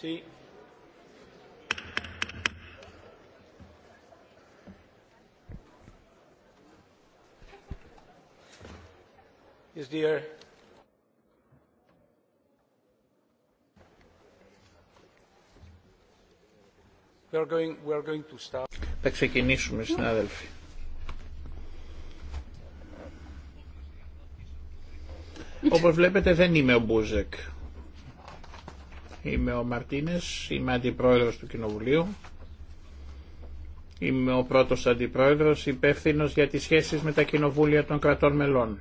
Sí. Is dear. We are going, we are going to start. Θα ξεκινήσουμε, συνάδελφοι. Όπως βλέπετε δεν είμαι ο Μπούζεκ. Είμαι ο Μαρτίνες, είμαι αντιπρόεδρος του Κοινοβουλίου. Είμαι ο πρώτος αντιπρόεδρος υπεύθυνο για τις σχέσεις με τα κοινοβούλια των κρατών μελών.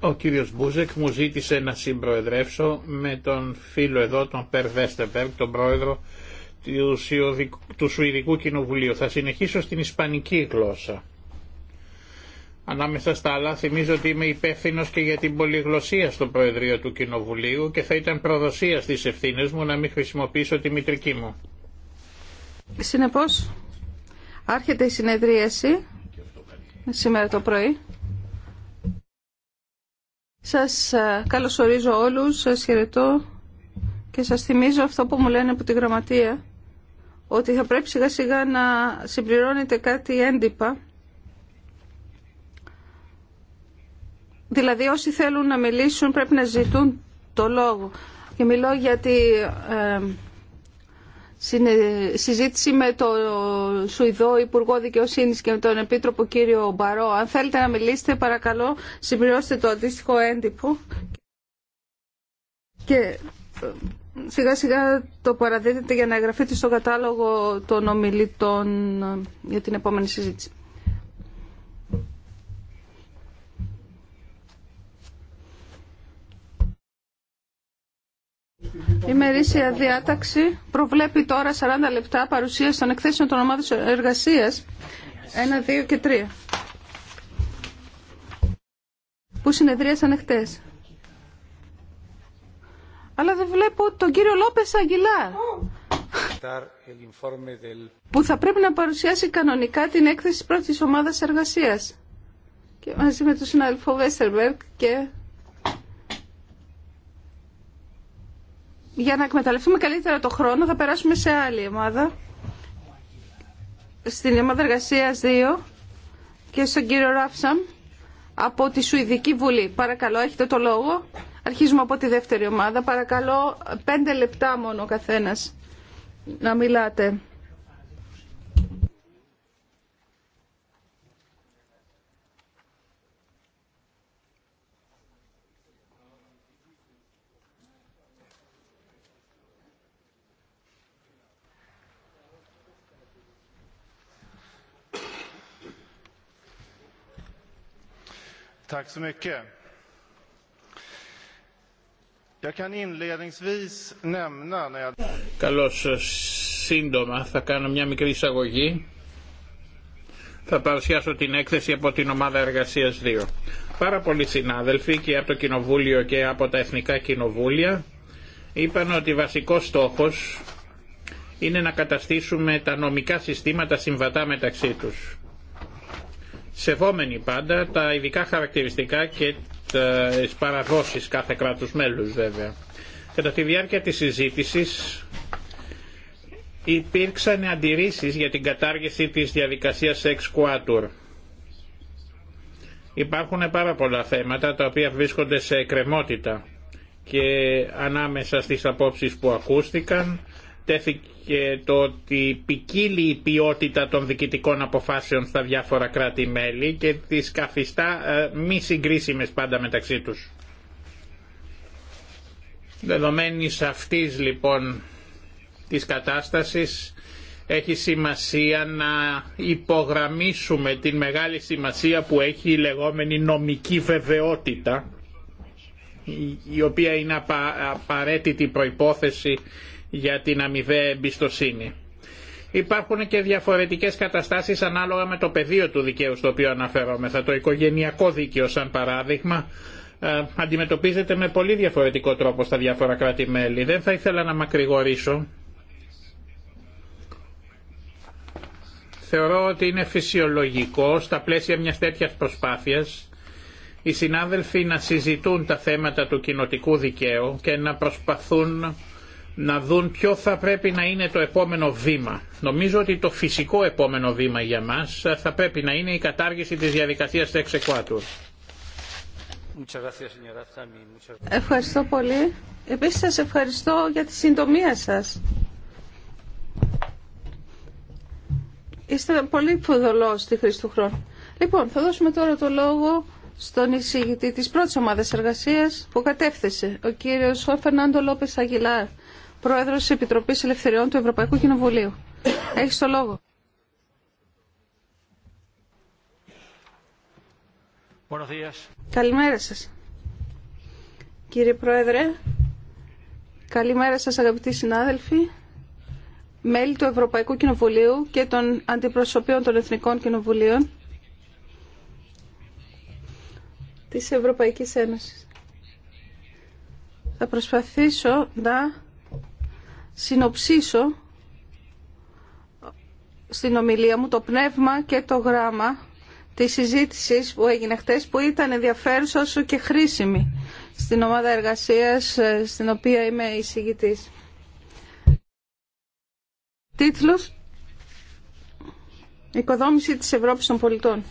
Ο κύριος Μπούζεκ μου ζήτησε να συμπροεδρεύσω με τον φίλο εδώ, τον Περ τον πρόεδρο του Σουηδικού Κοινοβουλίου. Θα συνεχίσω στην ισπανική γλώσσα. Ανάμεσα στα άλλα θυμίζω ότι είμαι υπεύθυνο και για την πολυγλωσία στο Προεδρείο του Κοινοβουλίου και θα ήταν προδοσία στις ευθύνε μου να μην χρησιμοποιήσω τη μητρική μου. Συνεπώς, άρχεται η συνεδρίαση σήμερα το πρωί. Σας ε, καλωσορίζω όλους, σας χαιρετώ και σας θυμίζω αυτό που μου λένε από τη γραμματεία ότι θα πρέπει σιγά σιγά να συμπληρώνετε κάτι έντυπα Δηλαδή όσοι θέλουν να μιλήσουν πρέπει να ζητούν το λόγο. Και μιλώ για τη ε, συζήτηση με τον Σουηδό Υπουργό Δικαιοσύνη και με τον Επίτροπο κύριο Μπαρό. Αν θέλετε να μιλήσετε παρακαλώ συμπληρώστε το αντίστοιχο έντυπο. Και ε, σιγά σιγά το παραδίδεται για να εγγραφείτε στο κατάλογο των ομιλητών ε, για την επόμενη συζήτηση. Η μερίσια διάταξη προβλέπει τώρα 40 λεπτά παρουσίαση των εκθέσεων των ομάδων εργασία. 1, 2 και 3 που συνεδρίασαν εχθέ. Αλλά δεν βλέπω τον κύριο Λόπε Αγγιλά. που θα πρέπει να παρουσιάσει κανονικά την έκθεση πρώτη πρώτης ομάδας εργασίας και μαζί με τον συνάδελφο Βέστερμπεργκ και για να εκμεταλλευτούμε καλύτερα το χρόνο θα περάσουμε σε άλλη ομάδα. Στην ομάδα εργασία 2 και στον κύριο Ράφσαμ από τη Σουηδική Βουλή. Παρακαλώ, έχετε το λόγο. Αρχίζουμε από τη δεύτερη ομάδα. Παρακαλώ, πέντε λεπτά μόνο ο καθένας να μιλάτε. Tack så mycket. Jag kan inledningsvis nämna σύντομα θα κάνω μια μικρή εισαγωγή. Θα παρουσιάσω την έκθεση από την ομάδα εργασίας 2. Πάρα πολλοί συνάδελφοι και από το Κοινοβούλιο και από τα Εθνικά Κοινοβούλια είπαν ότι βασικός στόχος είναι να καταστήσουμε τα νομικά συστήματα συμβατά μεταξύ τους σεβόμενοι πάντα τα ειδικά χαρακτηριστικά και τις παραδόσεις κάθε κράτους μέλους βέβαια. Κατά τη διάρκεια της συζήτησης υπήρξαν αντιρρήσεις για την κατάργηση της διαδικασίας εξκουάτουρ. Υπάρχουν πάρα πολλά θέματα τα οποία βρίσκονται σε εκκρεμότητα και ανάμεσα στις απόψεις που ακούστηκαν τέθηκε το ότι ποικίλει η ποιότητα των διοικητικών αποφάσεων στα διάφορα κράτη-μέλη και τις καθιστά ε, μη συγκρίσιμες πάντα μεταξύ τους. Δεδομένης αυτής λοιπόν της κατάστασης έχει σημασία να υπογραμμίσουμε την μεγάλη σημασία που έχει η λεγόμενη νομική βεβαιότητα η οποία είναι απαραίτητη προϋπόθεση για την αμοιβαία εμπιστοσύνη. Υπάρχουν και διαφορετικές καταστάσεις ανάλογα με το πεδίο του δικαίου στο οποίο αναφέρομαι. Το οικογενειακό δίκαιο σαν παράδειγμα ε, αντιμετωπίζεται με πολύ διαφορετικό τρόπο στα διάφορα κράτη-μέλη. Δεν θα ήθελα να μακρηγορήσω. Θεωρώ ότι είναι φυσιολογικό στα πλαίσια μιας τέτοιας προσπάθειας οι συνάδελφοι να συζητούν τα θέματα του κοινοτικού δικαίου και να προσπαθούν να δουν ποιο θα πρέπει να είναι το επόμενο βήμα. Νομίζω ότι το φυσικό επόμενο βήμα για μας θα πρέπει να είναι η κατάργηση της διαδικασίας του εξεκουάτου. Ευχαριστώ πολύ. Επίσης σας ευχαριστώ για τη συντομία σας. Είστε πολύ φοδολός στη χρήση του χρόνου. Λοιπόν, θα δώσουμε τώρα το λόγο στον εισηγητή της πρώτης ομάδας εργασίας που κατέφθασε, ο κύριος Φερνάντο Λόπες Αγγιλάρ. Πρόεδρος τη Επιτροπής Ελευθεριών του Ευρωπαϊκού Κοινοβουλίου. Έχει το λόγο. Καλημέρα σας. Κύριε Πρόεδρε, καλημέρα σας αγαπητοί συνάδελφοι, μέλη του Ευρωπαϊκού Κοινοβουλίου και των αντιπροσωπείων των Εθνικών Κοινοβουλίων της Ευρωπαϊκής Ένωσης. Θα προσπαθήσω να συνοψίσω στην ομιλία μου το πνεύμα και το γράμμα της συζήτησης που έγινε χθε που ήταν ενδιαφέρουσα όσο και χρήσιμη στην ομάδα εργασίας ε, στην οποία είμαι εισηγητή. Τίτλος «Οικοδόμηση τη Ευρώπης των πολιτών».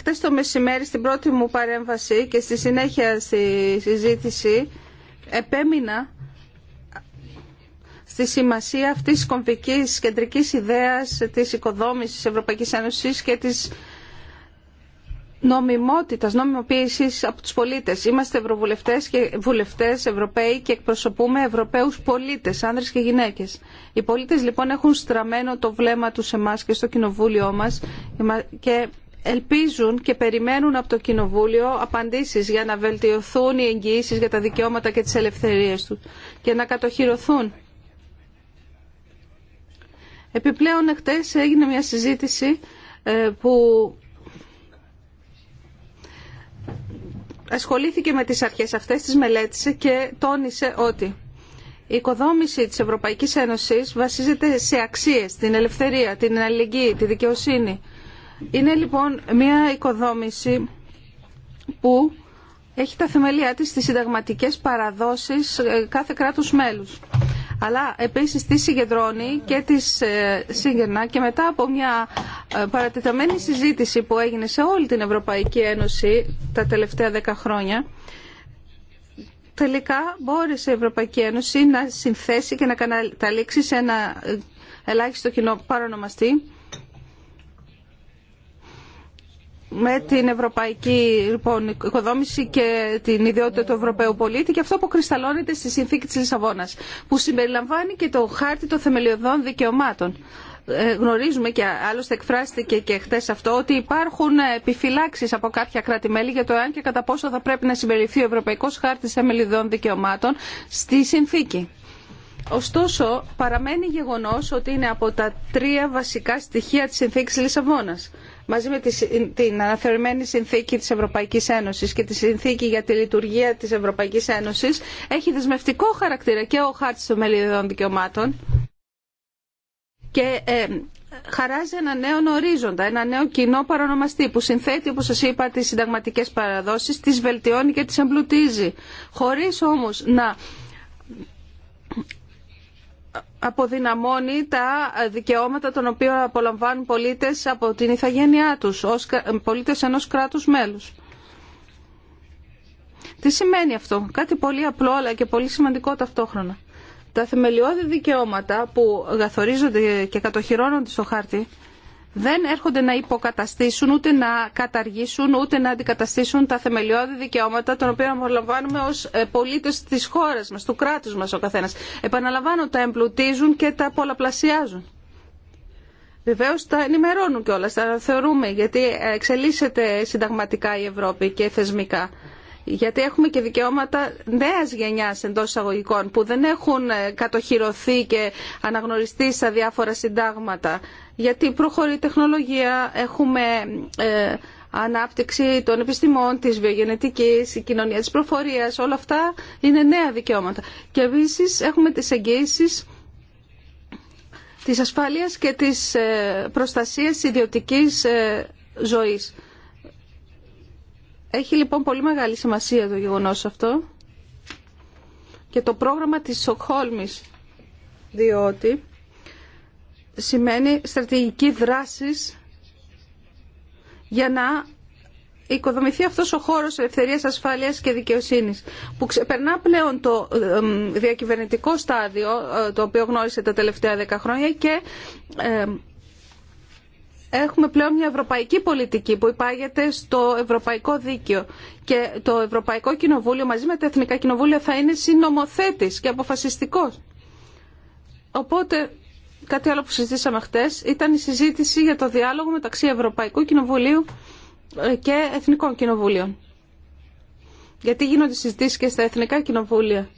χτες το μεσημέρι στην πρώτη μου παρέμβαση και στη συνέχεια στη συζήτηση επέμεινα στη σημασία αυτής της κομβικής κεντρικής ιδέας της οικοδόμησης της Ευρωπαϊκής Ένωσης και της νομιμότητας, νομιμοποίησης από τους πολίτες. Είμαστε ευρωβουλευτές και βουλευτές Ευρωπαίοι και εκπροσωπούμε Ευρωπαίους πολίτες, άνδρες και γυναίκες. Οι πολίτες λοιπόν έχουν στραμμένο το βλέμμα τους σε εμάς και στο κοινοβούλιο μας και ελπίζουν και περιμένουν από το Κοινοβούλιο απαντήσεις για να βελτιωθούν οι εγγυήσεις για τα δικαιώματα και τις ελευθερίες τους και να κατοχυρωθούν. Επιπλέον, χτες έγινε μια συζήτηση ε, που ασχολήθηκε με τις αρχές αυτές, τις μελέτησε και τόνισε ότι η οικοδόμηση της Ευρωπαϊκής Ένωσης βασίζεται σε αξίες, την ελευθερία, την αλληλεγγύη, τη δικαιοσύνη, είναι λοιπόν μια οικοδόμηση που έχει τα θεμελιά της στις συνταγματικές παραδόσεις ε, κάθε κράτους μέλους. Αλλά επίσης τη συγκεντρώνει και της ε, σύγγερνα και μετά από μια ε, παρατεταμένη συζήτηση που έγινε σε όλη την Ευρωπαϊκή Ένωση τα τελευταία δέκα χρόνια τελικά μπόρεσε η Ευρωπαϊκή Ένωση να συνθέσει και να καταλήξει σε ένα ελάχιστο κοινό παρονομαστή με την ευρωπαϊκή λοιπόν, οικοδόμηση και την ιδιότητα του Ευρωπαίου πολίτη και αυτό που κρυσταλλώνεται στη συνθήκη της Λισαβόνας που συμπεριλαμβάνει και το χάρτη των θεμελιωδών δικαιωμάτων. Ε, γνωρίζουμε και άλλωστε εκφράστηκε και χθε αυτό ότι υπάρχουν επιφυλάξει από κάποια κράτη-μέλη για το εάν και κατά πόσο θα πρέπει να συμπεριληφθεί ο Ευρωπαϊκό Χάρτη Θεμελιωδών Δικαιωμάτων στη συνθήκη. Ωστόσο, παραμένει γεγονός ότι είναι από τα τρία βασικά στοιχεία της συνθήκης Λισαβόνας μαζί με την αναθεωρημένη συνθήκη της Ευρωπαϊκής Ένωσης και τη συνθήκη για τη λειτουργία της Ευρωπαϊκής Ένωσης έχει δεσμευτικό χαρακτήρα και ο χάρτης των μελιδών δικαιωμάτων και ε, χαράζει ένα νέο ορίζοντα, ένα νέο κοινό παρονομαστή που συνθέτει, όπως σας είπα, τις συνταγματικές παραδόσεις, τις βελτιώνει και τις εμπλουτίζει, χωρίς όμως να αποδυναμώνει τα δικαιώματα των οποίων απολαμβάνουν πολίτες από την ηθαγένειά τους, ως πολίτες ενός κράτους μέλους. Τι σημαίνει αυτό. Κάτι πολύ απλό αλλά και πολύ σημαντικό ταυτόχρονα. Τα θεμελιώδη δικαιώματα που γαθορίζονται και κατοχυρώνονται στο χάρτη δεν έρχονται να υποκαταστήσουν, ούτε να καταργήσουν, ούτε να αντικαταστήσουν τα θεμελιώδη δικαιώματα των οποίων απολαμβάνουμε ως ε, πολίτε της χώρας μας, του κράτους μας ο καθένας. Επαναλαμβάνω, τα εμπλουτίζουν και τα πολλαπλασιάζουν. Βεβαίω τα ενημερώνουν κιόλα, τα θεωρούμε, γιατί εξελίσσεται συνταγματικά η Ευρώπη και θεσμικά γιατί έχουμε και δικαιώματα νέας γενιάς εντός εισαγωγικών που δεν έχουν ε, κατοχυρωθεί και αναγνωριστεί στα διάφορα συντάγματα. Γιατί προχωρεί η τεχνολογία, έχουμε ε, ανάπτυξη των επιστημών, της βιογενετικής, η κοινωνία της προφορίας, όλα αυτά είναι νέα δικαιώματα. Και επίση έχουμε τις εγγύησεις της ασφάλειας και της ε, προστασίας ιδιωτικής ζωής. Έχει λοιπόν πολύ μεγάλη σημασία το γεγονός αυτό και το πρόγραμμα της Σοκχόλμης, διότι σημαίνει στρατηγική δράση για να οικοδομηθεί αυτός ο χώρος ελευθερίας, ασφάλειας και δικαιοσύνης που ξεπερνά πλέον το διακυβερνητικό στάδιο ε, το οποίο γνώρισε τα τελευταία δέκα χρόνια και έχουμε πλέον μια ευρωπαϊκή πολιτική που υπάγεται στο ευρωπαϊκό δίκαιο και το Ευρωπαϊκό Κοινοβούλιο μαζί με τα Εθνικά Κοινοβούλια θα είναι συνομοθέτης και αποφασιστικός. Οπότε κάτι άλλο που συζητήσαμε χθε, ήταν η συζήτηση για το διάλογο μεταξύ Ευρωπαϊκού Κοινοβουλίου ε, και Εθνικών Κοινοβουλίων. Γιατί γίνονται συζητήσεις και στα Εθνικά Κοινοβούλια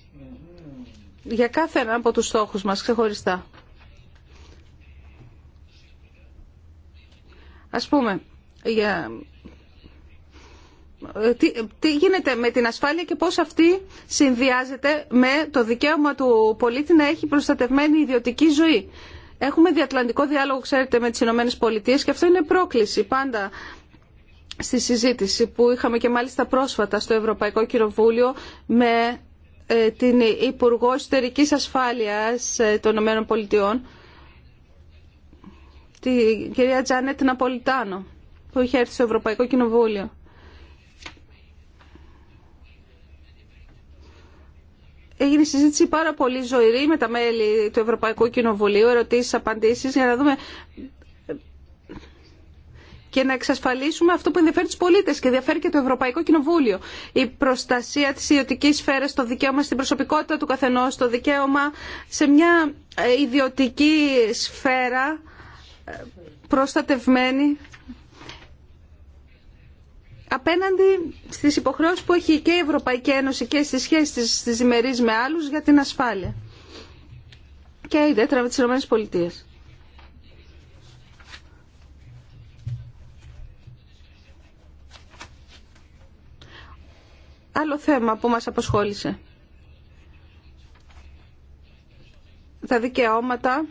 για κάθε ένα από τους στόχους μας ξεχωριστά. Ας πούμε, για... Ε, τι, γίνεται με την ασφάλεια και πώς αυτή συνδυάζεται με το δικαίωμα του πολίτη να έχει προστατευμένη ιδιωτική ζωή. Έχουμε διατλαντικό διάλογο, ξέρετε, με τις Ηνωμένες Πολιτείες και αυτό είναι πρόκληση πάντα στη συζήτηση που είχαμε και μάλιστα πρόσφατα στο Ευρωπαϊκό Κοινοβούλιο με ε, την Υπουργό Εσωτερικής Ασφάλειας ε, των Ηνωμένων Πολιτειών την κυρία Τζάνετ Ναπολιτάνο που είχε έρθει στο Ευρωπαϊκό Κοινοβούλιο. Έγινε συζήτηση πάρα πολύ ζωηρή με τα μέλη του Ευρωπαϊκού Κοινοβουλίου, ερωτήσεις, απαντήσεις, για να δούμε και να εξασφαλίσουμε αυτό που ενδιαφέρει τους πολίτες και ενδιαφέρει και το Ευρωπαϊκό Κοινοβούλιο. Η προστασία της ιδιωτική σφαίρας το δικαίωμα στην προσωπικότητα του καθενό, το δικαίωμα σε μια ε, ιδιωτική σφαίρα πρόστατευμένη, απέναντι στις υποχρεώσεις που έχει και η Ευρωπαϊκή Ένωση και στις σχέσεις της, της με άλλους για την ασφάλεια και ιδιαίτερα με τις Ηνωμένες Πολιτείες. Άλλο θέμα που μας απασχόλησε. Τα δικαιώματα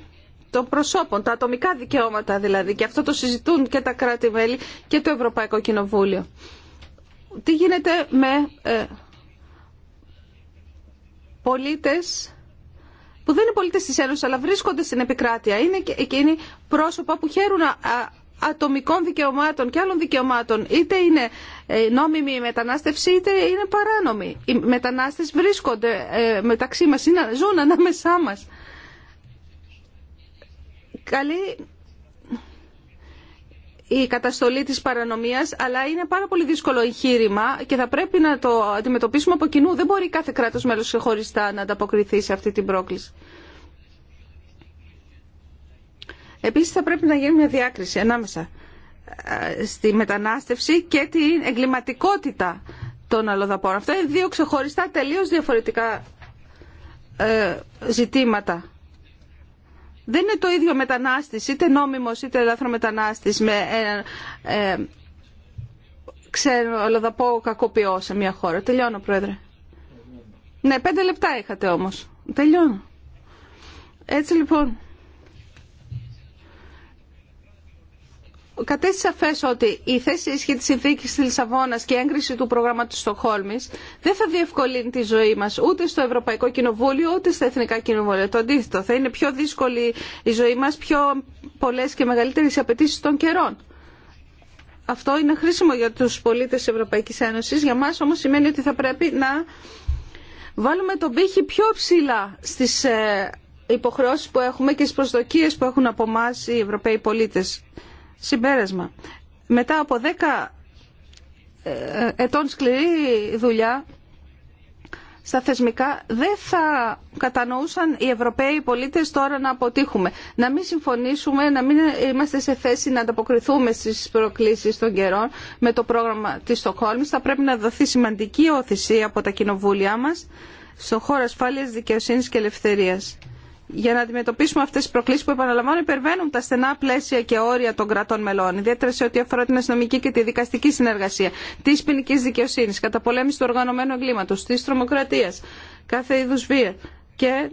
των προσώπων, τα ατομικά δικαιώματα δηλαδή. Και αυτό το συζητούν και τα κράτη-μέλη και το Ευρωπαϊκό Κοινοβούλιο. Τι γίνεται με ε, πολίτες που δεν είναι πολίτες της Ένωσης αλλά βρίσκονται στην επικράτεια. Είναι και εκείνοι πρόσωπα που χαίρουν ατομικών δικαιωμάτων και άλλων δικαιωμάτων. Είτε είναι ε, νόμιμη η μετανάστευση είτε είναι παράνομη. Οι μετανάστες βρίσκονται ε, μεταξύ μας, είναι, ζουν ανάμεσά μας καλή η καταστολή της παρανομίας, αλλά είναι πάρα πολύ δύσκολο εγχείρημα και θα πρέπει να το αντιμετωπίσουμε από κοινού. Δεν μπορεί κάθε κράτος μέλος ξεχωριστά να ανταποκριθεί σε αυτή την πρόκληση. Επίσης θα πρέπει να γίνει μια διάκριση ανάμεσα στη μετανάστευση και την εγκληματικότητα των αλλοδαπών. Αυτά είναι δύο ξεχωριστά τελείως διαφορετικά ε, ζητήματα. Δεν είναι το ίδιο μετανάστης, είτε νόμιμος είτε μετανάστης, με ε, ε, ξέρω, πω κακοποιό σε μια χώρα. Τελειώνω, Πρόεδρε. Ναι, πέντε λεπτά είχατε όμως. Τελειώνω. Έτσι λοιπόν. κατέστησε σαφέ ότι η θέση ισχύ τη συνθήκη τη Λισαβόνα και η έγκριση του προγράμματο Στοχόλμη δεν θα διευκολύνει τη ζωή μα ούτε στο Ευρωπαϊκό Κοινοβούλιο ούτε στα Εθνικά Κοινοβούλια. Το αντίθετο, θα είναι πιο δύσκολη η ζωή μα, πιο πολλέ και μεγαλύτερε οι απαιτήσει των καιρών. Αυτό είναι χρήσιμο για του πολίτε τη Ευρωπαϊκή Ένωση. Για μα όμω σημαίνει ότι θα πρέπει να βάλουμε τον πύχη πιο ψηλά στι ε, υποχρεώσει που έχουμε και στι προσδοκίε που έχουν από εμά οι Ευρωπαίοι πολίτε. Συμπέρασμα. Μετά από δέκα ε, ετών σκληρή δουλειά στα θεσμικά δεν θα κατανοούσαν οι Ευρωπαίοι πολίτες τώρα να αποτύχουμε. Να μην συμφωνήσουμε, να μην είμαστε σε θέση να ανταποκριθούμε στις προκλήσεις των καιρών με το πρόγραμμα της Στοκχόλμης. Θα πρέπει να δοθεί σημαντική όθηση από τα κοινοβούλια μας στον χώρο ασφάλειας, δικαιοσύνης και ελευθερίας για να αντιμετωπίσουμε αυτέ τι προκλήσεις που επαναλαμβάνω υπερβαίνουν τα στενά πλαίσια και όρια των κρατών μελών, ιδιαίτερα σε ό,τι αφορά την αστυνομική και τη δικαστική συνεργασία, τη ποινική δικαιοσύνη, κατά πολέμηση του οργανωμένου εγκλήματος, τη τρομοκρατία, κάθε είδου βία και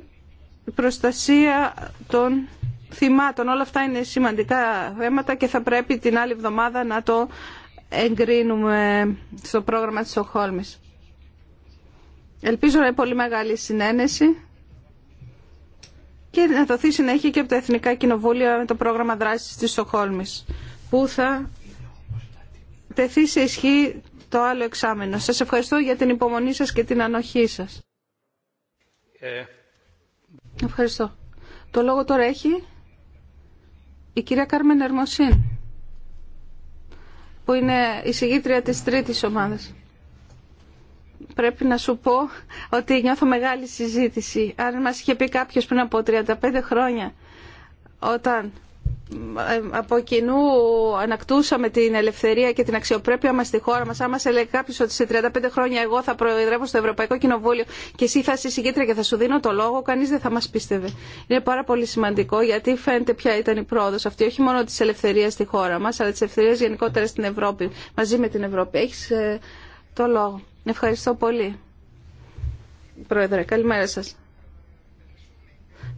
προστασία των θυμάτων. Όλα αυτά είναι σημαντικά θέματα και θα πρέπει την άλλη εβδομάδα να το εγκρίνουμε στο πρόγραμμα της Οχόλμης. Ελπίζω να είναι πολύ μεγάλη συνένεση και να δοθεί συνέχεια και από τα Εθνικά Κοινοβούλια με το πρόγραμμα δράσης της Στοχόλμης που θα τεθεί σε ισχύ το άλλο εξάμενο. Σας ευχαριστώ για την υπομονή σας και την ανοχή σας. Ε... Ευχαριστώ. Το λόγο τώρα έχει η κυρία Κάρμεν Ερμοσίν που είναι η συγγήτρια της τρίτης ομάδας πρέπει να σου πω ότι νιώθω μεγάλη συζήτηση. Αν μας είχε πει κάποιος πριν από 35 χρόνια, όταν ε, από κοινού ανακτούσαμε την ελευθερία και την αξιοπρέπεια μας στη χώρα μας. Αν σε έλεγε κάποιος ότι σε 35 χρόνια εγώ θα προεδρεύω στο Ευρωπαϊκό Κοινοβούλιο και εσύ θα είσαι συγκέντρια και θα σου δίνω το λόγο, κανείς δεν θα μας πίστευε. Είναι πάρα πολύ σημαντικό γιατί φαίνεται ποια ήταν η πρόοδος αυτή, όχι μόνο της ελευθερίας στη χώρα μας, αλλά της ελευθερίας γενικότερα στην Ευρώπη, μαζί με την Ευρώπη. Έχεις ε, το λόγο. Ευχαριστώ πολύ. Πρόεδρε, καλημέρα σας.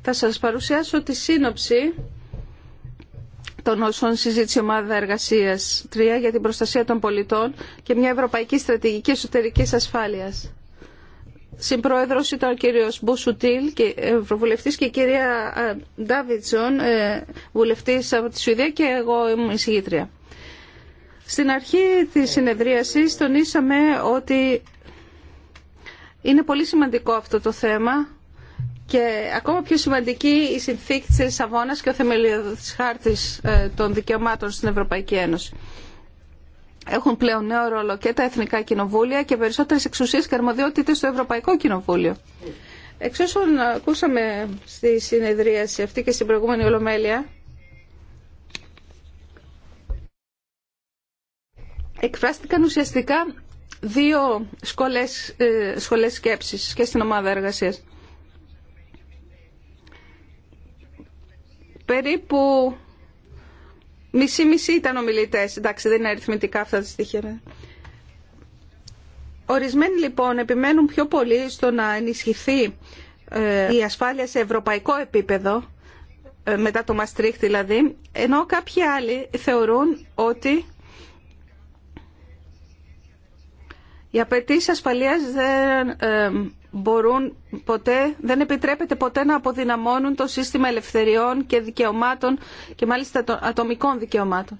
Θα σας παρουσιάσω τη σύνοψη των όσων συζήτησε η ομάδα εργασίας 3 για την προστασία των πολιτών και μια ευρωπαϊκή στρατηγική εσωτερικής ασφάλειας. Συμπρόεδρος ήταν ο κύριος Μπουσουτήλ, ε, ευρωβουλευτής και η κυρία ε, Ντάβιτσον, ε, βουλευτής από τη Σουηδία και εγώ ήμουν εισηγήτρια. Στην αρχή της συνεδρίασης τονίσαμε ότι είναι πολύ σημαντικό αυτό το θέμα και ακόμα πιο σημαντική η συνθήκη της Λισαβόνας και ο θεμελιώδης χάρτης ε, των δικαιωμάτων στην Ευρωπαϊκή Ένωση. Έχουν πλέον νέο ρόλο και τα εθνικά κοινοβούλια και περισσότερες εξουσίες και αρμοδιότητες στο Ευρωπαϊκό Κοινοβούλιο. Εξ όσων ακούσαμε στη συνεδρίαση αυτή και στην προηγούμενη Ολομέλεια, εκφράστηκαν ουσιαστικά δύο σχολές, ε, σχολές σκέψης και στην ομάδα εργασίας. Περίπου μισή-μισή ήταν ομιλητές. Εντάξει, δεν είναι αριθμητικά αυτά τα στοιχεία. Ορισμένοι λοιπόν επιμένουν πιο πολύ στο να ενισχυθεί ε, η ασφάλεια σε ευρωπαϊκό επίπεδο, ε, μετά το Μαστρίχ δηλαδή, ενώ κάποιοι άλλοι θεωρούν ότι Οι απαιτήσει ασφαλεία δεν ε, μπορούν ποτέ, δεν επιτρέπεται ποτέ να αποδυναμώνουν το σύστημα ελευθεριών και δικαιωμάτων και μάλιστα των ατομικών δικαιωμάτων.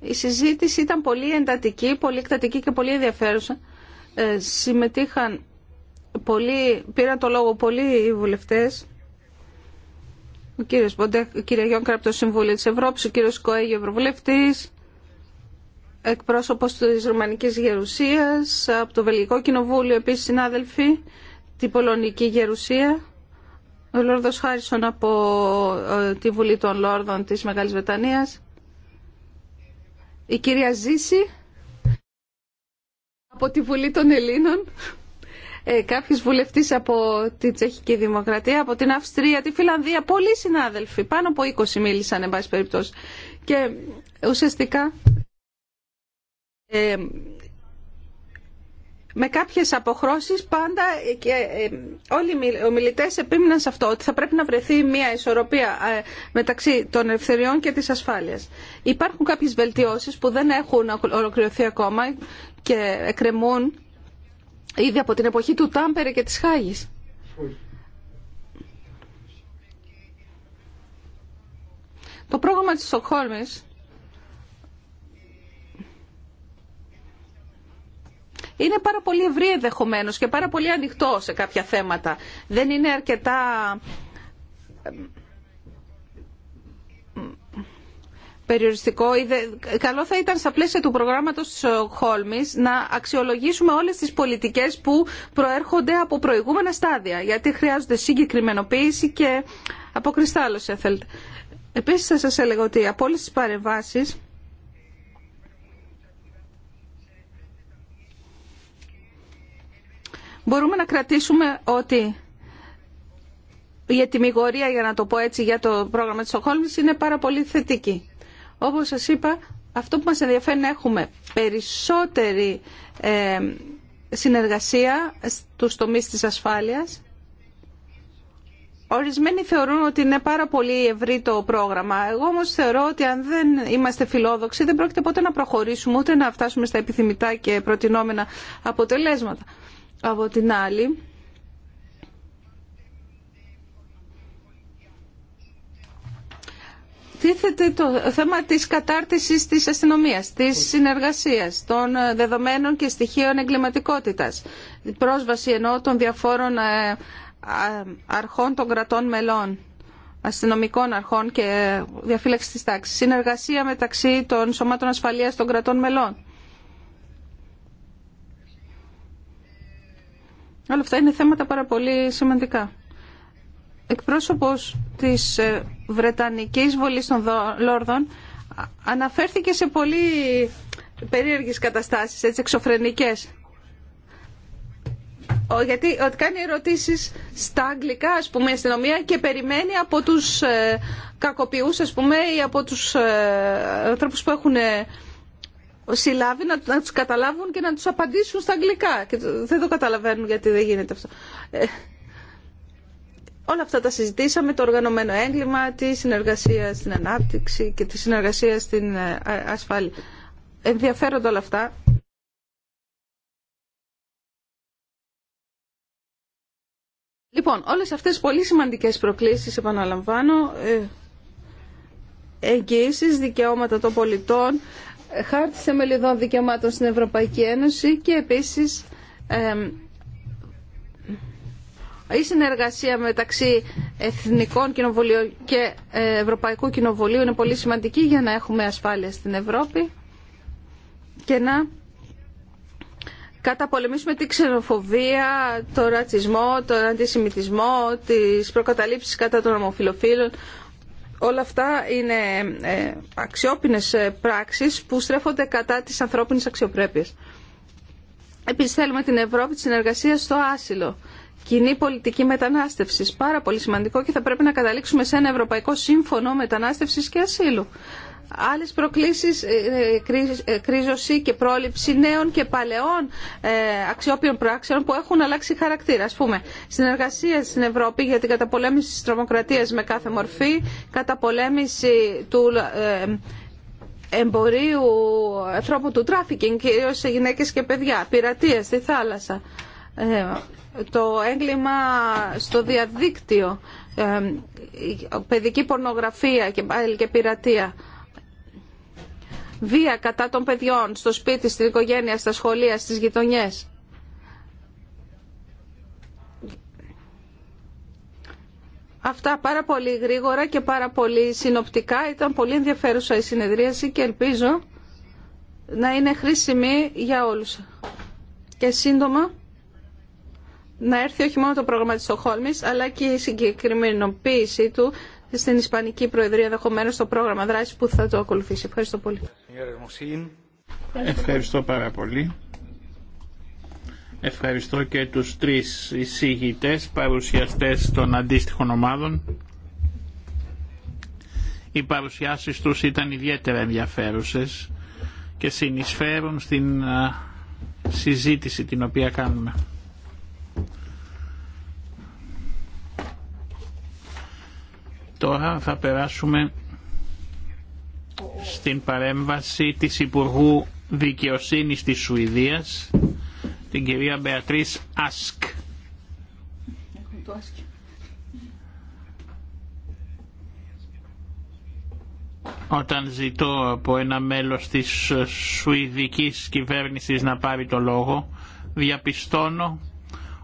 Η συζήτηση ήταν πολύ εντατική, πολύ εκτατική και πολύ ενδιαφέρουσα. Ε, συμμετείχαν πολύ πήραν το λόγο πολλοί οι βουλευτές. Ο κύριος Ποντέχ, ο Γιόνκρα από το Συμβούλιο της Ευρώπης, ο κύριος Κοέγιο Ευρωβουλευτής, εκπρόσωπος της Ρουμανικής Γερουσίας, από το Βελγικό Κοινοβούλιο επίσης συνάδελφοι, την Πολωνική Γερουσία, ο Λόρδος Χάρισον από ε, τη Βουλή των Λόρδων της Μεγάλης Βρετανίας, η κυρία Ζήση από τη Βουλή των Ελλήνων, ε, κάποιος βουλευτής από την Τσεχική Δημοκρατία, από την Αυστρία, τη Φιλανδία, πολλοί συνάδελφοι, πάνω από 20 μίλησαν, εν πάση περιπτώσει. Και ουσιαστικά ε, με κάποιες αποχρώσεις πάντα και ε, όλοι οι ομιλητές επίμειναν σε αυτό ότι θα πρέπει να βρεθεί μια ισορροπία ε, μεταξύ των ελευθεριών και της ασφάλειας. Υπάρχουν κάποιες βελτιώσεις που δεν έχουν ολοκληρωθεί ακόμα και εκκρεμούν ήδη από την εποχή του Τάμπερε και της Χάγης. Το πρόγραμμα της Στοκχόλμης είναι πάρα πολύ ευρύ ενδεχομένω και πάρα πολύ ανοιχτό σε κάποια θέματα. Δεν είναι αρκετά περιοριστικό. Καλό θα ήταν στα πλαίσια του προγράμματος ε, χόλμη να αξιολογήσουμε όλε τι πολιτικέ που προέρχονται από προηγούμενα στάδια, γιατί χρειάζονται συγκεκριμενοποίηση και αποκριστάλλωση, αν θέλετε. Επίση θα σα έλεγα ότι από όλε τι παρεμβάσει. μπορούμε να κρατήσουμε ότι η ετοιμιγορία, για να το πω έτσι, για το πρόγραμμα της Στοχόλμης είναι πάρα πολύ θετική. Όπως σας είπα, αυτό που μας ενδιαφέρει να έχουμε περισσότερη ε, συνεργασία στους τομείς της ασφάλειας. Ορισμένοι θεωρούν ότι είναι πάρα πολύ ευρύ το πρόγραμμα. Εγώ όμως θεωρώ ότι αν δεν είμαστε φιλόδοξοι δεν πρόκειται ποτέ να προχωρήσουμε ούτε να φτάσουμε στα επιθυμητά και προτινόμενα αποτελέσματα. Από την άλλη, τίθεται το θέμα της κατάρτισης της αστυνομίας, της συνεργασίας, των δεδομένων και στοιχείων εγκληματικότητας, πρόσβαση ενώ των διαφόρων ε, αρχών των κρατών μελών, αστυνομικών αρχών και διαφύλαξης της τάξης, συνεργασία μεταξύ των σωμάτων ασφαλείας των κρατών μελών. Όλα αυτά είναι θέματα πάρα πολύ σημαντικά. Εκπρόσωπος της ε, Βρετανικής Βολής των Λόρδων αναφέρθηκε σε πολύ περίεργες καταστάσεις, έτσι, εξωφρενικές. Γιατί ότι κάνει ερωτήσεις στα αγγλικά, ας πούμε, αστυνομία και περιμένει από τους ε, κακοποιούς, ας πούμε, ή από τους ε, ανθρώπους που έχουν συλλάβει να, να τους καταλάβουν και να τους απαντήσουν στα αγγλικά. Και δεν το καταλαβαίνουν γιατί δεν γίνεται αυτό. Ε, όλα αυτά τα συζητήσαμε, το οργανωμένο έγκλημα, τη συνεργασία στην ανάπτυξη και τη συνεργασία στην ε, ασφάλεια. Ενδιαφέρονται όλα αυτά. Λοιπόν, όλες αυτές τις πολύ σημαντικές προκλήσεις, επαναλαμβάνω, ε, εγγύησεις, δικαιώματα των πολιτών, χάρτη θεμελιωδών δικαιωμάτων στην Ευρωπαϊκή Ένωση και επίσης η συνεργασία μεταξύ Εθνικών Κοινοβουλίων και ε, Ευρωπαϊκού Κοινοβουλίου είναι πολύ σημαντική για να έχουμε ασφάλεια στην Ευρώπη και να καταπολεμήσουμε τη ξενοφοβία, τον ρατσισμό, τον αντισημιτισμό, τις προκαταλήψεις κατά των ομοφιλοφίλων όλα αυτά είναι ε, αξιόπινες ε, πράξεις που στρέφονται κατά της ανθρώπινης αξιοπρέπειας. Επίσης θέλουμε την Ευρώπη τη συνεργασία στο άσυλο. Κοινή πολιτική μετανάστευση. Πάρα πολύ σημαντικό και θα πρέπει να καταλήξουμε σε ένα ευρωπαϊκό σύμφωνο μετανάστευση και ασύλου. Άλλες προκλήσεις, ε, ε, ε, κρίζωση και πρόληψη νέων και παλαιών αξιόπιων πράξεων που έχουν αλλάξει χαρακτήρα. Ας πούμε, συνεργασία στην Ευρώπη για την καταπολέμηση της τρομοκρατίας με κάθε μορφή, καταπολέμηση του εμπορίου τρόπου του τράφικινγκ, κυρίως σε γυναίκες και παιδιά, πειρατεία στη θάλασσα, το έγκλημα στο διαδίκτυο, παιδική πορνογραφία και πειρατεία βία κατά των παιδιών, στο σπίτι, στην οικογένεια, στα σχολεία, στις γειτονιές. Αυτά πάρα πολύ γρήγορα και πάρα πολύ συνοπτικά. Ήταν πολύ ενδιαφέρουσα η συνεδρίαση και ελπίζω να είναι χρήσιμη για όλους. Και σύντομα να έρθει όχι μόνο το πρόγραμμα της Στοχόλμης, αλλά και η συγκεκριμενοποίησή του στην Ισπανική Προεδρία ενδεχομένω το πρόγραμμα δράση που θα το ακολουθήσει. Ευχαριστώ πολύ. Ευχαριστώ πάρα πολύ. Ευχαριστώ και τους τρεις εισηγητές, παρουσιαστές των αντίστοιχων ομάδων. Οι παρουσιάσεις τους ήταν ιδιαίτερα ενδιαφέρουσες και συνεισφέρουν στην συζήτηση την οποία κάνουμε. Τώρα θα περάσουμε στην παρέμβαση της Υπουργού Δικαιοσύνης της Σουηδίας, την κυρία Μπεατρίς Άσκ. Όταν ζητώ από ένα μέλος της σουηδικής κυβέρνησης να πάρει το λόγο, διαπιστώνω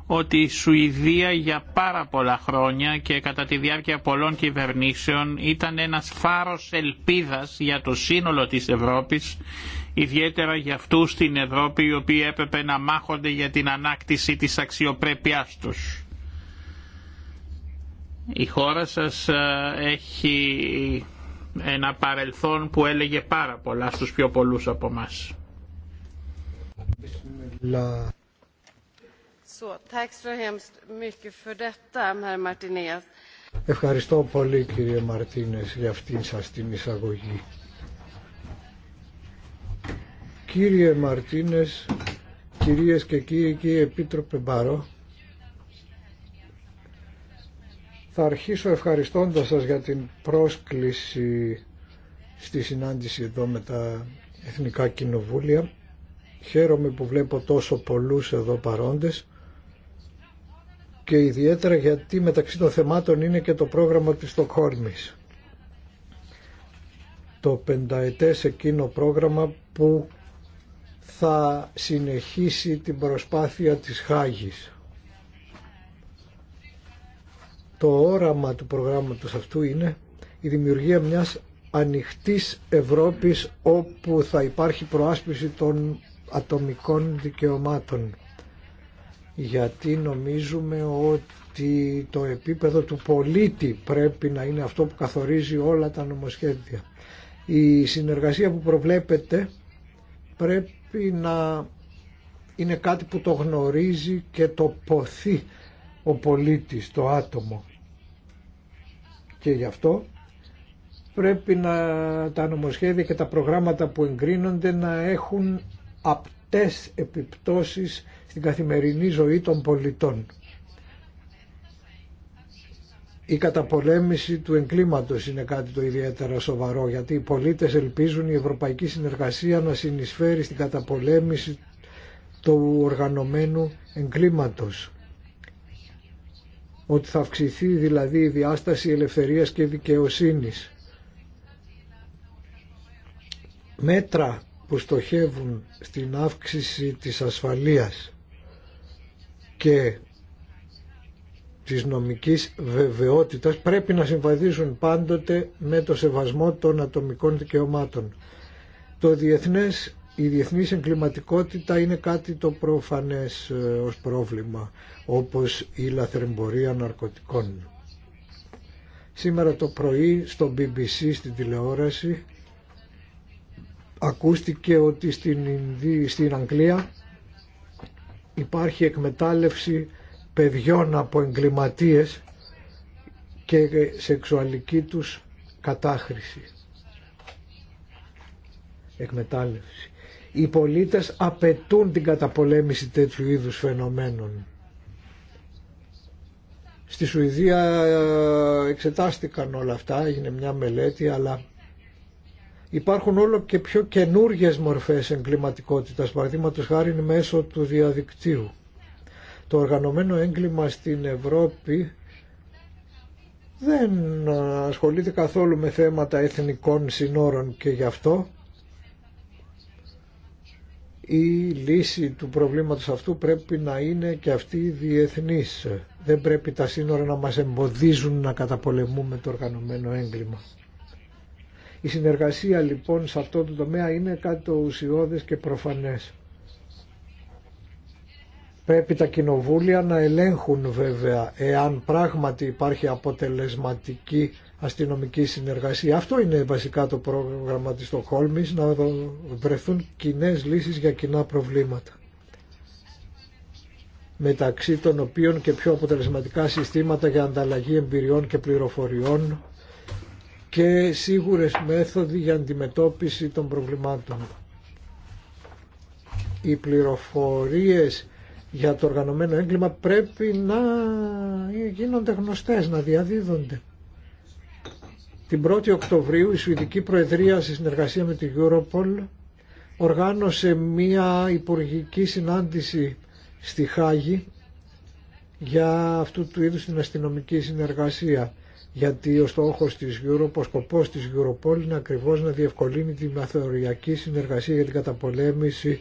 ότι η Σουηδία για πάρα πολλά χρόνια και κατά τη διάρκεια πολλών κυβερνήσεων ήταν ένας φάρος ελπίδας για το σύνολο της Ευρώπης, ιδιαίτερα για αυτούς στην Ευρώπη οι οποίοι έπρεπε να μάχονται για την ανάκτηση της αξιοπρέπειάς τους. Η χώρα σας ε, έχει ένα παρελθόν που έλεγε πάρα πολλά στους πιο πολλούς από εμάς. Ευχαριστώ πολύ κύριε Μαρτίνες για αυτήν σας την εισαγωγή. Κύριε Μαρτίνες, κυρίες και κύριοι, κύριε Επίτροπε Μπαρό, θα αρχίσω ευχαριστώντας σας για την πρόσκληση στη συνάντηση εδώ με τα Εθνικά Κοινοβούλια. Χαίρομαι που βλέπω τόσο πολλούς εδώ παρόντες και ιδιαίτερα γιατί μεταξύ των θεμάτων είναι και το πρόγραμμα της Στοκχόρμης. Το πενταετές εκείνο πρόγραμμα που θα συνεχίσει την προσπάθεια της Χάγης. Το όραμα του προγράμματος αυτού είναι η δημιουργία μιας ανοιχτής Ευρώπης όπου θα υπάρχει προάσπιση των ατομικών δικαιωμάτων γιατί νομίζουμε ότι το επίπεδο του πολίτη πρέπει να είναι αυτό που καθορίζει όλα τα νομοσχέδια. Η συνεργασία που προβλέπεται πρέπει να είναι κάτι που το γνωρίζει και το ποθεί ο πολίτης, το άτομο. Και γι' αυτό πρέπει να τα νομοσχέδια και τα προγράμματα που εγκρίνονται να έχουν απτές επιπτώσεις στην καθημερινή ζωή των πολιτών. Η καταπολέμηση του εγκλήματος είναι κάτι το ιδιαίτερα σοβαρό γιατί οι πολίτες ελπίζουν η ευρωπαϊκή συνεργασία να συνεισφέρει στην καταπολέμηση του οργανωμένου εγκλήματος. Ότι θα αυξηθεί δηλαδή η διάσταση ελευθερίας και δικαιοσύνης. Μέτρα που στοχεύουν στην αύξηση της ασφαλείας και της νομικής βεβαιότητας πρέπει να συμβαδίζουν πάντοτε με το σεβασμό των ατομικών δικαιωμάτων. Το διεθνές, η διεθνής εγκληματικότητα είναι κάτι το προφανές ε, ως πρόβλημα, όπως η λαθρεμπορία ναρκωτικών. Σήμερα το πρωί στο BBC στην τηλεόραση ακούστηκε ότι στην, στην Αγγλία υπάρχει εκμετάλλευση παιδιών από εγκληματίες και σεξουαλική τους κατάχρηση. Εκμετάλλευση. Οι πολίτες απαιτούν την καταπολέμηση τέτοιου είδους φαινομένων. Στη Σουηδία ε, εξετάστηκαν όλα αυτά, έγινε μια μελέτη, αλλά υπάρχουν όλο και πιο καινούργιες μορφές εγκληματικότητας, παραδείγματο χάρη μέσω του διαδικτύου. Το οργανωμένο έγκλημα στην Ευρώπη δεν ασχολείται καθόλου με θέματα εθνικών συνόρων και γι' αυτό η λύση του προβλήματος αυτού πρέπει να είναι και αυτή διεθνής. Δεν πρέπει τα σύνορα να μας εμποδίζουν να καταπολεμούμε το οργανωμένο έγκλημα. Η συνεργασία λοιπόν σε αυτό το τομέα είναι κάτι το ουσιώδες και προφανές. Πρέπει τα κοινοβούλια να ελέγχουν βέβαια εάν πράγματι υπάρχει αποτελεσματική αστυνομική συνεργασία. Αυτό είναι βασικά το πρόγραμμα της Στοχόλμης, να βρεθούν κοινέ λύσεις για κοινά προβλήματα μεταξύ των οποίων και πιο αποτελεσματικά συστήματα για ανταλλαγή εμπειριών και πληροφοριών και σίγουρες μέθοδοι για αντιμετώπιση των προβλημάτων. Οι πληροφορίες για το οργανωμένο έγκλημα πρέπει να γίνονται γνωστές, να διαδίδονται. Την 1η Οκτωβρίου η Σουηδική Προεδρία σε συνεργασία με την Europol οργάνωσε μία υπουργική συνάντηση στη Χάγη για αυτού του είδους την αστυνομική συνεργασία γιατί ο στόχο τη Europol, ο σκοπό της Europol είναι ακριβώ να διευκολύνει τη μαθεωριακή συνεργασία για την καταπολέμηση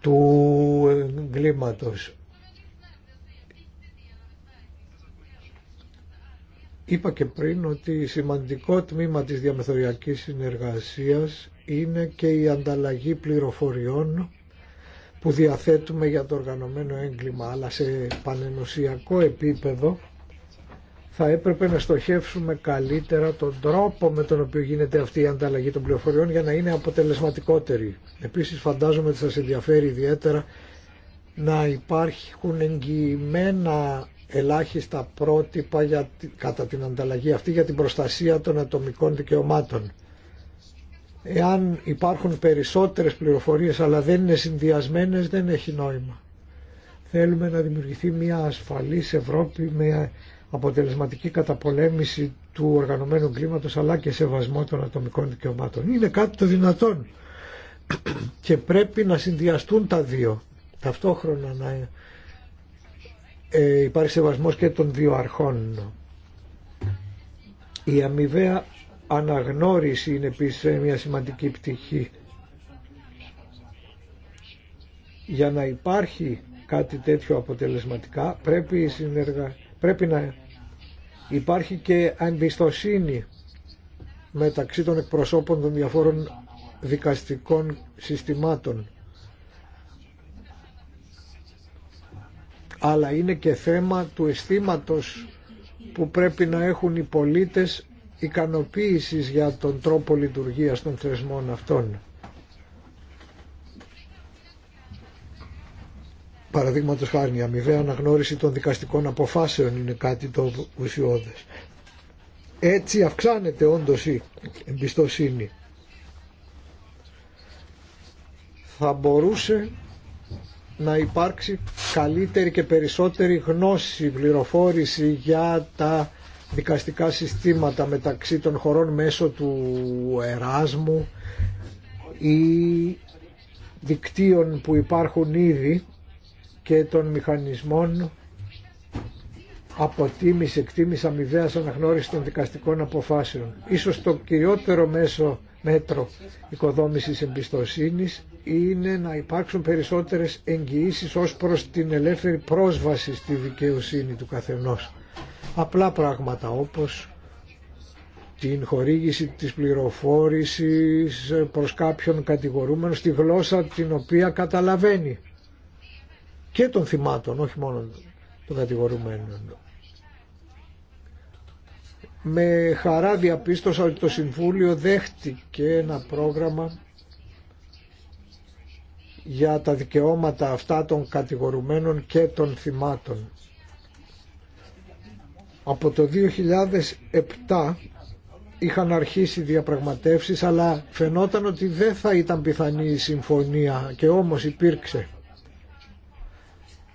του εγκλήματο. Είπα και πριν ότι σημαντικό τμήμα της διαμεθοριακής συνεργασίας είναι και η ανταλλαγή πληροφοριών που διαθέτουμε για το οργανωμένο έγκλημα, αλλά σε πανενωσιακό επίπεδο θα έπρεπε να στοχεύσουμε καλύτερα τον τρόπο με τον οποίο γίνεται αυτή η ανταλλαγή των πληροφοριών για να είναι αποτελεσματικότερη. Επίσης φαντάζομαι ότι θα ενδιαφέρει ιδιαίτερα να υπάρχουν εγγυημένα ελάχιστα πρότυπα για, κατά την ανταλλαγή αυτή για την προστασία των ατομικών δικαιωμάτων. Εάν υπάρχουν περισσότερες πληροφορίες αλλά δεν είναι συνδυασμένες δεν έχει νόημα. Θέλουμε να δημιουργηθεί μια ασφαλής Ευρώπη με αποτελεσματική καταπολέμηση του οργανωμένου κλίματος αλλά και σεβασμό των ατομικών δικαιωμάτων. Είναι κάτι το δυνατόν και πρέπει να συνδυαστούν τα δύο ταυτόχρονα να ε, υπάρχει σεβασμός και των δύο αρχών. Η αμοιβαία αναγνώριση είναι επίσης ε, μια σημαντική πτυχή. Για να υπάρχει κάτι τέτοιο αποτελεσματικά πρέπει η συνεργασία Πρέπει να υπάρχει και εμπιστοσύνη μεταξύ των εκπροσώπων των διαφόρων δικαστικών συστημάτων. Αλλά είναι και θέμα του αισθήματο που πρέπει να έχουν οι πολίτες ικανοποίησης για τον τρόπο λειτουργίας των θεσμών αυτών. Παραδείγματο χάρη, η αμοιβαία αναγνώριση των δικαστικών αποφάσεων είναι κάτι το ουσιώδε. Έτσι αυξάνεται όντω η εμπιστοσύνη. Θα μπορούσε να υπάρξει καλύτερη και περισσότερη γνώση, πληροφόρηση για τα δικαστικά συστήματα μεταξύ των χωρών μέσω του Εράσμου ή δικτύων που υπάρχουν ήδη και των μηχανισμών αποτίμηση, εκτίμηση αμοιβαίας αναγνώριση των δικαστικών αποφάσεων. Ίσως το κυριότερο μέσο μέτρο οικοδόμησης εμπιστοσύνης είναι να υπάρξουν περισσότερες εγγυήσεις ως προς την ελεύθερη πρόσβαση στη δικαιοσύνη του καθενός. Απλά πράγματα όπως την χορήγηση της πληροφόρησης προς κάποιον κατηγορούμενο στη γλώσσα την οποία καταλαβαίνει και των θυμάτων, όχι μόνο των κατηγορουμένων. Με χαρά διαπίστωσα ότι το Συμβούλιο δέχτηκε ένα πρόγραμμα για τα δικαιώματα αυτά των κατηγορουμένων και των θυμάτων. Από το 2007 είχαν αρχίσει διαπραγματεύσεις αλλά φαινόταν ότι δεν θα ήταν πιθανή η συμφωνία και όμως υπήρξε.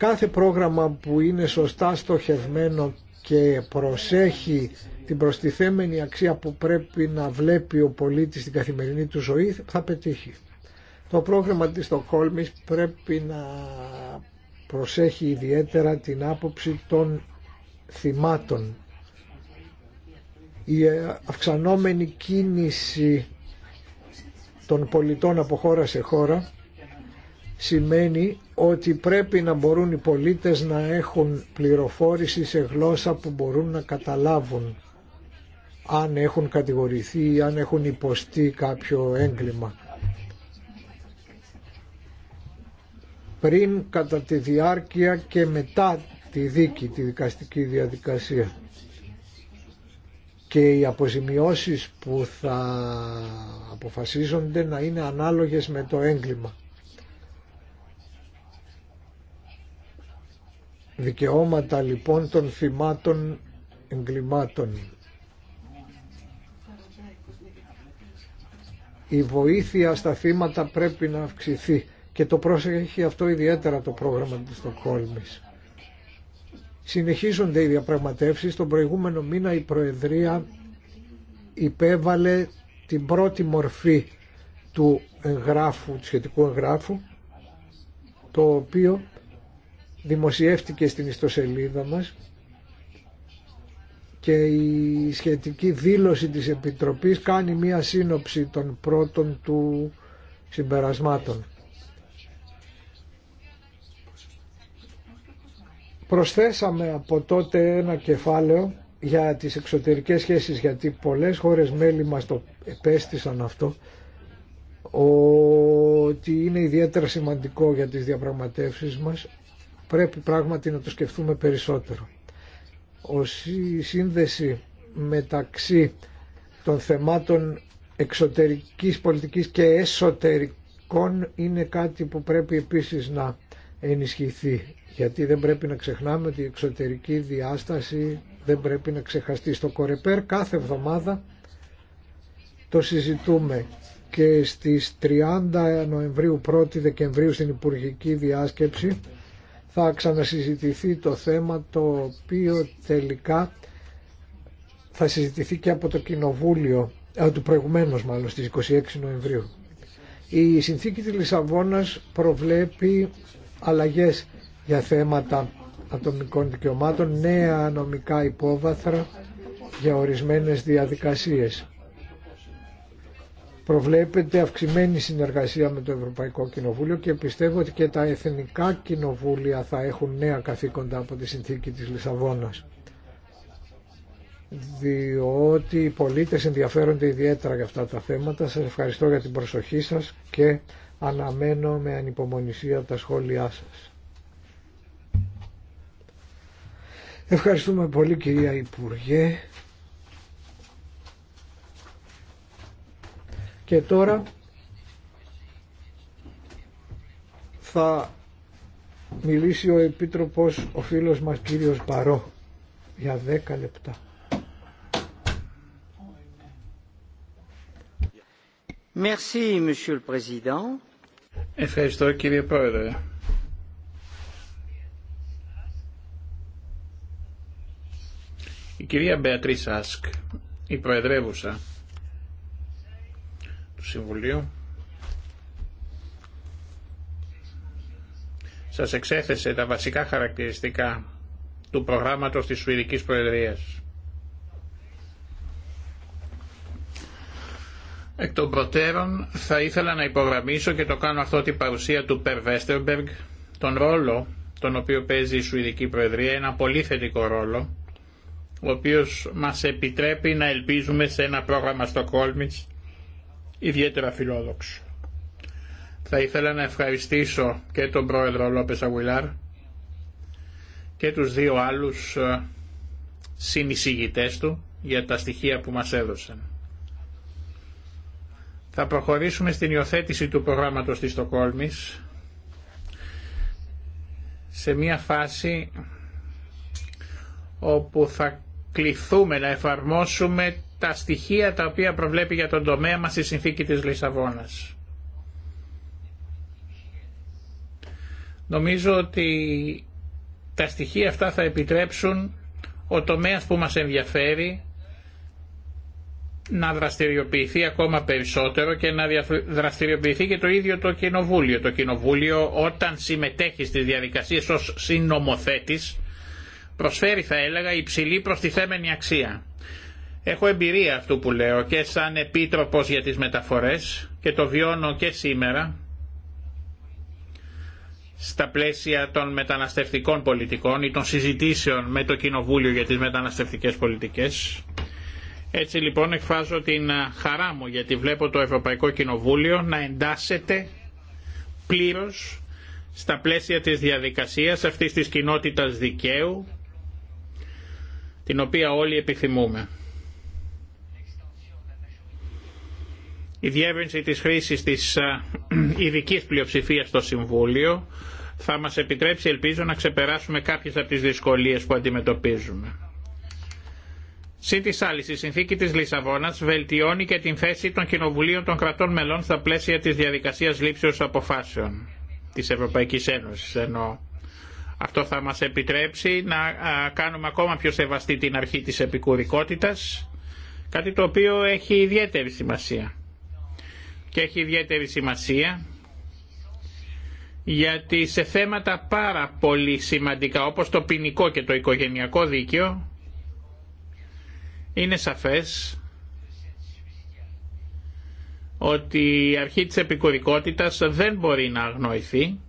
Κάθε πρόγραμμα που είναι σωστά στοχευμένο και προσέχει την προστιθέμενη αξία που πρέπει να βλέπει ο πολίτης στην καθημερινή του ζωή θα πετύχει. Το πρόγραμμα της Στοκόλμης πρέπει να προσέχει ιδιαίτερα την άποψη των θυμάτων. Η αυξανόμενη κίνηση των πολιτών από χώρα σε χώρα σημαίνει ότι πρέπει να μπορούν οι πολίτες να έχουν πληροφόρηση σε γλώσσα που μπορούν να καταλάβουν αν έχουν κατηγορηθεί ή αν έχουν υποστεί κάποιο έγκλημα. Πριν, κατά τη διάρκεια και μετά τη δίκη, τη δικαστική διαδικασία. Και οι αποζημιώσεις που θα αποφασίζονται να είναι ανάλογες με το έγκλημα. Δικαιώματα λοιπόν των θυμάτων εγκλημάτων. Η βοήθεια στα θύματα πρέπει να αυξηθεί και το πρόσεχε αυτό ιδιαίτερα το πρόγραμμα της Στοκχόλμης. Συνεχίζονται οι διαπραγματεύσεις. Τον προηγούμενο μήνα η Προεδρία υπέβαλε την πρώτη μορφή του εγγράφου, του σχετικού εγγράφου, το οποίο δημοσιεύτηκε στην ιστοσελίδα μας και η σχετική δήλωση της Επιτροπής κάνει μία σύνοψη των πρώτων του συμπερασμάτων. Προσθέσαμε από τότε ένα κεφάλαιο για τις εξωτερικές σχέσεις γιατί πολλές χώρες μέλη μας το επέστησαν αυτό ότι είναι ιδιαίτερα σημαντικό για τις διαπραγματεύσεις μας πρέπει πράγματι να το σκεφτούμε περισσότερο. Η σύνδεση μεταξύ των θεμάτων εξωτερικής πολιτικής και εσωτερικών είναι κάτι που πρέπει επίσης να ενισχυθεί γιατί δεν πρέπει να ξεχνάμε ότι η εξωτερική διάσταση δεν πρέπει να ξεχαστεί στο Κορεπέρ κάθε εβδομάδα το συζητούμε και στις 30 Νοεμβρίου 1 Δεκεμβρίου στην Υπουργική Διάσκεψη θα ξανασυζητηθεί το θέμα το οποίο τελικά θα συζητηθεί και από το Κοινοβούλιο, ε, του προηγουμένως μάλλον στις 26 Νοεμβρίου. Η συνθήκη της Λισαβόνας προβλέπει αλλαγές για θέματα ατομικών δικαιωμάτων, νέα νομικά υπόβαθρα για ορισμένες διαδικασίες προβλέπεται αυξημένη συνεργασία με το Ευρωπαϊκό Κοινοβούλιο και πιστεύω ότι και τα εθνικά κοινοβούλια θα έχουν νέα καθήκοντα από τη συνθήκη της Λισαβόνας διότι οι πολίτες ενδιαφέρονται ιδιαίτερα για αυτά τα θέματα. Σας ευχαριστώ για την προσοχή σας και αναμένω με ανυπομονησία τα σχόλιά σας. Ευχαριστούμε πολύ κυρία Υπουργέ. Και τώρα θα μιλήσει ο Επίτροπος, ο φίλος μας κύριος Παρό, για δέκα λεπτά. Merci, Ευχαριστώ κύριε Πρόεδρε. Η κυρία Μπεατρί Σάσκ, η Προεδρεύουσα, του Συμβουλίου σας εξέθεσε τα βασικά χαρακτηριστικά του προγράμματος της Σουηδικής Προεδρίας. Εκ των προτέρων θα ήθελα να υπογραμμίσω και το κάνω αυτό την παρουσία του Περ Βέστερμπεργκ, τον ρόλο τον οποίο παίζει η Σουηδική Προεδρία, ένα πολύ θετικό ρόλο, ο οποίος μας επιτρέπει να ελπίζουμε σε ένα πρόγραμμα στο Κόλμιτς ιδιαίτερα φιλόδοξο. Θα ήθελα να ευχαριστήσω και τον πρόεδρο Λόπε Αγουιλάρ και τους δύο άλλους ε, συνεισηγητές του για τα στοιχεία που μας έδωσαν. Θα προχωρήσουμε στην υιοθέτηση του προγράμματος της Στοκόλμης σε μια φάση όπου θα κληθούμε να εφαρμόσουμε τα στοιχεία τα οποία προβλέπει για τον τομέα μας η συνθήκη της Λισαβόνας. Νομίζω ότι τα στοιχεία αυτά θα επιτρέψουν ο τομέας που μας ενδιαφέρει να δραστηριοποιηθεί ακόμα περισσότερο και να δραστηριοποιηθεί και το ίδιο το Κοινοβούλιο. Το Κοινοβούλιο όταν συμμετέχει στις διαδικασίες ως συνομοθέτης προσφέρει θα έλεγα υψηλή προστιθέμενη αξία. Έχω εμπειρία αυτού που λέω και σαν επίτροπος για τις μεταφορές και το βιώνω και σήμερα στα πλαίσια των μεταναστευτικών πολιτικών ή των συζητήσεων με το Κοινοβούλιο για τις μεταναστευτικές πολιτικές. Έτσι λοιπόν εκφράζω την χαρά μου γιατί βλέπω το Ευρωπαϊκό Κοινοβούλιο να εντάσσεται πλήρως στα πλαίσια της διαδικασίας αυτής της κοινότητας δικαίου την οποία όλοι επιθυμούμε. η διεύρυνση της χρήσης της ειδική πλειοψηφίας στο Συμβούλιο θα μας επιτρέψει ελπίζω να ξεπεράσουμε κάποιες από τις δυσκολίες που αντιμετωπίζουμε. Συν τη άλλη, η συνθήκη τη Λισαβόνα βελτιώνει και την θέση των κοινοβουλίων των κρατών μελών στα πλαίσια τη διαδικασία λήψεως αποφάσεων τη Ευρωπαϊκή Ένωση. Ενώ αυτό θα μα επιτρέψει να κάνουμε ακόμα πιο σεβαστή την αρχή τη επικουρικότητας, κάτι το οποίο έχει ιδιαίτερη σημασία και έχει ιδιαίτερη σημασία γιατί σε θέματα πάρα πολύ σημαντικά όπως το ποινικό και το οικογενειακό δίκαιο είναι σαφές ότι η αρχή της επικουρικότητας δεν μπορεί να αγνοηθεί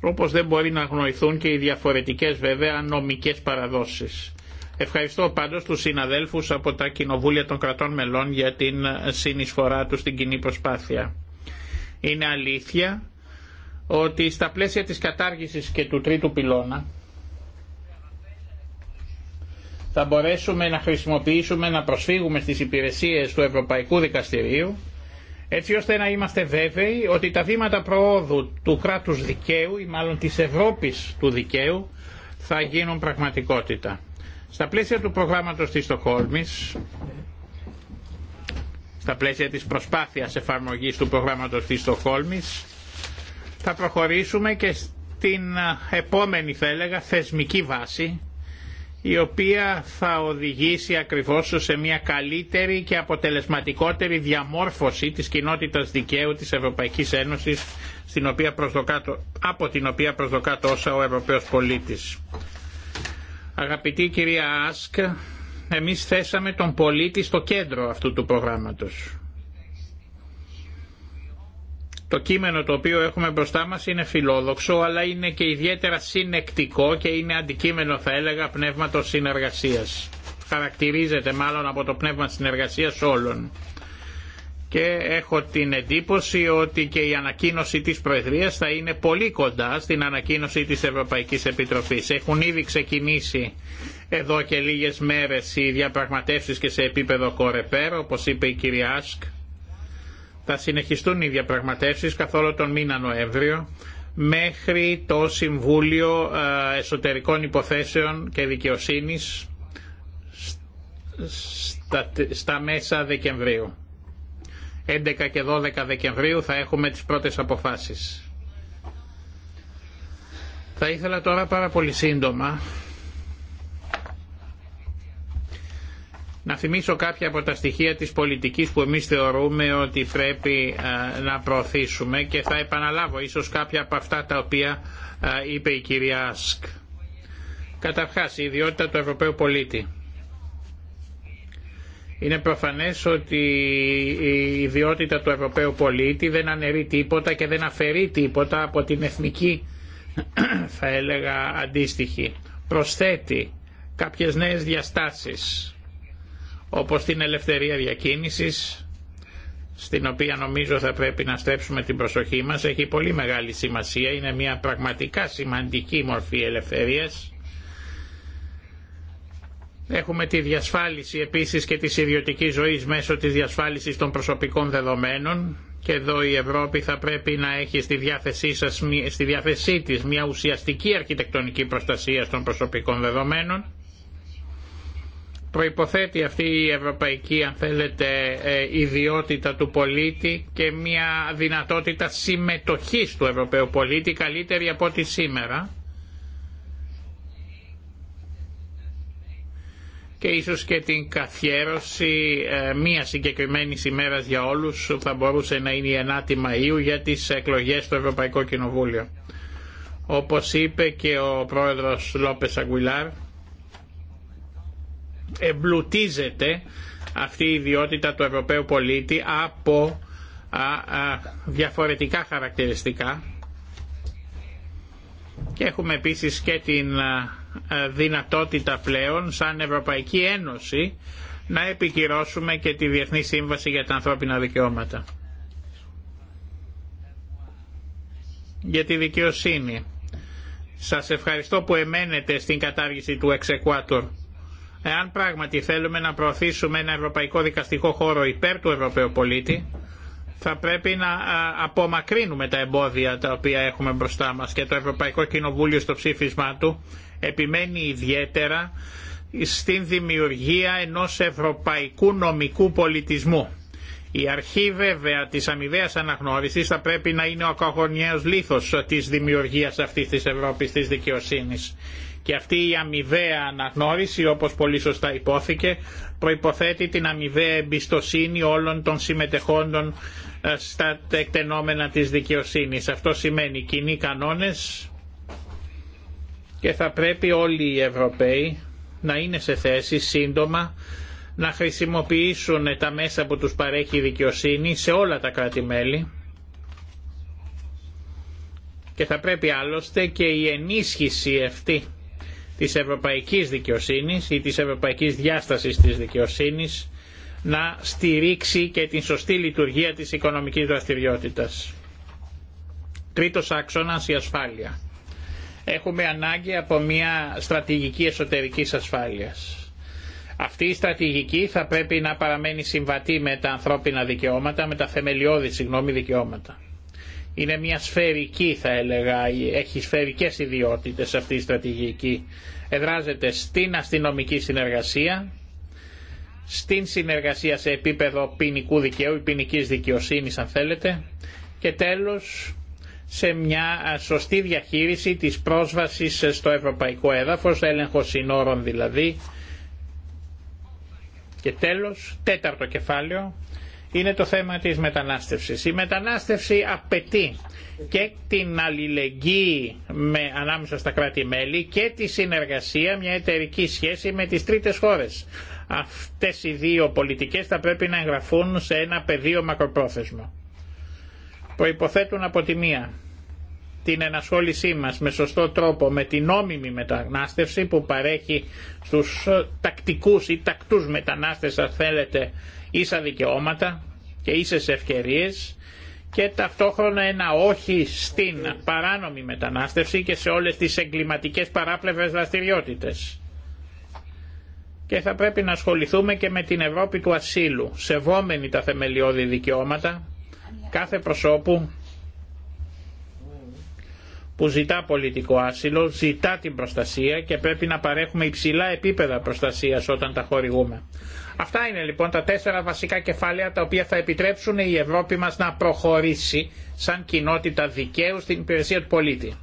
όπως δεν μπορεί να αγνοηθούν και οι διαφορετικές βέβαια νομικές παραδόσεις. Ευχαριστώ πάντως τους συναδέλφους από τα Κοινοβούλια των Κρατών Μελών για την συνεισφορά τους στην κοινή προσπάθεια. Είναι αλήθεια ότι στα πλαίσια της κατάργησης και του τρίτου πυλώνα θα μπορέσουμε να χρησιμοποιήσουμε, να προσφύγουμε στις υπηρεσίες του Ευρωπαϊκού Δικαστηρίου έτσι ώστε να είμαστε βέβαιοι ότι τα βήματα προόδου του κράτους δικαίου ή μάλλον της Ευρώπης του δικαίου θα γίνουν πραγματικότητα. Στα πλαίσια του προγράμματος της Στοχόλμης, στα πλαίσια της προσπάθειας εφαρμογής του προγράμματος της Στοχόλμης, θα προχωρήσουμε και στην επόμενη, θα έλεγα, θεσμική βάση, η οποία θα οδηγήσει ακριβώς σε μια καλύτερη και αποτελεσματικότερη διαμόρφωση της κοινότητας δικαίου της Ευρωπαϊκής Ένωσης στην οποία από την οποία προσδοκά τόσα ο Ευρωπαίος πολίτης. Αγαπητή κυρία Άσκ, εμείς θέσαμε τον πολίτη στο κέντρο αυτού του προγράμματος. Το κείμενο το οποίο έχουμε μπροστά μας είναι φιλόδοξο, αλλά είναι και ιδιαίτερα συνεκτικό και είναι αντικείμενο θα έλεγα πνεύματος συνεργασίας. Χαρακτηρίζεται μάλλον από το πνεύμα συνεργασίας όλων και έχω την εντύπωση ότι και η ανακοίνωση της Προεδρίας θα είναι πολύ κοντά στην ανακοίνωση της Ευρωπαϊκής Επιτροπής. Έχουν ήδη ξεκινήσει εδώ και λίγες μέρες οι διαπραγματεύσεις και σε επίπεδο κορεπέρ, όπως είπε η κυρία Άσκ. Θα συνεχιστούν οι διαπραγματεύσεις καθόλου τον μήνα Νοέμβριο μέχρι το Συμβούλιο ε, Εσωτερικών Υποθέσεων και Δικαιοσύνης στα μέσα Δεκεμβρίου. 11 και 12 Δεκεμβρίου θα έχουμε τις πρώτες αποφάσεις. Θα ήθελα τώρα πάρα πολύ σύντομα να θυμίσω κάποια από τα στοιχεία της πολιτικής που εμείς θεωρούμε ότι πρέπει ε, να προωθήσουμε και θα επαναλάβω ίσως κάποια από αυτά τα οποία ε, είπε η κυρία Άσκ. Καταρχάς, η ιδιότητα του Ευρωπαίου πολίτη είναι προφανές ότι η ιδιότητα του Ευρωπαίου πολίτη δεν αναιρεί τίποτα και δεν αφαιρεί τίποτα από την εθνική θα έλεγα αντίστοιχη. Προσθέτει κάποιες νέες διαστάσεις όπως την ελευθερία διακίνησης στην οποία νομίζω θα πρέπει να στρέψουμε την προσοχή μας έχει πολύ μεγάλη σημασία, είναι μια πραγματικά σημαντική μορφή ελευθερίας Έχουμε τη διασφάλιση επίσης και της ιδιωτικής ζωής μέσω της διασφάλισης των προσωπικών δεδομένων και εδώ η Ευρώπη θα πρέπει να έχει στη διάθεσή, σας, στη διάθεσή της μια ουσιαστική αρχιτεκτονική προστασία των προσωπικών δεδομένων. Προϋποθέτει αυτή η ευρωπαϊκή αν θέλετε ε, ιδιότητα του πολίτη και μια δυνατότητα συμμετοχής του Ευρωπαίου πολίτη καλύτερη από ό,τι σήμερα και ίσως και την καθιέρωση ε, μία συγκεκριμένη ημέρα για όλους που θα μπορούσε να είναι η 9η Μαΐου για τις εκλογές στο Ευρωπαϊκό Κοινοβούλιο. Όπως είπε και ο πρόεδρος Λόπες Αγκουιλάρ, εμπλουτίζεται αυτή η ιδιότητα του Ευρωπαίου πολίτη από διαφορετικά χαρακτηριστικά και έχουμε επίσης και την ε, δυνατότητα πλέον σαν Ευρωπαϊκή Ένωση να επικυρώσουμε και τη Διεθνή Σύμβαση για τα Ανθρώπινα Δικαιώματα. Για τη δικαιοσύνη. Σας ευχαριστώ που εμένετε στην κατάργηση του εξεκουάτορ. Εάν πράγματι θέλουμε να προωθήσουμε ένα ευρωπαϊκό δικαστικό χώρο υπέρ του Ευρωπαίου πολίτη, θα πρέπει να απομακρύνουμε τα εμπόδια τα οποία έχουμε μπροστά μας και το Ευρωπαϊκό Κοινοβούλιο στο ψήφισμά του επιμένει ιδιαίτερα στην δημιουργία ενός ευρωπαϊκού νομικού πολιτισμού. Η αρχή βέβαια της αμοιβαίας αναγνώρισης θα πρέπει να είναι ο ακαγωνιαίος λίθος της δημιουργίας αυτής της Ευρώπης της δικαιοσύνης. Και αυτή η αμοιβαία αναγνώριση, όπως πολύ σωστά υπόθηκε, προϋποθέτει την αμοιβαία εμπιστοσύνη όλων των συμμετεχόντων ε, στα εκτενόμενα της δικαιοσύνης. Αυτό σημαίνει κοινοί κανόνες, και θα πρέπει όλοι οι Ευρωπαίοι να είναι σε θέση σύντομα να χρησιμοποιήσουν τα μέσα που τους παρέχει η δικαιοσύνη σε όλα τα κράτη-μέλη και θα πρέπει άλλωστε και η ενίσχυση αυτή της ευρωπαϊκής δικαιοσύνης ή της ευρωπαϊκής διάστασης της δικαιοσύνης να στηρίξει και την σωστή λειτουργία της οικονομικής δραστηριότητας. Τρίτος άξονας η ασφάλεια. Έχουμε ανάγκη από μια στρατηγική εσωτερικής ασφάλειας. Αυτή η στρατηγική θα πρέπει να παραμένει συμβατή με τα ανθρώπινα δικαιώματα, με τα θεμελιώδη συγγνώμη δικαιώματα. Είναι μια σφαιρική θα έλεγα, έχει σφαιρικές ιδιότητες αυτή η στρατηγική. Εδράζεται στην αστυνομική συνεργασία, στην συνεργασία σε επίπεδο ποινικού δικαίου ή ποινικής δικαιοσύνης αν θέλετε και τέλος σε μια σωστή διαχείριση της πρόσβασης στο ευρωπαϊκό έδαφος, έλεγχο συνόρων δηλαδή. Και τέλος, τέταρτο κεφάλαιο, είναι το θέμα της μετανάστευσης. Η μετανάστευση απαιτεί και την αλληλεγγύη με, ανάμεσα στα κράτη-μέλη και τη συνεργασία, μια εταιρική σχέση με τις τρίτες χώρες. Αυτές οι δύο πολιτικές θα πρέπει να εγγραφούν σε ένα πεδίο μακροπρόθεσμο προϋποθέτουν από τη μία την ενασχόλησή μας με σωστό τρόπο με την νόμιμη μετανάστευση που παρέχει στους ε, τακτικούς ή τακτούς μετανάστες αν θέλετε ίσα δικαιώματα και ίσες ευκαιρίες και ταυτόχρονα ένα όχι στην παράνομη μετανάστευση και σε όλες τις εγκληματικές παράπλευρες δραστηριότητες. Και θα πρέπει να ασχοληθούμε και με την Ευρώπη του ασύλου, σεβόμενη τα θεμελιώδη δικαιώματα, κάθε προσώπου που ζητά πολιτικό άσυλο, ζητά την προστασία και πρέπει να παρέχουμε υψηλά επίπεδα προστασίας όταν τα χορηγούμε. Αυτά είναι λοιπόν τα τέσσερα βασικά κεφάλαια τα οποία θα επιτρέψουν η Ευρώπη μας να προχωρήσει σαν κοινότητα δικαίου στην υπηρεσία του πολίτη.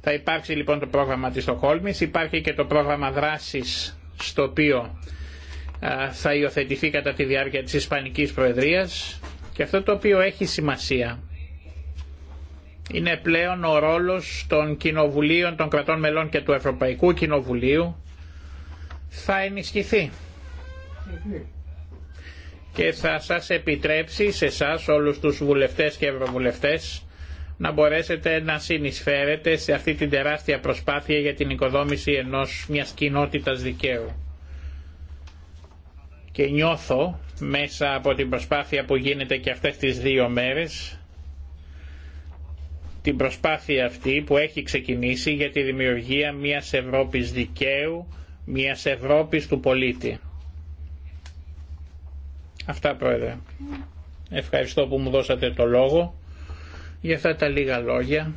Θα υπάρξει λοιπόν το πρόγραμμα της Στοχόλμης, υπάρχει και το πρόγραμμα δράσης στο οποίο θα υιοθετηθεί κατά τη διάρκεια της Ισπανικής Προεδρίας και αυτό το οποίο έχει σημασία είναι πλέον ο ρόλος των κοινοβουλίων, των κρατών μελών και του Ευρωπαϊκού Κοινοβουλίου θα ενισχυθεί και θα σας επιτρέψει σε εσά όλους τους βουλευτές και ευρωβουλευτές να μπορέσετε να συνεισφέρετε σε αυτή την τεράστια προσπάθεια για την οικοδόμηση ενός μιας κοινότητας δικαίου και νιώθω μέσα από την προσπάθεια που γίνεται και αυτές τις δύο μέρες την προσπάθεια αυτή που έχει ξεκινήσει για τη δημιουργία μιας Ευρώπης δικαίου, μιας Ευρώπης του πολίτη. Αυτά πρόεδρε. Ευχαριστώ που μου δώσατε το λόγο για αυτά τα λίγα λόγια.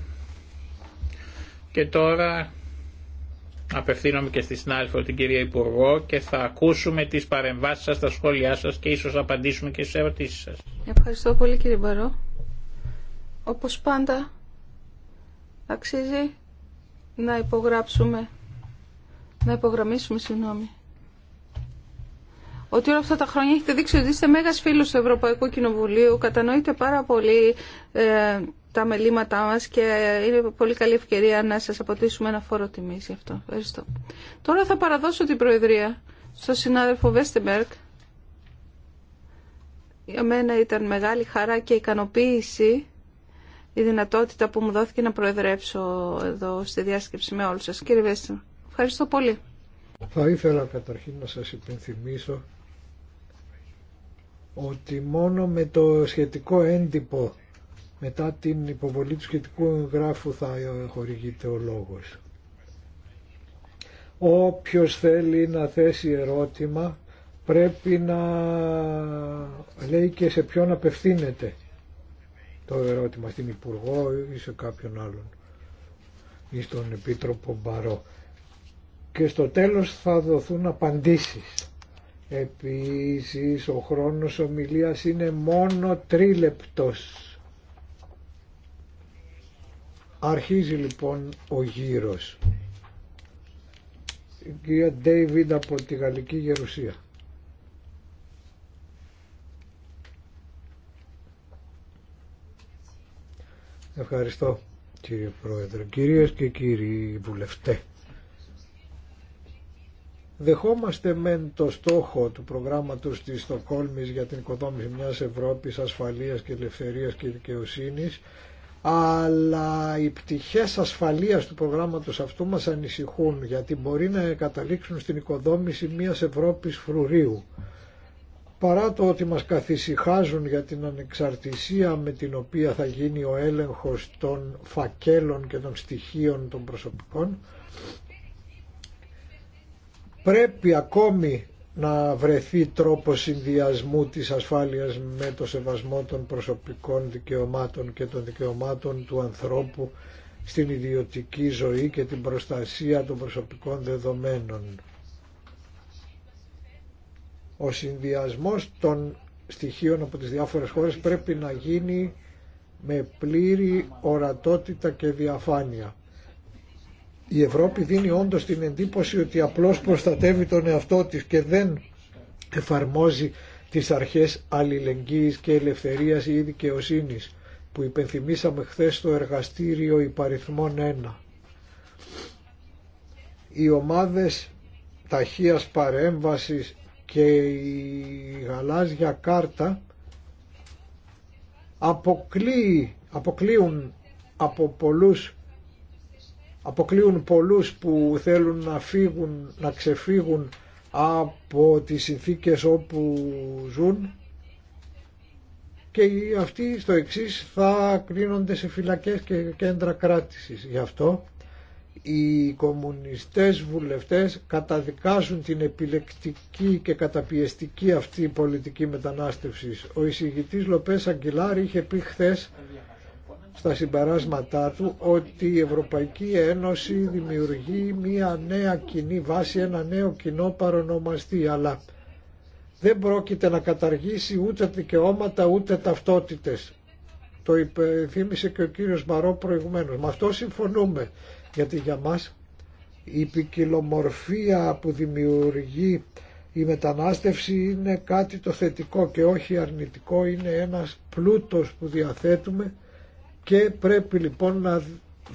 Και τώρα Απευθύνομαι και στη συνάδελφο την κυρία Υπουργό και θα ακούσουμε τις παρεμβάσεις σας, τα σχόλιά σας και ίσως απαντήσουμε και στις ερωτήσεις σας. Ευχαριστώ πολύ κύριε Μπαρό. Όπως πάντα αξίζει να υπογράψουμε, να υπογραμμίσουμε συγγνώμη. Ότι όλα αυτά τα χρόνια έχετε δείξει ότι είστε μέγας φίλος του Ευρωπαϊκού Κοινοβουλίου, κατανοείτε πάρα πολύ ε, τα μελήματά μας και είναι πολύ καλή ευκαιρία να σας αποτίσουμε ένα φόρο τιμής γι' αυτό. Ευχαριστώ. Τώρα θα παραδώσω την Προεδρία στον συνάδελφο Βέστεμπερκ. Για μένα ήταν μεγάλη χαρά και ικανοποίηση η δυνατότητα που μου δόθηκε να προεδρεύσω εδώ στη διάσκεψη με όλους σας. Κύριε Βέστεμπερκ, ευχαριστώ πολύ. Θα ήθελα καταρχήν να σας υπενθυμίσω ότι μόνο με το σχετικό έντυπο μετά την υποβολή του σχετικού γράφου θα χορηγείται ο λόγος. Όποιος θέλει να θέσει ερώτημα πρέπει να λέει και σε ποιον απευθύνεται το ερώτημα, στην Υπουργό ή σε κάποιον άλλον ή στον Επίτροπο Μπαρό. Και στο τέλος θα δοθούν απαντήσεις. Επίσης ο χρόνος ομιλίας είναι μόνο τρίλεπτος Αρχίζει λοιπόν ο γύρος. Η κυρία Ντέιβιντ από τη Γαλλική Γερουσία. Ευχαριστώ κύριε Πρόεδρε. Κυρίες και κύριοι βουλευτέ. Δεχόμαστε μεν το στόχο του προγράμματος της Στοκόλμης για την οικοδόμηση μιας Ευρώπης ασφαλείας και ελευθερίας και δικαιοσύνης αλλά οι πτυχές ασφαλείας του προγράμματος αυτού μας ανησυχούν γιατί μπορεί να καταλήξουν στην οικοδόμηση μιας Ευρώπης φρουρίου. Παρά το ότι μας καθησυχάζουν για την ανεξαρτησία με την οποία θα γίνει ο έλεγχος των φακέλων και των στοιχείων των προσωπικών, πρέπει ακόμη να βρεθεί τρόπο συνδυασμού της ασφάλειας με το σεβασμό των προσωπικών δικαιωμάτων και των δικαιωμάτων του ανθρώπου στην ιδιωτική ζωή και την προστασία των προσωπικών δεδομένων. Ο συνδυασμός των στοιχείων από τις διάφορες χώρες πρέπει να γίνει με πλήρη ορατότητα και διαφάνεια η Ευρώπη δίνει όντως την εντύπωση ότι απλώς προστατεύει τον εαυτό της και δεν εφαρμόζει τις αρχές αλληλεγγύης και ελευθερίας ή δικαιοσύνη που υπενθυμίσαμε χθες στο εργαστήριο υπαριθμών 1. Οι ομάδες ταχείας παρέμβασης και η γαλάζια κάρτα αποκλείουν από πολλούς αποκλείουν πολλούς που θέλουν να φύγουν, να ξεφύγουν από τις συνθήκες όπου ζουν και αυτοί στο εξής θα κρίνονται σε φυλακές και κέντρα κράτησης. Γι' αυτό οι κομμουνιστές βουλευτές καταδικάζουν την επιλεκτική και καταπιεστική αυτή πολιτική μετανάστευσης. Ο εισηγητής Λοπές Αγγιλάρη είχε πει χθες στα συμπεράσματά του ότι η Ευρωπαϊκή Ένωση δημιουργεί μία νέα κοινή βάση, ένα νέο κοινό παρονομαστή, αλλά δεν πρόκειται να καταργήσει ούτε δικαιώματα ούτε ταυτότητες. Το θύμισε και ο κύριος Μαρό προηγουμένως. Με αυτό συμφωνούμε, γιατί για μας η ποικιλομορφία που δημιουργεί η μετανάστευση είναι κάτι το θετικό και όχι αρνητικό, είναι ένας πλούτος που διαθέτουμε και πρέπει λοιπόν να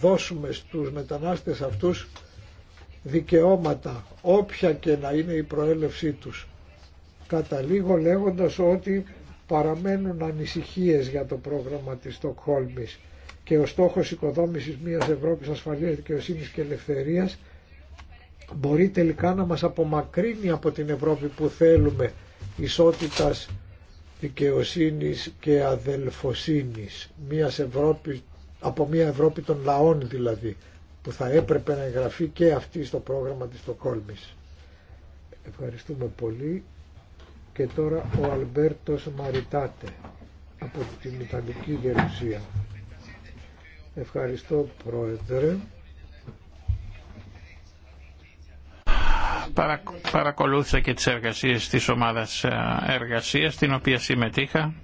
δώσουμε στους μετανάστες αυτούς δικαιώματα, όποια και να είναι η προέλευσή τους. Καταλήγω λέγοντας ότι παραμένουν ανησυχίες για το πρόγραμμα της Στοκχόλμης και ο στόχος οικοδόμησης μιας Ευρώπης ασφαλείας δικαιοσύνης και ελευθερίας μπορεί τελικά να μας απομακρύνει από την Ευρώπη που θέλουμε ισότητας δικαιοσύνης και αδελφοσύνης μιας Ευρώπης, από μια Ευρώπη των λαών δηλαδή που θα έπρεπε να εγγραφεί και αυτή στο πρόγραμμα της Στοκόλμης. Ευχαριστούμε πολύ και τώρα ο Αλμπέρτος Μαριτάτε από την Ιταλική Γερουσία. Ευχαριστώ Πρόεδρε. παρακολούθησα και τις εργασίες της ομάδας ε, εργασίας στην οποία συμμετείχα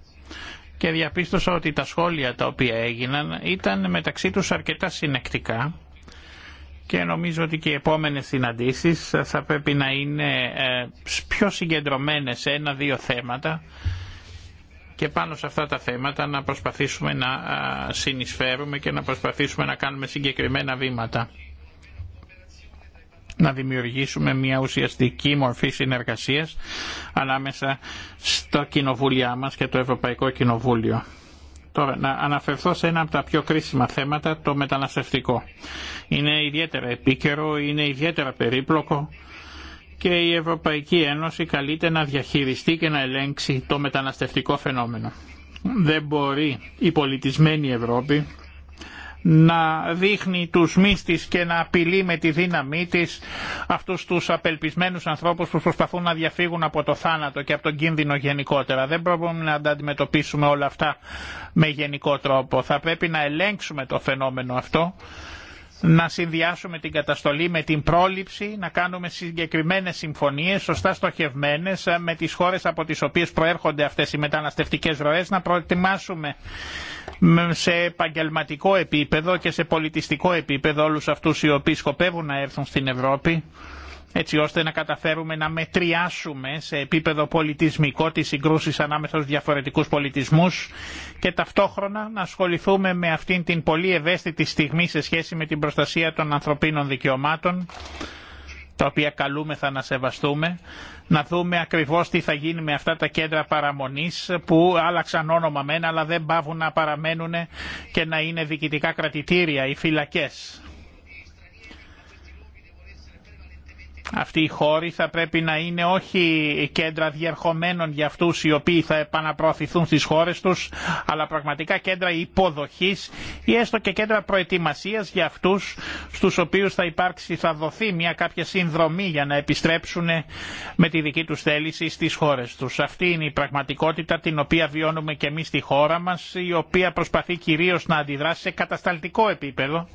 και διαπίστωσα ότι τα σχόλια τα οποία έγιναν ήταν μεταξύ τους αρκετά συνεκτικά και νομίζω ότι και οι επόμενες συναντήσεις θα πρέπει να είναι ε, πιο συγκεντρωμένες σε ένα-δύο θέματα και πάνω σε αυτά τα θέματα να προσπαθήσουμε να ε, συνεισφέρουμε και να προσπαθήσουμε να κάνουμε συγκεκριμένα βήματα να δημιουργήσουμε μια ουσιαστική μορφή συνεργασίας ανάμεσα στο κοινοβούλια μας και το Ευρωπαϊκό Κοινοβούλιο. Τώρα, να αναφερθώ σε ένα από τα πιο κρίσιμα θέματα, το μεταναστευτικό. Είναι ιδιαίτερα επίκαιρο, είναι ιδιαίτερα περίπλοκο και η Ευρωπαϊκή Ένωση καλείται να διαχειριστεί και να ελέγξει το μεταναστευτικό φαινόμενο. Δεν μπορεί η πολιτισμένη Ευρώπη να δείχνει τους μύστης και να απειλεί με τη δύναμή της αυτούς τους απελπισμένους ανθρώπους που προσπαθούν να διαφύγουν από το θάνατο και από τον κίνδυνο γενικότερα. Δεν μπορούμε να αντιμετωπίσουμε όλα αυτά με γενικό τρόπο. Θα πρέπει να ελέγξουμε το φαινόμενο αυτό να συνδυάσουμε την καταστολή με την πρόληψη, να κάνουμε συγκεκριμένες συμφωνίες σωστά στοχευμένες ε, με τις χώρες από τις οποίες προέρχονται αυτές οι μεταναστευτικές ροές, να προετοιμάσουμε σε επαγγελματικό επίπεδο και σε πολιτιστικό επίπεδο όλους αυτούς οι οποίοι σκοπεύουν να έρθουν στην Ευρώπη έτσι ώστε να καταφέρουμε να μετριάσουμε σε επίπεδο πολιτισμικό τις συγκρούσεις ανάμεσα στους διαφορετικούς πολιτισμούς και ταυτόχρονα να ασχοληθούμε με αυτήν την πολύ ευαίσθητη στιγμή σε σχέση με την προστασία των ανθρωπίνων δικαιωμάτων τα οποία θα να σεβαστούμε, να δούμε ακριβώς τι θα γίνει με αυτά τα κέντρα παραμονής που άλλαξαν όνομα μένα αλλά δεν πάβουν να παραμένουν και να είναι διοικητικά κρατητήρια ή φυλακές. Αυτοί οι χώροι θα πρέπει να είναι όχι κέντρα διερχομένων για αυτούς οι οποίοι θα επαναπροωθηθούν στις χώρες τους, αλλά πραγματικά κέντρα υποδοχής ή έστω και κέντρα προετοιμασίας για αυτούς στους οποίους θα υπάρξει, θα δοθεί μια κάποια συνδρομή για να επιστρέψουν με τη δική τους θέληση στις χώρες τους. Αυτή είναι η πραγματικότητα την οποία βιώνουμε και εμείς στη χώρα μας, η οποία προσπαθεί κυρίως να αντιδράσει σε κατασταλτικό επίπεδο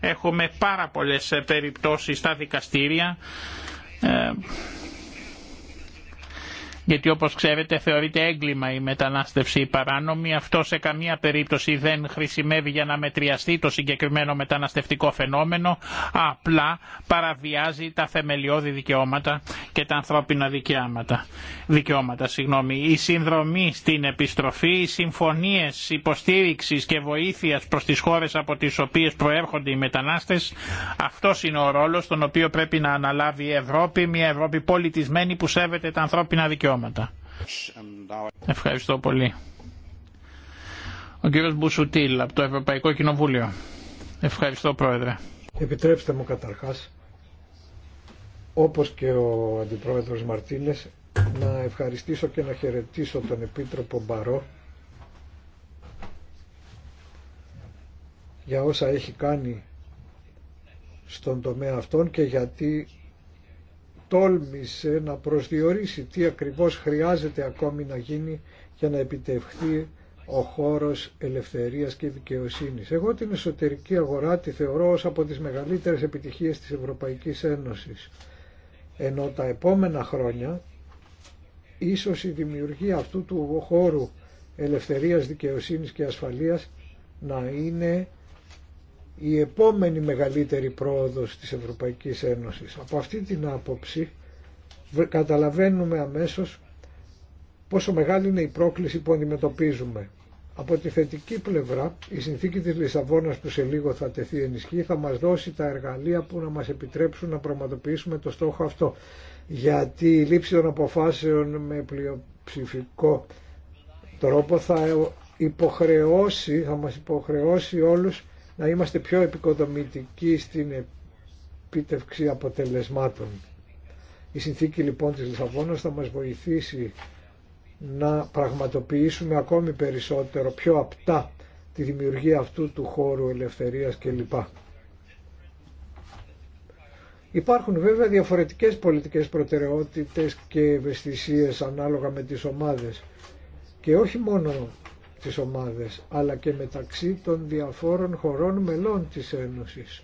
Έχουμε πάρα πολλές περιπτώσεις στα δικαστήρια ε, γιατί όπως ξέρετε θεωρείται έγκλημα η μετανάστευση η παράνομη. Αυτό σε καμία περίπτωση δεν χρησιμεύει για να μετριαστεί το συγκεκριμένο μεταναστευτικό φαινόμενο, απλά παραβιάζει τα θεμελιώδη δικαιώματα και τα ανθρώπινα δικαιώματα. δικαιώματα συγγνώμη. Η συνδρομή στην επιστροφή, οι συμφωνίες υποστήριξης και βοήθειας προς τις χώρες από τις οποίες προέρχονται οι μετανάστες, Αυτό είναι ο ρόλος τον οποίο πρέπει να αναλάβει η Ευρώπη, μια Ευρώπη πολιτισμένη που σέβεται τα ανθρώπινα δικαιώματα. Ευχαριστώ πολύ. Ο κύριος Μπουσουτήλ από το Ευρωπαϊκό Κοινοβούλιο. Ευχαριστώ Πρόεδρε. Επιτρέψτε μου καταρχάς, όπως και ο Αντιπρόεδρος Μαρτίνες, να ευχαριστήσω και να χαιρετήσω τον Επίτροπο Μπαρό για όσα έχει κάνει στον τομέα αυτόν και γιατί τόλμησε να προσδιορίσει τι ακριβώς χρειάζεται ακόμη να γίνει για να επιτευχθεί ο χώρος ελευθερίας και δικαιοσύνης. Εγώ την εσωτερική αγορά τη θεωρώ ως από τις μεγαλύτερες επιτυχίες της Ευρωπαϊκής Ένωσης. Ενώ τα επόμενα χρόνια ίσως η δημιουργία αυτού του χώρου ελευθερίας, δικαιοσύνης και ασφαλείας να είναι η επόμενη μεγαλύτερη πρόοδος της Ευρωπαϊκής Ένωσης. Από αυτή την άποψη καταλαβαίνουμε αμέσως πόσο μεγάλη είναι η πρόκληση που αντιμετωπίζουμε. Από τη θετική πλευρά, η συνθήκη της Λισαβόνας που σε λίγο θα τεθεί ενισχύει θα μας δώσει τα εργαλεία που να μας επιτρέψουν να πραγματοποιήσουμε το στόχο αυτό. Γιατί η λήψη των αποφάσεων με πλειοψηφικό τρόπο θα, ε- υποχρεώσει, θα μας υποχρεώσει όλους να είμαστε πιο επικοδομητικοί στην επίτευξη αποτελεσμάτων. Η συνθήκη λοιπόν της Λισαβόνας θα μας βοηθήσει να πραγματοποιήσουμε ακόμη περισσότερο, πιο απτά, τη δημιουργία αυτού του χώρου ελευθερίας κλπ. Υπάρχουν βέβαια διαφορετικές πολιτικές προτεραιότητες και ευαισθησίες ανάλογα με τις ομάδες και όχι μόνο τις ομάδες, αλλά και μεταξύ των διαφόρων χωρών μελών της Ένωσης.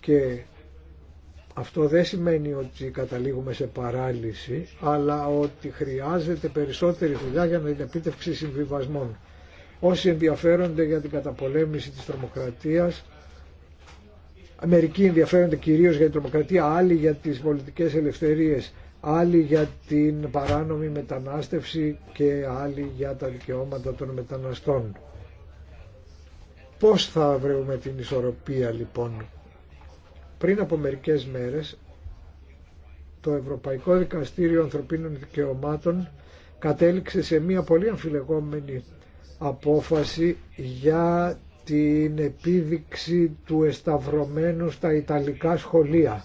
Και αυτό δεν σημαίνει ότι καταλήγουμε σε παράλυση, αλλά ότι χρειάζεται περισσότερη δουλειά για την επίτευξη συμβιβασμών. Όσοι ενδιαφέρονται για την καταπολέμηση της τρομοκρατίας, μερικοί ενδιαφέρονται κυρίως για την τρομοκρατία, άλλοι για τις πολιτικές ελευθερίες, άλλοι για την παράνομη μετανάστευση και άλλοι για τα δικαιώματα των μεταναστών. Πώς θα βρούμε την ισορροπία λοιπόν. Πριν από μερικές μέρες το Ευρωπαϊκό Δικαστήριο Ανθρωπίνων Δικαιωμάτων κατέληξε σε μια πολύ αμφιλεγόμενη απόφαση για την επίδειξη του εσταυρωμένου στα Ιταλικά σχολεία.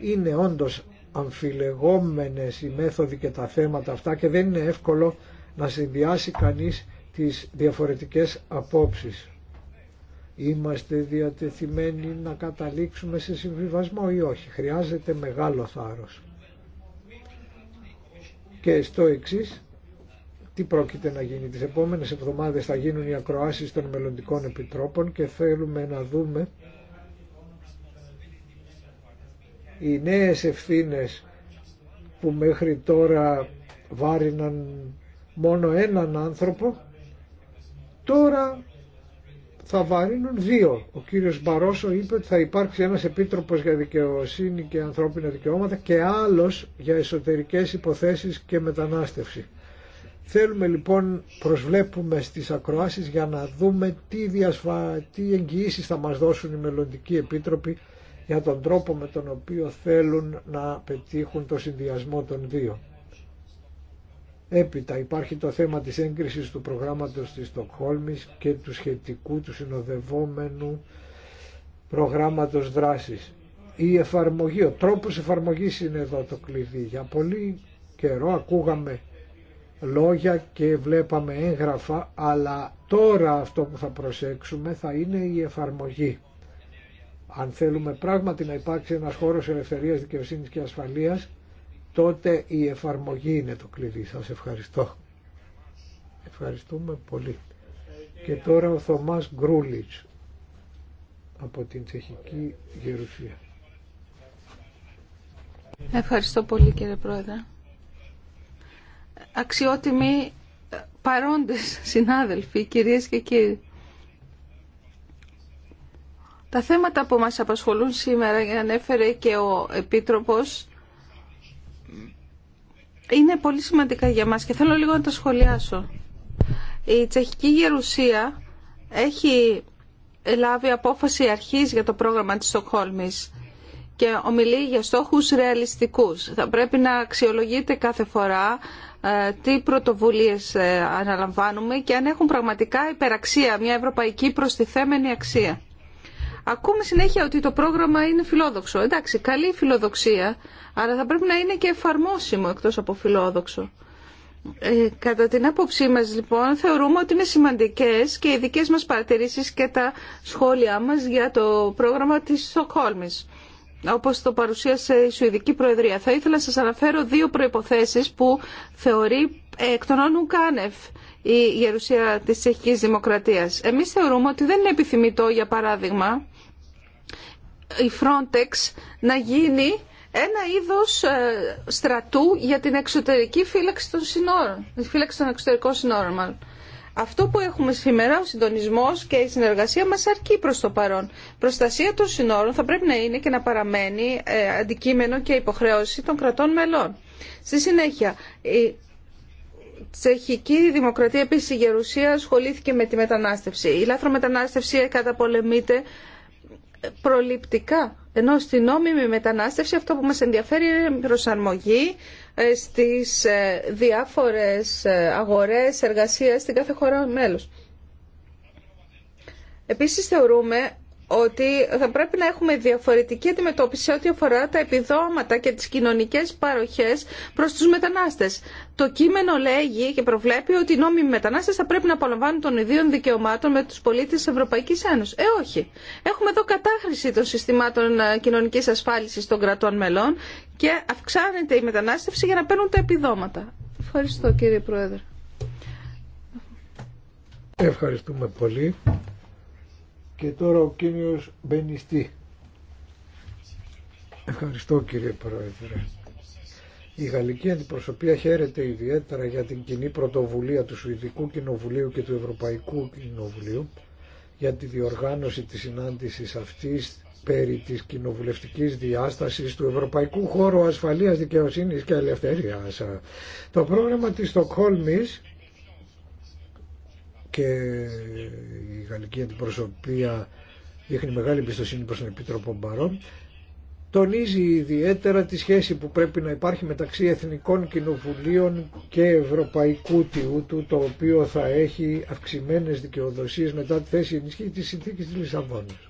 είναι όντως αμφιλεγόμενες οι μέθοδοι και τα θέματα αυτά και δεν είναι εύκολο να συνδυάσει κανείς τις διαφορετικές απόψεις. Είμαστε διατεθειμένοι να καταλήξουμε σε συμβιβασμό ή όχι. Χρειάζεται μεγάλο θάρρος. Και στο εξή, τι πρόκειται να γίνει. Τις επόμενες εβδομάδες θα γίνουν οι ακροάσεις των μελλοντικών επιτρόπων και θέλουμε να δούμε οι νέες ευθύνες που μέχρι τώρα βάριναν μόνο έναν άνθρωπο τώρα θα βαρύνουν δύο. Ο κύριος Μπαρόσο είπε ότι θα υπάρξει ένας επίτροπος για δικαιοσύνη και ανθρώπινα δικαιώματα και άλλος για εσωτερικές υποθέσεις και μετανάστευση. Θέλουμε λοιπόν, προσβλέπουμε στις ακροάσεις για να δούμε τι, διασφα... τι εγγυήσεις θα μας δώσουν οι μελλοντικοί επίτροποι για τον τρόπο με τον οποίο θέλουν να πετύχουν το συνδυασμό των δύο. Έπειτα υπάρχει το θέμα της έγκρισης του προγράμματος της Στοκχόλμης και του σχετικού του συνοδευόμενου προγράμματος δράσης. Η εφαρμογή, ο τρόπος εφαρμογής είναι εδώ το κλειδί. Για πολύ καιρό ακούγαμε λόγια και βλέπαμε έγγραφα, αλλά τώρα αυτό που θα προσέξουμε θα είναι η εφαρμογή. Αν θέλουμε πράγματι να υπάρξει ένας χώρος ελευθερίας, δικαιοσύνης και ασφαλείας, τότε η εφαρμογή είναι το κλειδί. Σας ευχαριστώ. Ευχαριστούμε πολύ. Και τώρα ο Θωμάς Γκρούλιτς από την Τσεχική Γερουσία. Ευχαριστώ πολύ κύριε Πρόεδρε. Αξιότιμοι παρόντες συνάδελφοι, κυρίες και κύριοι. Τα θέματα που μας απασχολούν σήμερα, ανέφερε και ο Επίτροπος, είναι πολύ σημαντικά για μας και θέλω λίγο να τα σχολιάσω. Η Τσεχική Γερουσία έχει λάβει απόφαση αρχής για το πρόγραμμα της Στοκχόλμης και ομιλεί για στόχους ρεαλιστικούς. Θα πρέπει να αξιολογείται κάθε φορά ε, τι πρωτοβουλίες ε, αναλαμβάνουμε και αν έχουν πραγματικά υπεραξία, μια ευρωπαϊκή προστιθέμενη αξία. Ακούμε συνέχεια ότι το πρόγραμμα είναι φιλόδοξο. Εντάξει, καλή φιλοδοξία, αλλά θα πρέπει να είναι και εφαρμόσιμο εκτός από φιλόδοξο. Ε, κατά την άποψή μας λοιπόν θεωρούμε ότι είναι σημαντικές και οι δικές μας παρατηρήσεις και τα σχόλιά μας για το πρόγραμμα της Στοκχόλμης όπως το παρουσίασε η Σουηδική Προεδρία. Θα ήθελα να σας αναφέρω δύο προϋποθέσεις που θεωρεί ε, εκ των όνων κάνευ η γερουσία της τσεχικής δημοκρατίας. Εμείς θεωρούμε ότι δεν είναι επιθυμητό, για παράδειγμα, η Frontex να γίνει ένα είδος ε, στρατού για την εξωτερική φύλαξη των συνόρων, τη φύλαξη των εξωτερικών συνόρων Αυτό που έχουμε σήμερα, ο συντονισμός και η συνεργασία μας αρκεί προς το παρόν. Προστασία των συνόρων θα πρέπει να είναι και να παραμένει ε, αντικείμενο και υποχρέωση των κρατών μελών. Στη συνέχεια, η Τσεχική Δημοκρατία επίσης η Γερουσία ασχολήθηκε με τη μετανάστευση. Η λάθρο μετανάστευση καταπολεμείται προληπτικά. Ενώ στην νόμιμη μετανάστευση αυτό που μας ενδιαφέρει είναι η προσαρμογή ε, στις ε, διάφορες ε, αγορές εργασίας στην κάθε χώρα μέλος. Επίσης θεωρούμε ότι θα πρέπει να έχουμε διαφορετική αντιμετώπιση ό,τι αφορά τα επιδόματα και τις κοινωνικές παροχές προς τους μετανάστες. Το κείμενο λέγει και προβλέπει ότι οι νόμιμοι μετανάστες θα πρέπει να απολαμβάνουν των ιδίων δικαιωμάτων με τους πολίτες της Ευρωπαϊκής Ένωσης. Ε, όχι. Έχουμε εδώ κατάχρηση των συστημάτων ε, κοινωνικής ασφάλισης των κρατών μελών και αυξάνεται η μετανάστευση για να παίρνουν τα επιδόματα. Ευχαριστώ κύριε Πρόεδρε. Ευχαριστούμε πολύ. Και τώρα ο κύριος Μπενιστή. Ευχαριστώ κύριε Πρόεδρε. Η γαλλική αντιπροσωπεία χαίρεται ιδιαίτερα για την κοινή πρωτοβουλία του Σουηδικού Κοινοβουλίου και του Ευρωπαϊκού Κοινοβουλίου για τη διοργάνωση της συνάντησης αυτής περί της κοινοβουλευτικής διάστασης του Ευρωπαϊκού Χώρου Ασφαλείας, Δικαιοσύνης και Ελευθερίας. Το πρόγραμμα της Στοκχόλμης και η γαλλική αντιπροσωπεία δείχνει μεγάλη εμπιστοσύνη προς τον Επίτροπο Μπαρόν, τονίζει ιδιαίτερα τη σχέση που πρέπει να υπάρχει μεταξύ εθνικών κοινοβουλίων και ευρωπαϊκού τιούτου, το οποίο θα έχει αυξημένες δικαιοδοσίες μετά τη θέση ενισχύει της συνθήκης της Λισαβόνης.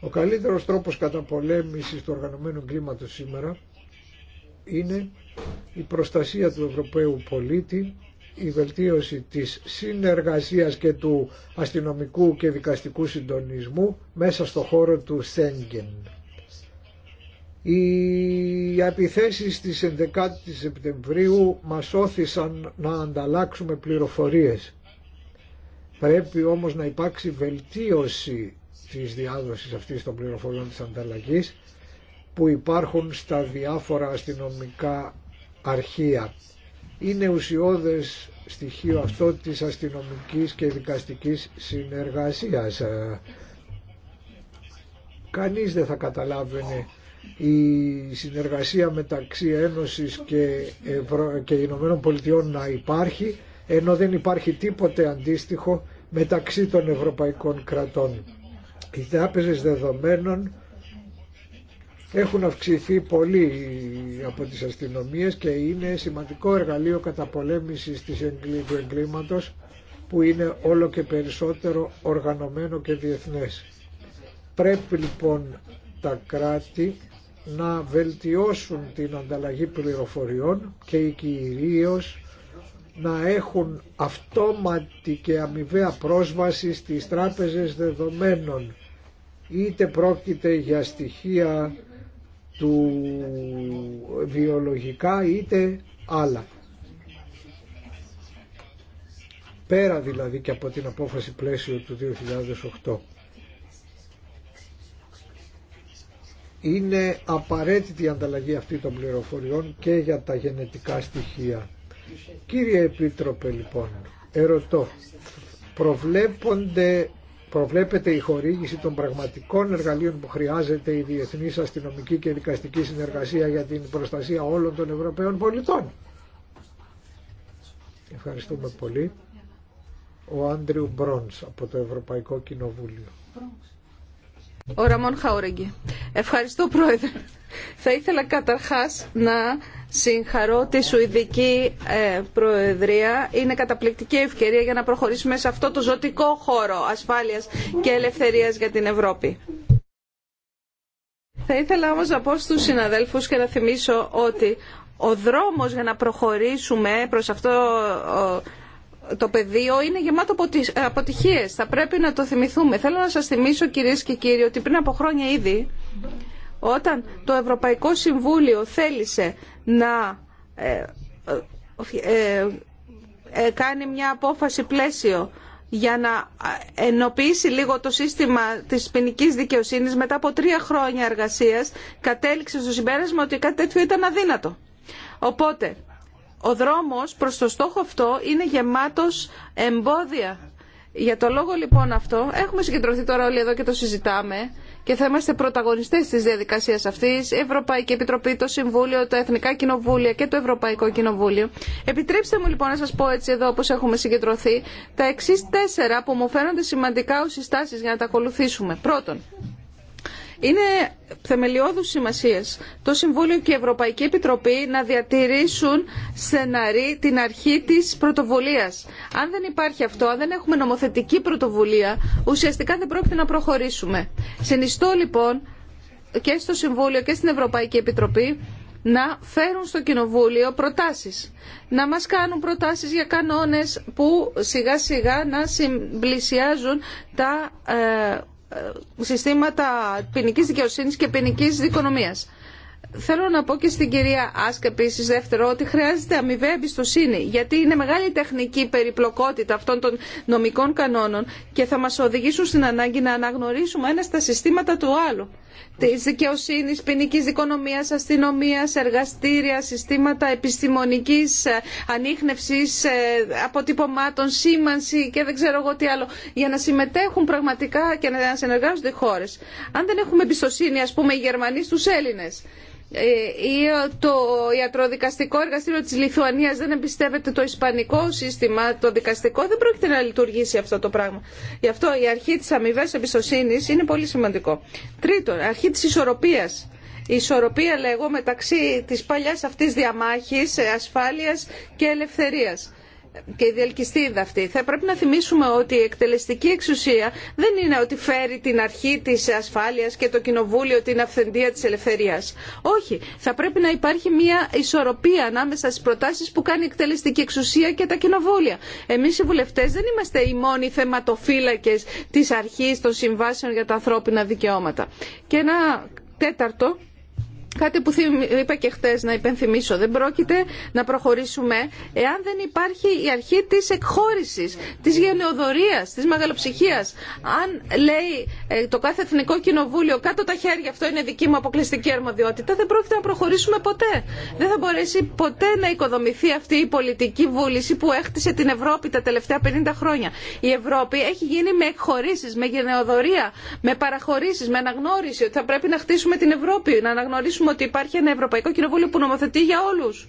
Ο καλύτερος τρόπος καταπολέμησης του οργανωμένου κλίματος σήμερα είναι η προστασία του Ευρωπαίου πολίτη η βελτίωση της συνεργασίας και του αστυνομικού και δικαστικού συντονισμού μέσα στο χώρο του Σέγγεν. Οι επιθέσεις της 11 η Σεπτεμβρίου μας όθησαν να ανταλλάξουμε πληροφορίες. Πρέπει όμως να υπάρξει βελτίωση της διάδοσης αυτής των πληροφοριών της ανταλλαγής που υπάρχουν στα διάφορα αστυνομικά αρχεία είναι ουσιώδες στοιχείο αυτό της αστυνομικής και δικαστικής συνεργασίας. Ε, κανείς δεν θα καταλάβαινε η συνεργασία μεταξύ Ένωσης και, Ευρω... και Ηνωμένων Πολιτειών να υπάρχει ενώ δεν υπάρχει τίποτε αντίστοιχο μεταξύ των ευρωπαϊκών κρατών. Οι τράπεζες δεδομένων έχουν αυξηθεί πολύ από τις αστυνομίες και είναι σημαντικό εργαλείο καταπολέμησης του εγκλήματος που είναι όλο και περισσότερο οργανωμένο και διεθνές. Πρέπει λοιπόν τα κράτη να βελτιώσουν την ανταλλαγή πληροφοριών και κυρίως να έχουν αυτόματη και αμοιβαία πρόσβαση στις τράπεζες δεδομένων είτε πρόκειται για στοιχεία του βιολογικά είτε άλλα. Πέρα δηλαδή και από την απόφαση πλαίσιο του 2008. Είναι απαραίτητη η ανταλλαγή αυτή των πληροφοριών και για τα γενετικά στοιχεία. Κύριε Επίτροπε λοιπόν, ερωτώ, προβλέπονται προβλέπεται η χορήγηση των πραγματικών εργαλείων που χρειάζεται η διεθνής αστυνομική και δικαστική συνεργασία για την προστασία όλων των Ευρωπαίων πολιτών. Ευχαριστούμε πολύ. Ο Άντριου Μπρόνς από το Ευρωπαϊκό Κοινοβούλιο. μπρονς απο το ευρωπαικο κοινοβουλιο ο Ραμόν Χαουρέγγι. Ευχαριστώ πρόεδρε. Θα ήθελα καταρχάς να συγχαρώ τη Σουηδική ε, Προεδρία. Είναι καταπληκτική ευκαιρία για να προχωρήσουμε σε αυτό το ζωτικό χώρο ασφάλειας και ελευθερίας για την Ευρώπη. Θα ήθελα όμως να πω στους συναδέλφους και να θυμίσω ότι ο δρόμος για να προχωρήσουμε προς αυτό το πεδίο είναι γεμάτο ε, αποτυχίες. Θα πρέπει να το θυμηθούμε. Θέλω να σας θυμίσω κυρίες και κύριοι ότι πριν από χρόνια ήδη όταν το Ευρωπαϊκό Συμβούλιο θέλησε να ε, ε, ε κάνει μια απόφαση πλαίσιο για να ενοποιήσει λίγο το σύστημα της ποινική δικαιοσύνης μετά από τρία χρόνια εργασίας κατέληξε στο συμπέρασμα ότι κάτι τέτοιο ήταν αδύνατο. Οπότε ο δρόμος προς το στόχο αυτό είναι γεμάτος εμπόδια. Για το λόγο λοιπόν αυτό, έχουμε συγκεντρωθεί τώρα όλοι εδώ και το συζητάμε και θα είμαστε πρωταγωνιστές της διαδικασίας αυτής, η Ευρωπαϊκή Επιτροπή, το Συμβούλιο, τα Εθνικά Κοινοβούλια και το Ευρωπαϊκό Κοινοβούλιο. Επιτρέψτε μου λοιπόν να σας πω έτσι εδώ όπως έχουμε συγκεντρωθεί τα εξή τέσσερα που μου φαίνονται σημαντικά ως για να τα ακολουθήσουμε. Πρώτον, είναι θεμελιώδους σημασίας το Συμβούλιο και η Ευρωπαϊκή Επιτροπή να διατηρήσουν στεναρή την αρχή της πρωτοβουλία. Αν δεν υπάρχει αυτό, αν δεν έχουμε νομοθετική πρωτοβουλία, ουσιαστικά δεν πρόκειται να προχωρήσουμε. Συνιστώ λοιπόν και στο Συμβούλιο και στην Ευρωπαϊκή Επιτροπή να φέρουν στο Κοινοβούλιο προτάσεις. Να μας κάνουν προτάσεις για κανόνες που σιγά σιγά να συμπλησιάζουν τα ε, ε, συστήματα ποινική δικαιοσύνη και ποινική δικονομίας. Θέλω να πω και στην κυρία Άσκα επίση, δεύτερο, ότι χρειάζεται αμοιβαία εμπιστοσύνη, γιατί είναι μεγάλη τεχνική περιπλοκότητα αυτών των νομικών κανόνων και θα μα οδηγήσουν στην ανάγκη να αναγνωρίσουμε ένα στα συστήματα του άλλου τη δικαιοσύνη ποινική δικονομίας, αστυνομία, εργαστήρια, συστήματα επιστημονική ε, ανείχνευση, ε, αποτυπωμάτων, σήμανση και δεν ξέρω εγώ τι άλλο, για να συμμετέχουν πραγματικά και να συνεργάζονται οι χώρες. Αν δεν έχουμε εμπιστοσύνη, α πούμε, οι Γερμανοί στου Έλληνε. Ε, ή το ιατροδικαστικό εργαστήριο της Λιθουανίας δεν εμπιστεύεται το ισπανικό σύστημα, το δικαστικό, δεν πρόκειται να λειτουργήσει αυτό το πράγμα. Γι' αυτό η αρχή της αμοιβέ εμπιστοσύνη είναι πολύ σημαντικό. Τρίτον, αρχή της ισορροπίας. Η ισορροπία, λέγω, μεταξύ της παλιάς αυτής διαμάχης ε, ασφάλειας και ελευθερίας και η διελκυστίδα αυτή. Θα πρέπει να θυμίσουμε ότι η εκτελεστική εξουσία δεν είναι ότι φέρει την αρχή της ασφάλειας και το κοινοβούλιο την αυθεντία της ελευθερίας. Όχι. Θα πρέπει να υπάρχει μια ισορροπία ανάμεσα στις προτάσεις που κάνει η εκτελεστική εξουσία και τα κοινοβούλια. Εμείς οι βουλευτές δεν είμαστε οι μόνοι θεματοφύλακε τη αρχή των συμβάσεων για τα ανθρώπινα δικαιώματα. Και ένα τέταρτο Κάτι που είπα και χθε να υπενθυμίσω. Δεν πρόκειται να προχωρήσουμε εάν δεν υπάρχει η αρχή της εκχώρησης, της γενεοδορία, της μεγαλοψυχίας. Αν λέει ε, το κάθε Εθνικό Κοινοβούλιο κάτω τα χέρια αυτό είναι δική μου αποκλειστική αρμοδιότητα, δεν πρόκειται να προχωρήσουμε ποτέ. Δεν θα μπορέσει ποτέ να οικοδομηθεί αυτή η πολιτική βούληση που έχτισε την Ευρώπη τα τελευταία 50 χρόνια. Η Ευρώπη έχει γίνει με εκχωρήσει, με γενεοδορία, με παραχωρήσει, με αναγνώριση ότι θα πρέπει να χτίσουμε την Ευρώπη, να αναγνωρίσουμε ότι υπάρχει ένα Ευρωπαϊκό Κοινοβούλιο που νομοθετεί για όλους.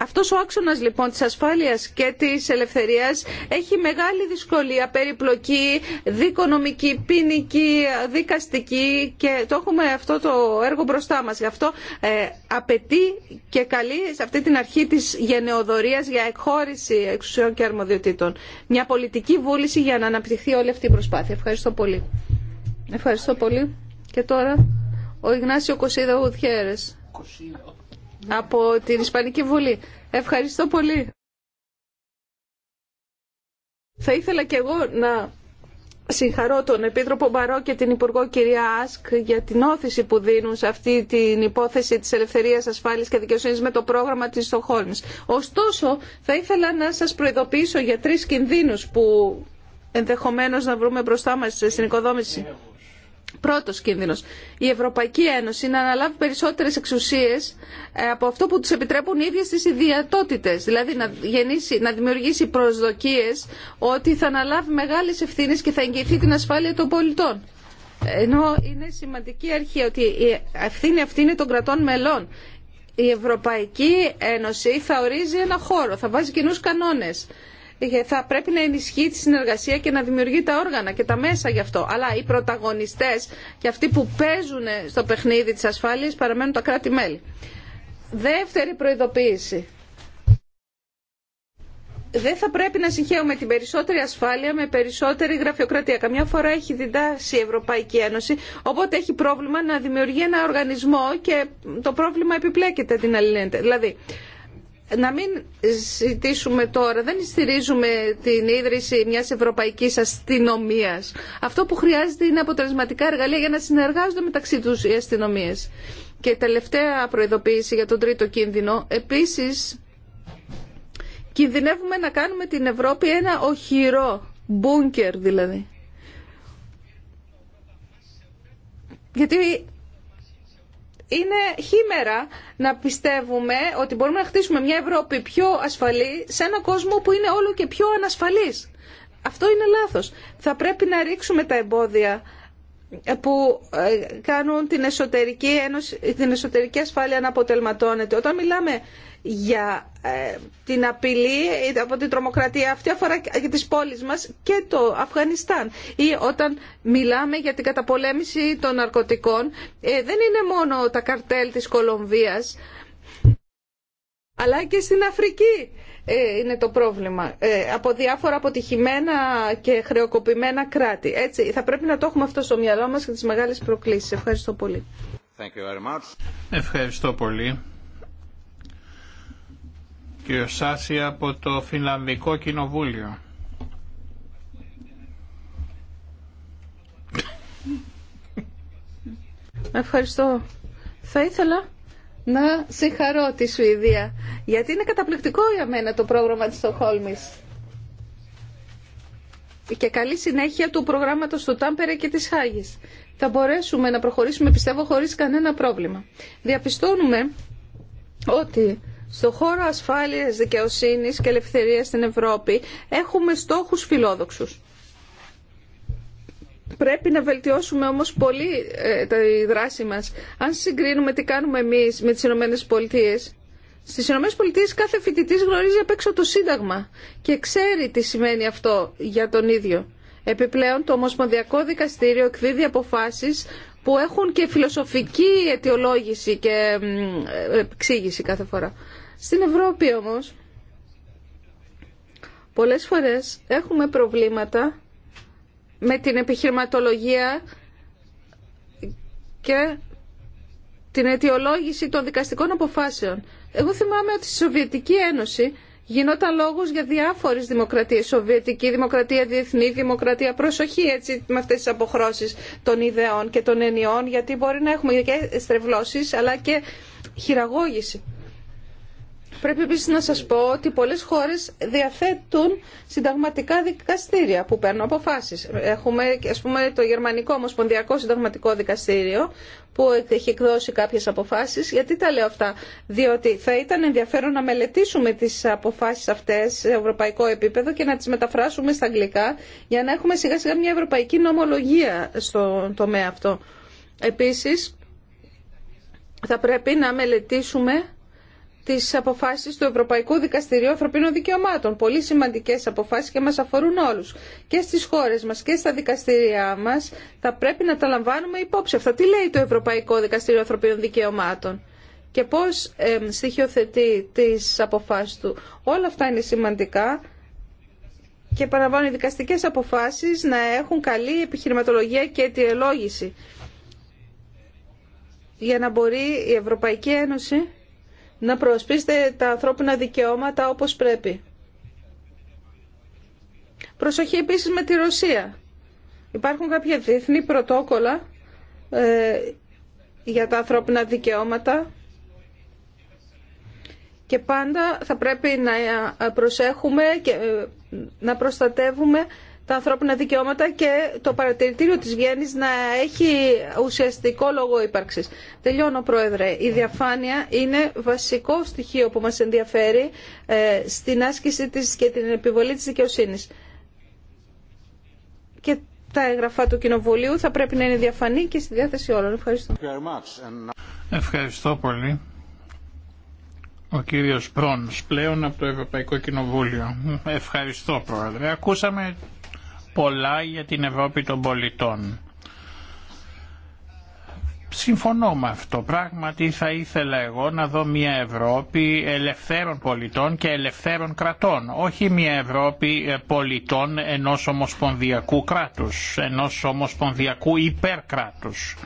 Αυτό ο άξονας λοιπόν της ασφάλειας και της ελευθερίας έχει μεγάλη δυσκολία, περιπλοκή, δικονομική, ποινική, δικαστική και το έχουμε αυτό το έργο μπροστά μα. Γι' αυτό ε, απαιτεί και καλεί σε αυτή την αρχή της γενεοδορίας για εκχώρηση εξουσιών και αρμοδιοτήτων. Μια πολιτική βούληση για να αναπτυχθεί όλη αυτή η προσπάθεια. Ευχαριστώ πολύ. Ευχαριστώ πολύ. Και τώρα ο Ιγνάσιο Κωσίδα Γουτιέρες από την Ισπανική Βουλή. Ευχαριστώ πολύ. Θα ήθελα και εγώ να συγχαρώ τον Επίτροπο Μπαρό και την Υπουργό κυρία Άσκ για την όθηση που δίνουν σε αυτή την υπόθεση της ελευθερίας ασφάλειας και δικαιοσύνης με το πρόγραμμα της Στοχόλμης. Ωστόσο, θα ήθελα να σας προειδοποιήσω για τρεις κινδύνους που ενδεχομένως να βρούμε μπροστά μας στην οικοδόμηση Πρώτος κίνδυνος. Η Ευρωπαϊκή Ένωση να αναλάβει περισσότερες εξουσίες ε, από αυτό που του επιτρέπουν οι ίδιες τις ιδιαιτότητες, Δηλαδή να, να δημιουργήσει προσδοκίε ότι θα αναλάβει μεγάλες ευθύνες και θα εγγυηθεί την ασφάλεια των πολιτών. Ενώ είναι σημαντική αρχή ότι η ευθύνη αυτή είναι των κρατών μελών. Η Ευρωπαϊκή Ένωση θα ορίζει ένα χώρο, θα βάζει κοινού κανόνε. Ε, θα πρέπει να ενισχύει τη συνεργασία και να δημιουργεί τα όργανα και τα μέσα γι' αυτό. Αλλά οι πρωταγωνιστές και αυτοί που παίζουν στο παιχνίδι τη ασφάλεια, παραμένουν τα κράτη-μέλη. Δεύτερη προειδοποίηση. Δεν θα πρέπει να συγχαίουμε την περισσότερη ασφάλεια με περισσότερη γραφειοκρατία. Καμιά φορά έχει διδάσει η Ευρωπαϊκή Ένωση, οπότε έχει πρόβλημα να δημιουργεί ένα οργανισμό και το πρόβλημα επιπλέκεται την αλληλένεται. Δηλαδή, να μην ζητήσουμε τώρα, δεν στηρίζουμε την ίδρυση μιας ευρωπαϊκής αστυνομίας. Αυτό που χρειάζεται είναι αποτελεσματικά εργαλεία για να συνεργάζονται μεταξύ τους οι αστυνομίες. Και τελευταία προειδοποίηση για τον τρίτο κίνδυνο. Επίσης, κινδυνεύουμε να κάνουμε την Ευρώπη ένα οχυρό, μπούνκερ δηλαδή. Γιατί είναι χήμερα να πιστεύουμε ότι μπορούμε να χτίσουμε μια Ευρώπη πιο ασφαλή σε έναν κόσμο που είναι όλο και πιο ανασφαλής. Αυτό είναι λάθος. Θα πρέπει να ρίξουμε τα εμπόδια που ε, κάνουν την εσωτερική, ένωση, την εσωτερική ασφάλεια να αποτελματώνεται. Όταν μιλάμε για ε, την απειλή από την τρομοκρατία αυτή αφορά και τις πόλεις μας και το Αφγανιστάν ή όταν μιλάμε για την καταπολέμηση των ναρκωτικών ε, δεν είναι μόνο τα καρτέλ της Κολομβίας αλλά και στην Αφρική ε, είναι το πρόβλημα. Ε, από διάφορα αποτυχημένα και χρεοκοπημένα κράτη. Έτσι, θα πρέπει να το έχουμε αυτό στο μυαλό μας και τις μεγάλες προκλήσεις. Ευχαριστώ πολύ. Thank you very much. Ευχαριστώ πολύ. Κύριο Σάση από το Φινλανδικό Κοινοβούλιο. Ευχαριστώ. Θα ήθελα να συγχαρώ τη Σουηδία, γιατί είναι καταπληκτικό για μένα το πρόγραμμα της Στοχόλμης. Και καλή συνέχεια του προγράμματος του Τάμπερε και της Χάγης. Θα μπορέσουμε να προχωρήσουμε, πιστεύω, χωρίς κανένα πρόβλημα. Διαπιστώνουμε ότι στο χώρο ασφάλειας, δικαιοσύνης και ελευθερίας στην Ευρώπη έχουμε στόχους φιλόδοξους. Πρέπει να βελτιώσουμε όμως πολύ ε, τη δράση μας. Αν συγκρίνουμε τι κάνουμε εμείς με τις Ηνωμένες Πολιτείες, στις Ηνωμένες Πολιτείες κάθε φοιτητή γνωρίζει απ' έξω το Σύνταγμα και ξέρει τι σημαίνει αυτό για τον ίδιο. Επιπλέον το Ομοσπονδιακό Δικαστήριο εκδίδει αποφάσεις που έχουν και φιλοσοφική αιτιολόγηση και ε, εξήγηση κάθε φορά. Στην Ευρώπη όμως πολλές φορές έχουμε προβλήματα με την επιχειρηματολογία και την αιτιολόγηση των δικαστικών αποφάσεων. Εγώ θυμάμαι ότι στη Σοβιετική Ένωση γινόταν λόγος για διάφορες δημοκρατίες. Σοβιετική δημοκρατία, διεθνή δημοκρατία. Προσοχή έτσι με αυτές τις αποχρώσεις των ιδεών και των ενιών γιατί μπορεί να έχουμε και στρεβλώσεις αλλά και χειραγώγηση. Πρέπει επίση να σα πω ότι πολλέ χώρε διαθέτουν συνταγματικά δικαστήρια που παίρνουν αποφάσει. Έχουμε α πούμε, το Γερμανικό Ομοσπονδιακό Συνταγματικό Δικαστήριο που έχει εκδώσει κάποιε αποφάσει. Γιατί τα λέω αυτά. Διότι θα ήταν ενδιαφέρον να μελετήσουμε τι αποφάσει αυτέ σε ευρωπαϊκό επίπεδο και να τι μεταφράσουμε στα αγγλικά για να έχουμε σιγά σιγά μια ευρωπαϊκή νομολογία στον τομέα αυτό. Επίση, θα πρέπει να μελετήσουμε τις αποφάσεις του Ευρωπαϊκού Δικαστηρίου Ανθρωπίνων Δικαιωμάτων. Πολύ σημαντικές αποφάσεις και μας αφορούν όλους. Και στις χώρες μας και στα δικαστήριά μας θα πρέπει να τα λαμβάνουμε υπόψη. Αυτά τι λέει το Ευρωπαϊκό Δικαστήριο Ανθρωπίνων Δικαιωμάτων και πώς ε, στοιχειοθετεί τις αποφάσεις του. Όλα αυτά είναι σημαντικά και παραβάνω οι δικαστικές αποφάσεις να έχουν καλή επιχειρηματολογία και αιτιολόγηση για να μπορεί η Ευρωπαϊκή Ένωση να προσπίστε τα ανθρώπινα δικαιώματα όπως πρέπει. Προσοχή επίσης με τη Ρωσία. Υπάρχουν κάποια διεθνή πρωτόκολλα ε, για τα ανθρώπινα δικαιώματα και πάντα θα πρέπει να προσέχουμε και ε, να προστατεύουμε τα ανθρώπινα δικαιώματα και το παρατηρητήριο της Βιέννης να έχει ουσιαστικό λόγο ύπαρξης. Τελειώνω, Πρόεδρε. Η διαφάνεια είναι βασικό στοιχείο που μας ενδιαφέρει ε, στην άσκηση της και την επιβολή της δικαιοσύνης. Και τα έγγραφα του Κοινοβουλίου θα πρέπει να είναι διαφανή και στη διάθεση όλων. Ευχαριστώ. Ευχαριστώ πολύ. Ο κύριος Πρόνς πλέον από το Ευρωπαϊκό Κοινοβούλιο. Ευχαριστώ πρόεδρε. Ακούσαμε πολλά για την Ευρώπη των πολιτών. Συμφωνώ με αυτό. Πράγματι θα ήθελα εγώ να δω μια Ευρώπη ελευθέρων πολιτών και ελευθέρων κρατών. Όχι μια Ευρώπη ε, πολιτών ενός ομοσπονδιακού κράτους, ενός ομοσπονδιακού υπερκράτους.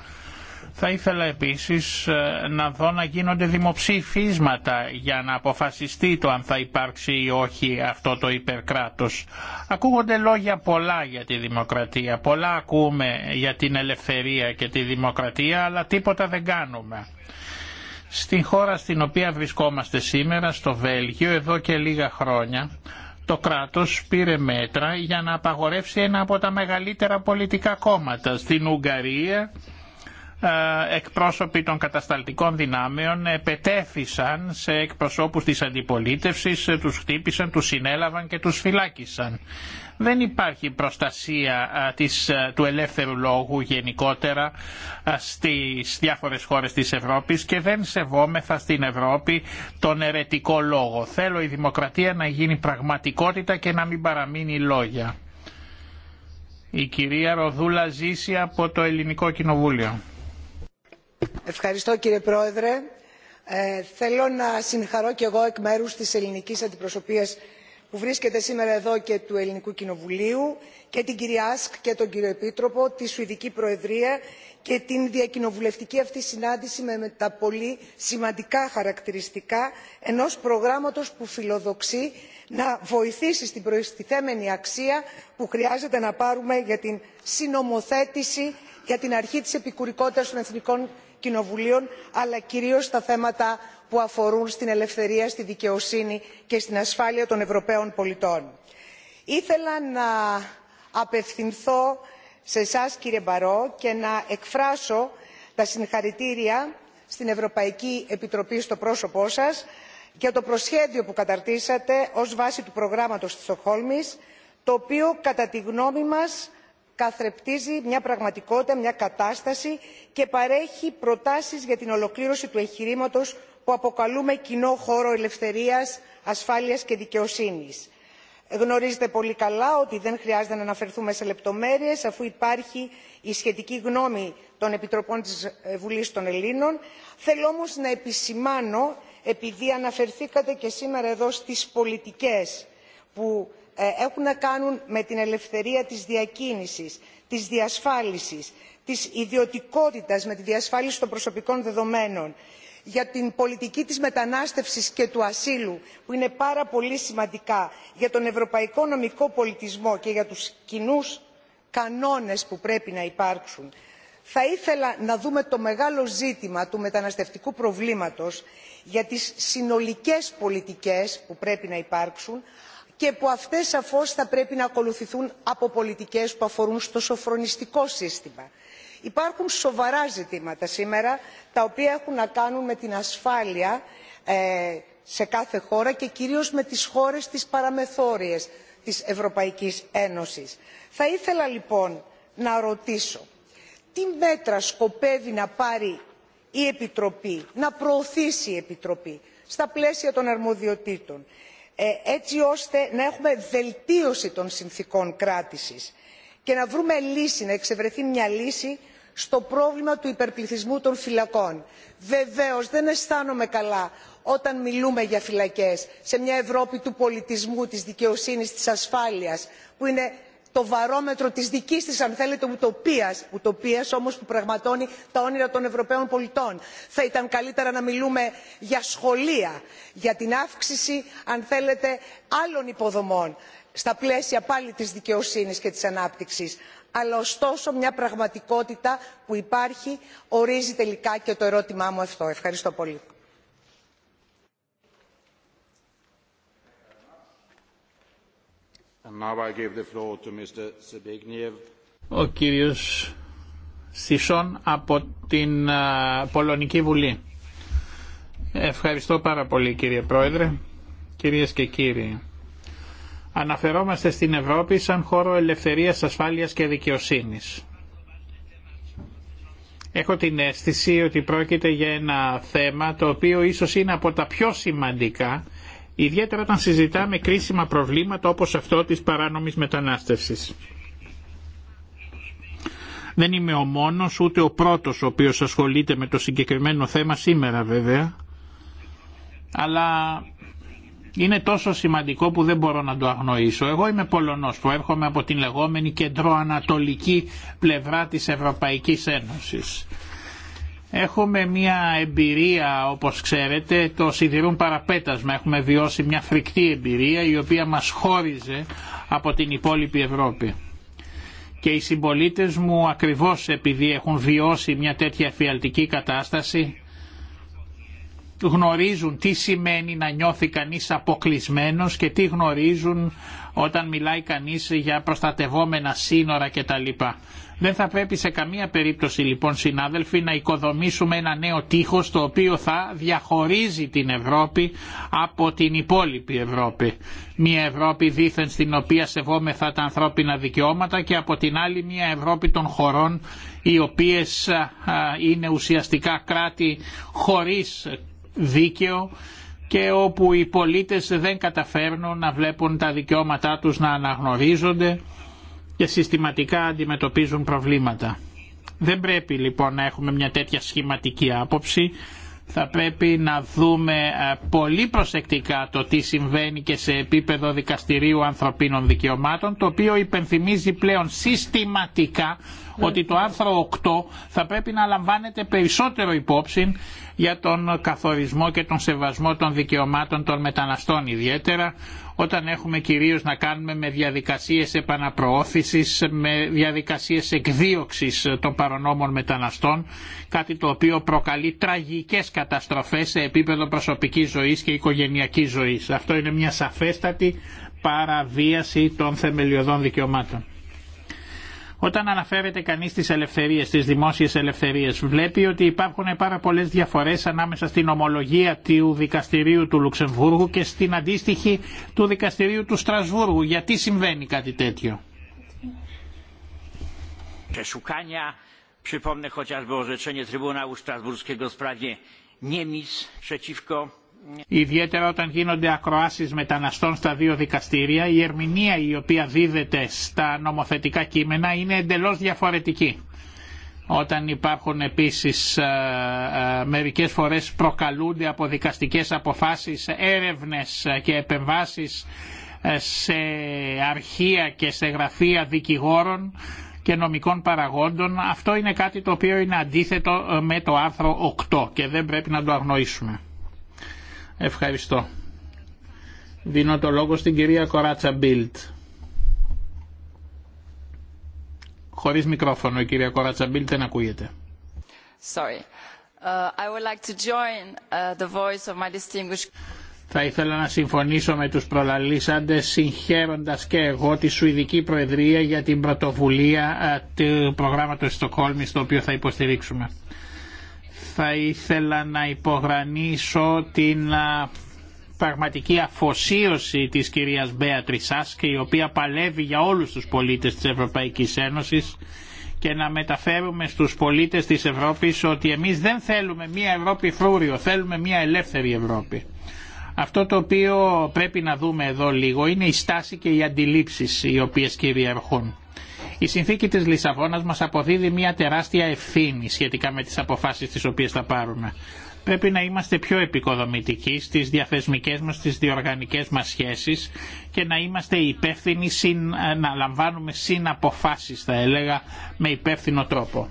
Θα ήθελα επίσης ε, να δω να γίνονται δημοψήφισματα για να αποφασιστεί το αν θα υπάρξει ή όχι αυτό το υπερκράτος. Ακούγονται λόγια πολλά για τη δημοκρατία, πολλά ακούμε για την ελευθερία και τη δημοκρατία, αλλά τίποτα δεν κάνουμε. Στην χώρα στην οποία βρισκόμαστε σήμερα, στο Βέλγιο, εδώ και λίγα χρόνια, το κράτος πήρε μέτρα για να απαγορεύσει ένα από τα μεγαλύτερα πολιτικά κόμματα. Στην Ουγγαρία ε, εκπρόσωποι των κατασταλτικών δυνάμεων επετέθησαν σε εκπροσώπους της αντιπολίτευσης, ε, τους χτύπησαν, τους συνέλαβαν και τους φυλάκισαν. Δεν υπάρχει προστασία ε, της, του ελεύθερου λόγου γενικότερα στις διάφορες χώρες της Ευρώπης και δεν σεβόμεθα στην Ευρώπη τον ερετικό λόγο. Θέλω η δημοκρατία να γίνει πραγματικότητα και να μην παραμείνει λόγια. Η κυρία Ροδούλα ζήσει από το Ελληνικό Κοινοβούλιο. Ευχαριστώ κύριε Πρόεδρε. Ε, θέλω να συγχαρώ και εγώ εκ μέρου τη ελληνική αντιπροσωπεία που βρίσκεται σήμερα εδώ και του Ελληνικού Κοινοβουλίου και την κυρία Άσκ και τον κύριο Επίτροπο, τη Σουηδική Προεδρία και την διακοινοβουλευτική αυτή συνάντηση με τα πολύ σημαντικά χαρακτηριστικά ενό προγράμματο που φιλοδοξεί να βοηθήσει στην προστιθέμενη αξία που χρειάζεται να πάρουμε για την συνομοθέτηση για την αρχή τη επικουρικότητα των εθνικών κοινοβουλίων αλλά κυρίως στα θέματα που αφορούν στην ελευθερία στη δικαιοσύνη και στην ασφάλεια των ευρωπαίων πολιτών. ήθελα να απευθυνθώ σε εσά κύριε Μπαρό και να εκφράσω τα συγχαρητήρια στην ευρωπαϊκή επιτροπή στο πρόσωπό σας για το προσχέδιο που καταρτήσατε ως βάση του προγράμματος της στοκχόλμης το οποίο κατά τη γνώμη μας καθρεπτίζει μια πραγματικότητα μια κατάσταση και παρέχει προτάσεις για την ολοκλήρωση του εγχειρήματος που αποκαλούμε κοινό χώρο ελευθερίας ασφάλειας και δικαιοσύνης. γνωρίζετε πολύ καλά ότι δεν χρειάζεται να αναφερθούμε σε λεπτομέρειες αφού υπάρχει η σχετική γνώμη των επιτροπών της βουλής των ελλήνων. θέλω όμως να επισημάνω επειδή αναφερθήκατε και σήμερα εδώ στις πολιτικές που ε, έχουν να κάνουν με την ελευθερία της διακίνησης της διασφάλισης της ιδιωτικότητας με τη διασφάλιση των προσωπικών δεδομένων για την πολιτική της μετανάστευσης και του ασύλου που είναι πάρα πολύ σημαντικά για τον ευρωπαϊκό νομικό πολιτισμό και για τους κοινούς κανόνες που πρέπει να υπάρξουν θα ήθελα να δούμε το μεγάλο ζήτημα του μεταναστευτικού προβλήματος για τις συνολικές πολιτικές που πρέπει να υπάρξουν και που αυτές σαφώς θα πρέπει να ακολουθηθούν από πολιτικές που αφορούν στο σοφρονιστικό σύστημα. Υπάρχουν σοβαρά ζητήματα σήμερα τα οποία έχουν να κάνουν με την ασφάλεια ε, σε κάθε χώρα και κυρίως με τις χώρες της παραμεθόριες της Ευρωπαϊκής Ένωσης. Θα ήθελα λοιπόν να ρωτήσω τι μέτρα σκοπεύει να πάρει η Επιτροπή, να προωθήσει η Επιτροπή στα πλαίσια των αρμοδιοτήτων ε, έτσι ώστε να έχουμε βελτίωση των συνθήκων κράτησης και να βρούμε λύση, να εξευρεθεί μια λύση στο πρόβλημα του υπερπληθυσμού των φυλακών. Βεβαίως δεν αισθάνομαι καλά όταν μιλούμε για φυλακές σε μια Ευρώπη του πολιτισμού, της δικαιοσύνης, της ασφάλειας που είναι το βαρόμετρο της δικής της αν θέλετε ουτοπίας ουτοπίας όμως που πραγματώνει τα όνειρα των ευρωπαίων πολιτών. θα ήταν καλύτερα να μιλούμε για σχολεία για την αύξηση αν θέλετε άλλων υποδομών στα πλαίσια πάλι της δικαιοσύνης και της ανάπτυξης αλλά ωστόσο μια πραγματικότητα που υπάρχει ορίζει τελικά και το ερώτημά μου αυτό. ευχαριστώ πολύ. Ο κύριος Σισόν από την Πολωνική Βουλή. Ευχαριστώ πάρα πολύ κύριε Πρόεδρε, κυρίες και κύριοι. Αναφερόμαστε στην Ευρώπη σαν χώρο ελευθερίας, ασφάλειας και δικαιοσύνης. Έχω την αίσθηση ότι πρόκειται για ένα θέμα το οποίο ίσως είναι από τα πιο σημαντικά ιδιαίτερα όταν συζητάμε κρίσιμα προβλήματα όπως αυτό της παράνομης μετανάστευσης. Δεν είμαι ο μόνος ούτε ο πρώτος ο οποίος ασχολείται με το συγκεκριμένο θέμα σήμερα βέβαια, αλλά είναι τόσο σημαντικό που δεν μπορώ να το αγνοήσω. Εγώ είμαι Πολωνός, έρχομαι από την λεγόμενη κεντροανατολική πλευρά της Ευρωπαϊκής Ένωσης. Έχουμε μια εμπειρία, όπως ξέρετε, το σιδηρούν παραπέτασμα. Έχουμε βιώσει μια φρικτή εμπειρία η οποία μας χώριζε από την υπόλοιπη Ευρώπη. Και οι συμπολίτε μου ακριβώς επειδή έχουν βιώσει μια τέτοια φιαλτική κατάσταση γνωρίζουν τι σημαίνει να νιώθει κανείς αποκλεισμένος και τι γνωρίζουν όταν μιλάει κανείς για προστατευόμενα σύνορα κτλ. Δεν θα πρέπει σε καμία περίπτωση λοιπόν συνάδελφοι να οικοδομήσουμε ένα νέο τείχος το οποίο θα διαχωρίζει την Ευρώπη από την υπόλοιπη Ευρώπη. Μια Ευρώπη δήθεν στην οποία σεβόμεθα τα ανθρώπινα δικαιώματα και από την άλλη μια Ευρώπη των χωρών οι οποίες είναι ουσιαστικά κράτη χωρίς δίκαιο και όπου οι πολίτες δεν καταφέρνουν να βλέπουν τα δικαιώματά τους να αναγνωρίζονται και συστηματικά αντιμετωπίζουν προβλήματα. Δεν πρέπει λοιπόν να έχουμε μια τέτοια σχηματική άποψη. Θα πρέπει να δούμε ε, πολύ προσεκτικά το τι συμβαίνει και σε επίπεδο δικαστηρίου ανθρωπίνων δικαιωμάτων, το οποίο υπενθυμίζει πλέον συστηματικά ναι. ότι το άρθρο 8 θα πρέπει να λαμβάνεται περισσότερο υπόψη για τον καθορισμό και τον σεβασμό των δικαιωμάτων των μεταναστών ιδιαίτερα όταν έχουμε κυρίως να κάνουμε με διαδικασίες επαναπροώθησης, με διαδικασίες εκδίωξης των παρονόμων μεταναστών, κάτι το οποίο προκαλεί τραγικές καταστροφές σε επίπεδο προσωπικής ζωής και οικογενειακής ζωής. Αυτό είναι μια σαφέστατη παραβίαση των θεμελιωδών δικαιωμάτων. Όταν αναφέρεται κανεί στις ελευθερίε, στις δημόσιες ελευθερίες, βλέπει ότι υπάρχουν πάρα πολλές διαφορές ανάμεσα στην ομολογία του δικαστηρίου του Λουξεμβούργου και στην αντίστοιχη του δικαστηρίου του Στρασβούργου. Γιατί συμβαίνει κάτι τέτοιο. Przypomnę chociażby orzeczenie Trybunału Strasburskiego w sprawie przeciwko ιδιαίτερα όταν γίνονται ακροάσεις μεταναστών στα δύο δικαστήρια, η ερμηνεία η οποία δίδεται στα νομοθετικά κείμενα είναι εντελώς διαφορετική. Όταν υπάρχουν επίσης ε, ε, μερικές φορές προκαλούνται από δικαστικές αποφάσεις έρευνες και επεμβάσεις ε, σε αρχεία και σε γραφεία δικηγόρων και νομικών παραγόντων, αυτό είναι κάτι το οποίο είναι αντίθετο με το άρθρο 8 και δεν πρέπει να το αγνοήσουμε. Ευχαριστώ. Δίνω το λόγο στην κυρία Κοράτσα Μπίλτ. Χωρίς μικρόφωνο η κυρία Κοράτσα Μπίλτ δεν ακούγεται. Sorry. Uh, I would like to join uh, the voice of my distinguished... Θα ήθελα να συμφωνήσω με τους προλαλήσαντες συγχαίροντας και εγώ τη Σουηδική Προεδρία για την πρωτοβουλία uh, του προγράμματος Στοκόλμης το οποίο θα υποστηρίξουμε θα ήθελα να υπογρανίσω την πραγματική αφοσίωση της κυρίας Μπέα Σάσκη η οποία παλεύει για όλους τους πολίτες της Ευρωπαϊκής Ένωσης και να μεταφέρουμε στους πολίτες της Ευρώπης ότι εμείς δεν θέλουμε μια Ευρώπη φρούριο, θέλουμε μια ελεύθερη Ευρώπη. Αυτό το οποίο πρέπει να δούμε εδώ λίγο είναι η στάση και οι αντιλήψεις οι οποίες κυριαρχούν. Η συνθήκη της Λισαβόνας μας αποδίδει μια τεράστια ευθύνη σχετικά με τις αποφάσεις τις οποίες θα πάρουμε. Πρέπει να είμαστε πιο επικοδομητικοί στις διαθεσμικές μας, στις διοργανικές μας σχέσεις και να είμαστε υπεύθυνοι, ε, να λαμβάνουμε συναποφάσεις θα έλεγα, με υπεύθυνο τρόπο.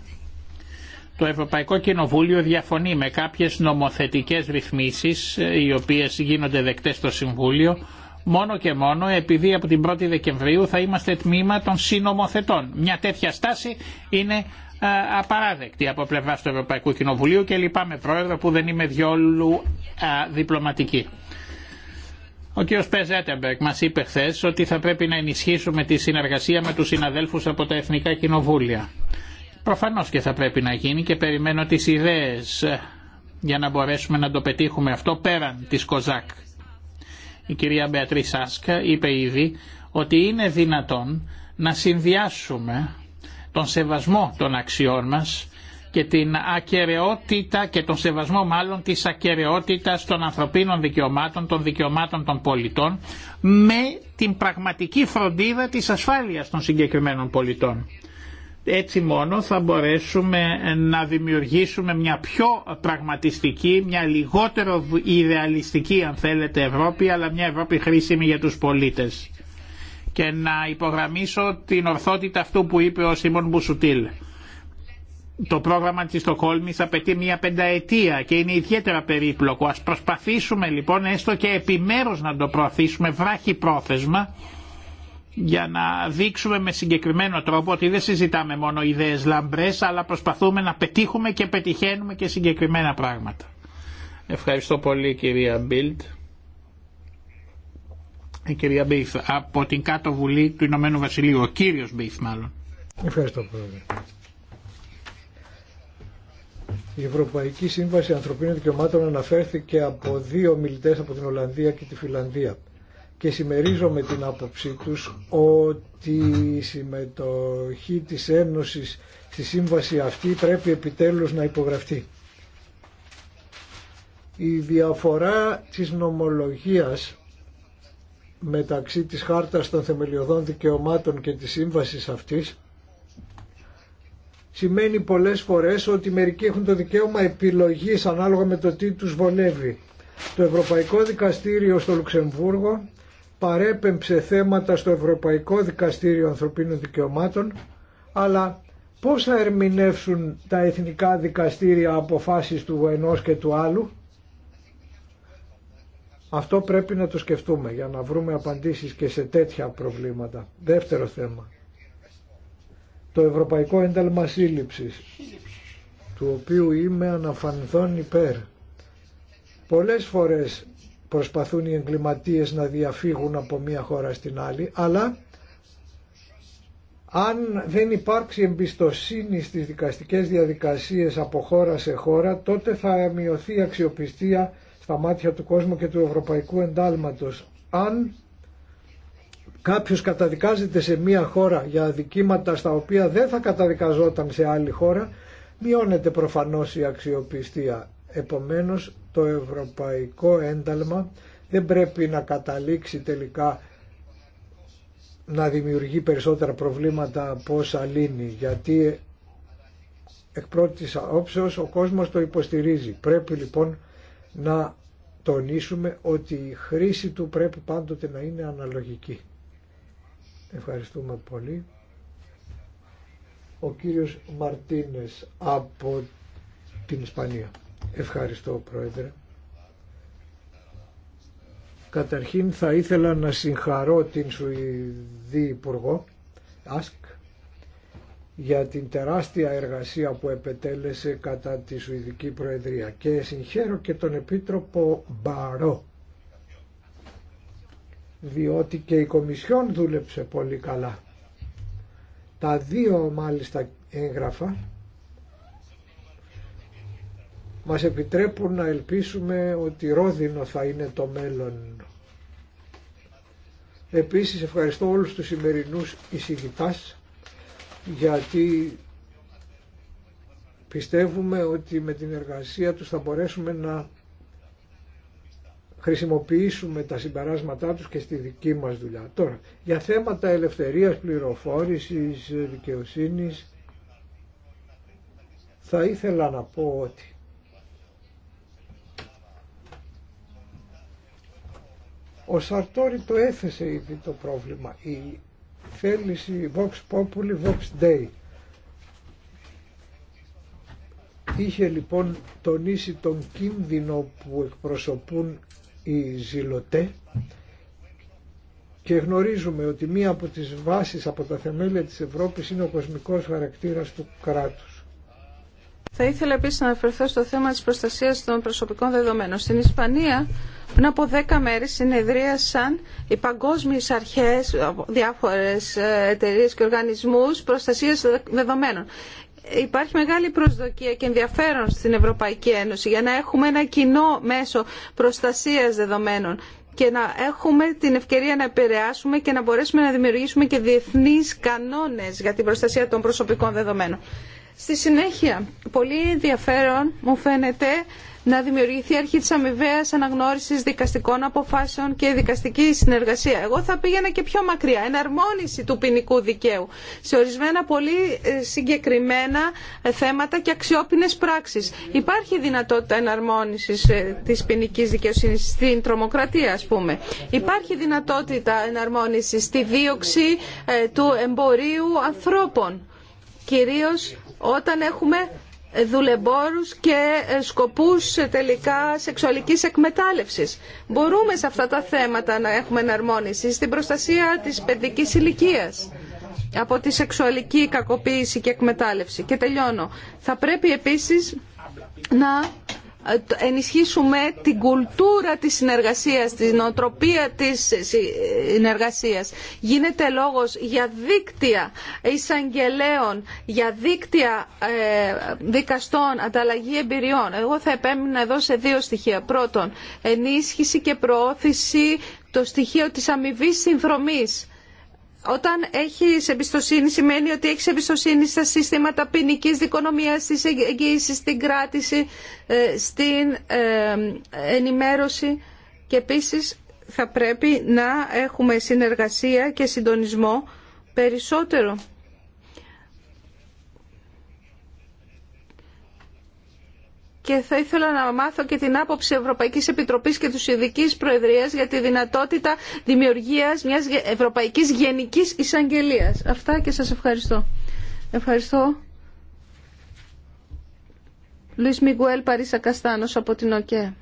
Το Ευρωπαϊκό Κοινοβούλιο διαφωνεί με κάποιες νομοθετικές ρυθμίσεις ε, οι οποίες γίνονται δεκτές στο Συμβούλιο μόνο και μόνο επειδή από την 1η Δεκεμβρίου θα είμαστε τμήμα των συνομοθετών. Μια τέτοια στάση είναι ε, απαράδεκτη από πλευρά του Ευρωπαϊκού Κοινοβουλίου και λυπάμαι πρόεδρο που δεν είμαι διόλου ε, διπλωματική. Ο κ. Πεζέτεμπερκ μας είπε χθε ότι θα πρέπει να ενισχύσουμε τη συνεργασία με τους συναδέλφους από τα Εθνικά Κοινοβούλια. Προφανώς και θα πρέπει να γίνει και περιμένω τις ιδέες ε, για να μπορέσουμε να το πετύχουμε αυτό πέραν της ΚΟΖΑΚ η κυρία Μπεατρή Σάσκα είπε ήδη ότι είναι δυνατόν να συνδυάσουμε τον σεβασμό των αξιών μας και την ακαιρεότητα και τον σεβασμό μάλλον της ακαιρεότητας των ανθρωπίνων δικαιωμάτων, των δικαιωμάτων των πολιτών με την πραγματική φροντίδα της ασφάλειας των συγκεκριμένων πολιτών. Έτσι μόνο θα μπορέσουμε να δημιουργήσουμε μια πιο πραγματιστική, μια λιγότερο ιδεαλιστική αν θέλετε Ευρώπη, αλλά μια Ευρώπη χρήσιμη για τους πολίτες. Και να υπογραμμίσω την ορθότητα αυτού που είπε ο Σίμων Μπουσουτήλ. Το πρόγραμμα της Στοκόλμης απαιτεί μια πενταετία και είναι ιδιαίτερα περίπλοκο. Ας προσπαθήσουμε λοιπόν έστω και επιμέρους να το προωθήσουμε βράχη πρόθεσμα για να δείξουμε με συγκεκριμένο τρόπο ότι δεν συζητάμε μόνο ιδέες λαμπρές αλλά προσπαθούμε να πετύχουμε και πετυχαίνουμε και συγκεκριμένα πράγματα. Ευχαριστώ πολύ κυρία Μπίλτ. Η ε, κυρία Μπίθ από την κάτω βουλή του Ηνωμένου Βασιλείου, ο κύριος Μπίθ μάλλον. Ευχαριστώ πρόεδρε. Η Ευρωπαϊκή Σύμβαση Ανθρωπίνων Δικαιωμάτων αναφέρθηκε από δύο μιλητές από την Ολλανδία και τη Φιλανδία και συμμερίζομαι την άποψή τους ότι η συμμετοχή της Ένωσης στη σύμβαση αυτή πρέπει επιτέλους να υπογραφτεί. Η διαφορά της νομολογίας μεταξύ της Χάρτας των Θεμελιωδών Δικαιωμάτων και της σύμβασης αυτής σημαίνει πολλές φορές ότι μερικοί έχουν το δικαίωμα επιλογής ανάλογα με το τι τους βολεύει. Το Ευρωπαϊκό Δικαστήριο στο Λουξεμβούργο παρέπεμψε θέματα στο Ευρωπαϊκό Δικαστήριο Ανθρωπίνων Δικαιωμάτων, αλλά πώς θα ερμηνεύσουν τα εθνικά δικαστήρια αποφάσεις του ενός και του άλλου. Αυτό πρέπει να το σκεφτούμε για να βρούμε απαντήσεις και σε τέτοια προβλήματα. Δεύτερο θέμα. Το Ευρωπαϊκό Ένταλμα Σύλληψης, του οποίου είμαι αναφανθών υπέρ. Πολλές φορές προσπαθούν οι εγκληματίες να διαφύγουν από μία χώρα στην άλλη, αλλά αν δεν υπάρξει εμπιστοσύνη στις δικαστικές διαδικασίες από χώρα σε χώρα, τότε θα μειωθεί η αξιοπιστία στα μάτια του κόσμου και του ευρωπαϊκού εντάλματος. Αν κάποιος καταδικάζεται σε μία χώρα για αδικήματα στα οποία δεν θα καταδικαζόταν σε άλλη χώρα, μειώνεται προφανώς η αξιοπιστία. Επομένως το ευρωπαϊκό ένταλμα δεν πρέπει να καταλήξει τελικά να δημιουργεί περισσότερα προβλήματα από όσα λύνει γιατί εκ πρώτης όψεως ο κόσμος το υποστηρίζει. Πρέπει λοιπόν να τονίσουμε ότι η χρήση του πρέπει πάντοτε να είναι αναλογική. Ευχαριστούμε πολύ. Ο κύριος Μαρτίνες από την Ισπανία. Ευχαριστώ Πρόεδρε. Καταρχήν θα ήθελα να συγχαρώ την Σουηδή Υπουργό Ασκ για την τεράστια εργασία που επετέλεσε κατά τη Σουηδική Προεδρία και συγχαίρω και τον Επίτροπο Μπαρό διότι και η Κομισιόν δούλεψε πολύ καλά. Τα δύο μάλιστα έγγραφα μας επιτρέπουν να ελπίσουμε ότι ρόδινο θα είναι το μέλλον. Επίσης ευχαριστώ όλους τους σημερινούς εισηγητάς γιατί πιστεύουμε ότι με την εργασία τους θα μπορέσουμε να χρησιμοποιήσουμε τα συμπεράσματά τους και στη δική μας δουλειά. Τώρα, για θέματα ελευθερίας, πληροφόρησης, δικαιοσύνης, θα ήθελα να πω ότι Ο Σαρτόρι το έθεσε ήδη το πρόβλημα. Η θέληση Vox Populi, Vox Day. Είχε λοιπόν τονίσει τον κίνδυνο που εκπροσωπούν οι ζηλωτέ και γνωρίζουμε ότι μία από τις βάσεις από τα θεμέλια της Ευρώπης είναι ο κοσμικός χαρακτήρας του κράτους. Θα ήθελα επίση να αναφερθώ στο θέμα τη προστασία των προσωπικών δεδομένων. Στην Ισπανία, πριν από δέκα μέρε, συνεδρίασαν οι παγκόσμιε αρχέ, διάφορε εταιρείε και οργανισμού προστασία δεδομένων. Υπάρχει μεγάλη προσδοκία και ενδιαφέρον στην Ευρωπαϊκή Ένωση για να έχουμε ένα κοινό μέσο προστασία δεδομένων και να έχουμε την ευκαιρία να επηρεάσουμε και να μπορέσουμε να δημιουργήσουμε και διεθνείς κανόνες για την προστασία των προσωπικών δεδομένων. Στη συνέχεια, πολύ ενδιαφέρον μου φαίνεται να δημιουργηθεί αρχή της αμοιβαίας αναγνώρισης δικαστικών αποφάσεων και δικαστική συνεργασία. Εγώ θα πήγαινα και πιο μακριά, εναρμόνιση του ποινικού δικαίου σε ορισμένα πολύ ε, συγκεκριμένα ε, θέματα και αξιόπινες πράξεις. Υπάρχει δυνατότητα εναρμόνισης ε, της ποινική δικαιοσύνης στην τρομοκρατία, ας πούμε. Υπάρχει δυνατότητα εναρμόνισης στη δίωξη του εμπορίου ανθρώπων. Κυρίως όταν έχουμε δουλεμπόρους και ε, σκοπούς ε, τελικά σεξουαλικής εκμετάλλευσης. Μπορούμε σε αυτά τα θέματα να έχουμε εναρμόνιση στην προστασία της παιδικής ηλικίας από τη σεξουαλική κακοποίηση και εκμετάλλευση. Και τελειώνω. Θα πρέπει επίσης να ε, ενισχύσουμε την κουλτούρα της συνεργασίας, την νοοτροπία της συνεργασίας. Γίνεται λόγος για δίκτυα εισαγγελέων, για δίκτυα ε, δικαστών, ανταλλαγή εμπειριών. Εγώ θα επέμεινα εδώ σε δύο στοιχεία. Πρώτον, ενίσχυση και προώθηση το στοιχείο της αμοιβή συνδρομής όταν έχει εμπιστοσύνη, σημαίνει ότι έχει εμπιστοσύνη στα συστήματα ποινική δικονομία, στι εγγύησει, στην κράτηση, ε, στην ε, ενημέρωση. Και επίση θα πρέπει να έχουμε συνεργασία και συντονισμό περισσότερο και θα ήθελα να μάθω και την άποψη Ευρωπαϊκής Επιτροπής και της Ειδικής Προεδρίας για τη δυνατότητα δημιουργίας μιας Ευρωπαϊκής Γενικής Εισαγγελίας. Αυτά και σας ευχαριστώ. Ευχαριστώ. Λουίς Μιγκουέλ Παρίσα Καστάνος από την ΟΚΕ.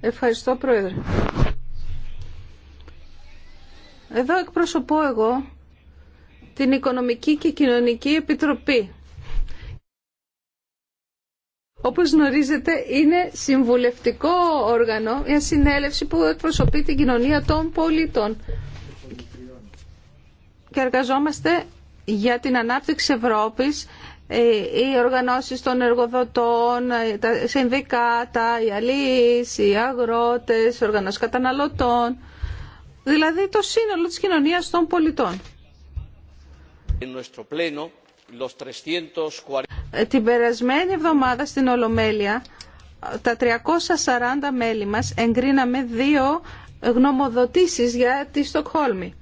Ευχαριστώ Πρόεδρε. Εδώ εκπροσωπώ εγώ την Οικονομική και Κοινωνική Επιτροπή. Όπως γνωρίζετε είναι συμβουλευτικό όργανο, μια συνέλευση που εκπροσωπεί την κοινωνία των πολίτων. Και εργαζόμαστε για την ανάπτυξη Ευρώπης, ε, οι οργανώσεις των εργοδοτών, ε, τα συνδικάτα, οι αλείς, οι αγρότες, οι οργανώσεις καταναλωτών, δηλαδή το σύνολο της κοινωνίας των πολιτών. Ε, την περασμένη εβδομάδα στην Ολομέλεια τα 340 μέλη μας εγκρίναμε δύο γνωμοδοτήσεις για τη Στοκχόλμη.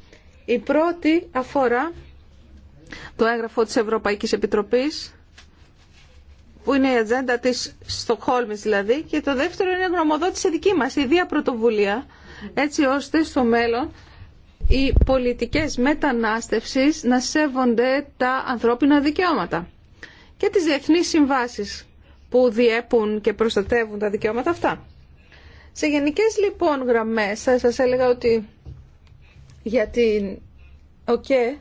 Η πρώτη αφορά το έγγραφο της Ευρωπαϊκής Επιτροπής που είναι η ατζέντα της Στοκχόλμης δηλαδή και το δεύτερο είναι γνωμοδότηση δική μας, η ίδια Πρωτοβουλία έτσι ώστε στο μέλλον οι πολιτικές μετανάστευσης να σέβονται τα ανθρώπινα δικαιώματα και τις διεθνείς συμβάσεις που διέπουν και προστατεύουν τα δικαιώματα αυτά. Σε γενικές λοιπόν γραμμές θα σας έλεγα ότι για την ΟΚΕ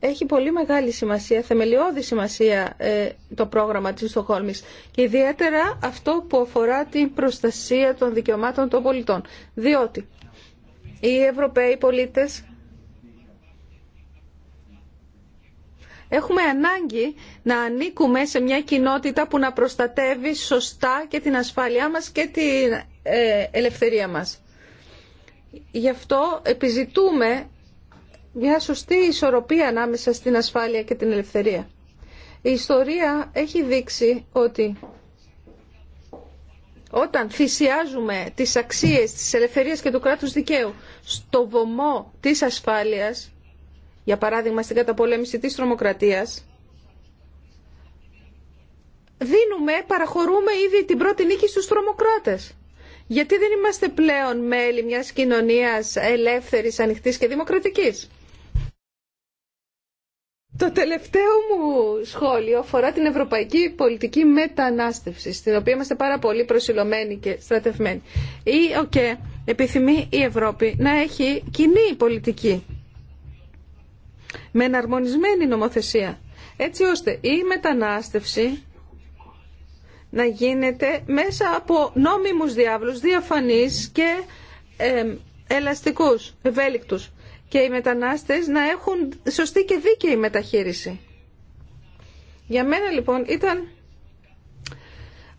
έχει πολύ μεγάλη σημασία, θεμελιώδη σημασία ε, το πρόγραμμα της Στοχόλμης και ιδιαίτερα αυτό που αφορά την προστασία των δικαιωμάτων των πολιτών. Διότι οι Ευρωπαίοι πολίτες Έχουμε ανάγκη να ανήκουμε σε μια κοινότητα που να προστατεύει σωστά και την ασφάλειά μας και την ε, ελευθερία μας. Γι' αυτό επιζητούμε μια σωστή ισορροπία ανάμεσα στην ασφάλεια και την ελευθερία. Η ιστορία έχει δείξει ότι όταν θυσιάζουμε τις αξίες της ελευθερίας και του κράτους δικαίου στο βωμό της ασφάλειας, για παράδειγμα στην καταπολέμηση της τρομοκρατίας, δίνουμε, παραχωρούμε ήδη την πρώτη νίκη στους τρομοκράτες. Γιατί δεν είμαστε πλέον μέλη μιας κοινωνίας ελεύθερης, ανοιχτής και δημοκρατικής. Το τελευταίο μου σχόλιο αφορά την ευρωπαϊκή πολιτική μετανάστευση, στην οποία είμαστε πάρα πολύ προσιλωμένοι και στρατευμένοι. Η ΟΚΕ επιθυμεί η Ευρώπη να έχει κοινή πολιτική με εναρμονισμένη νομοθεσία, έτσι ώστε η μετανάστευση να γίνεται μέσα από νόμιμους διάβλους, διαφανείς και ε, ελαστικούς, και οι μετανάστες να έχουν σωστή και δίκαιη μεταχείριση. Για μένα λοιπόν ήταν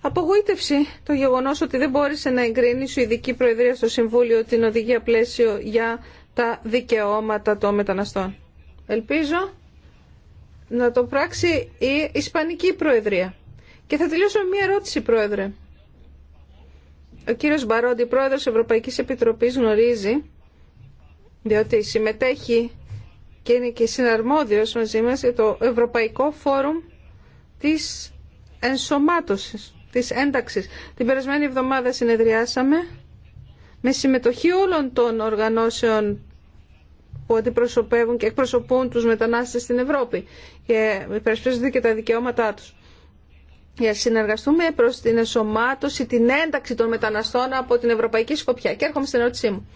απογοήτευση το γεγονός ότι δεν μπόρεσε να εγκρίνει η Σουηδική Προεδρία στο Συμβούλιο την οδηγία πλαίσιο για τα δικαιώματα των μεταναστών. Ελπίζω να το πράξει η Ισπανική Προεδρία. Και θα τελειώσω με μία ερώτηση, Πρόεδρε. Ο κύριος Μπαρόντι, Πρόεδρος Ευρωπαϊκής Επιτροπής, γνωρίζει διότι συμμετέχει και είναι και συναρμόδιος μαζί μας για το Ευρωπαϊκό Φόρουμ της ενσωμάτωσης, της ένταξης. Την περασμένη εβδομάδα συνεδριάσαμε με συμμετοχή όλων των οργανώσεων που αντιπροσωπεύουν και εκπροσωπούν τους μετανάστες στην Ευρώπη και υπερασπίζονται και τα δικαιώματά τους. Για συνεργαστούμε προς την ενσωμάτωση, την ένταξη των μεταναστών από την Ευρωπαϊκή Σκοπιά. Και έρχομαι στην ερώτησή μου.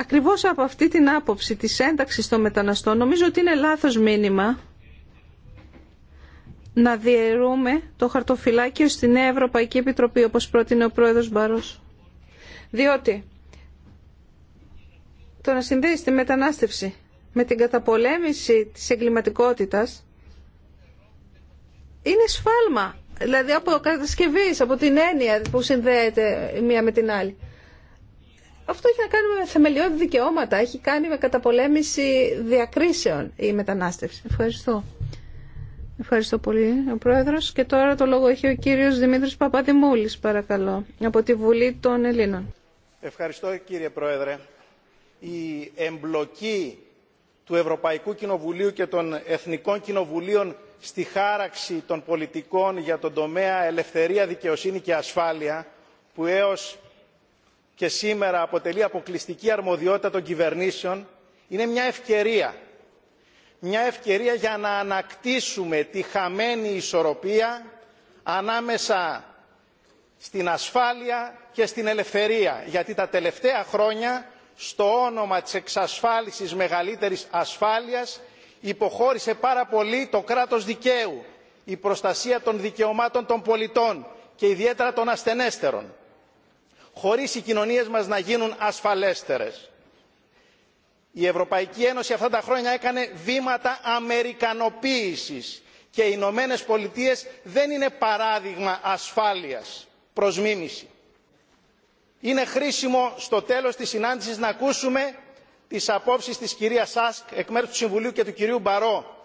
Ακριβώς από αυτή την άποψη της ένταξης των μεταναστών νομίζω ότι είναι λάθος μήνυμα να διαιρούμε το χαρτοφυλάκιο στη Νέα Ευρωπαϊκή Επιτροπή όπως πρότεινε ο πρόεδρος Μπαρός. Διότι το να συνδέει τη μετανάστευση με την καταπολέμηση της εγκληματικότητας είναι σφάλμα. Δηλαδή από κατασκευής, από την έννοια που συνδέεται η μία με την άλλη. Αυτό έχει να κάνει με θεμελιώδη δικαιώματα, έχει κάνει με καταπολέμηση διακρίσεων η μετανάστευση. Ευχαριστώ. Ευχαριστώ πολύ ο Πρόεδρος. Και τώρα το λόγο έχει ο κύριος Δημήτρης Παπαδημούλης, παρακαλώ, από τη Βουλή των Ελλήνων. Ευχαριστώ κύριε Πρόεδρε. Η εμπλοκή του Ευρωπαϊκού Κοινοβουλίου και των Εθνικών Κοινοβουλίων στη χάραξη των πολιτικών για τον τομέα ελευθερία, δικαιοσύνη και ασφάλεια που έως και σήμερα αποτελεί αποκλειστική αρμοδιότητα των κυβερνήσεων είναι μια ευκαιρία μια ευκαιρία για να ανακτήσουμε τη χαμένη ισορροπία ανάμεσα στην ασφάλεια και στην ελευθερία γιατί τα τελευταία χρόνια στο όνομα της εξασφάλισης μεγαλύτερης ασφάλειας υποχώρησε πάρα πολύ το κράτος δικαίου η προστασία των δικαιωμάτων των πολιτών και ιδιαίτερα των ασθενέστερων χωρίς οι κοινωνίες μας να γίνουν ασφαλέστερες. Η Ευρωπαϊκή Ένωση αυτά τα χρόνια έκανε βήματα αμερικανοποίησης και οι Ηνωμένε Πολιτείε δεν είναι παράδειγμα ασφάλειας προς μίμηση. Είναι χρήσιμο στο τέλος της συνάντησης να ακούσουμε τις απόψεις της κυρίας Σάσκ εκ μέρους του Συμβουλίου και του κυρίου Μπαρό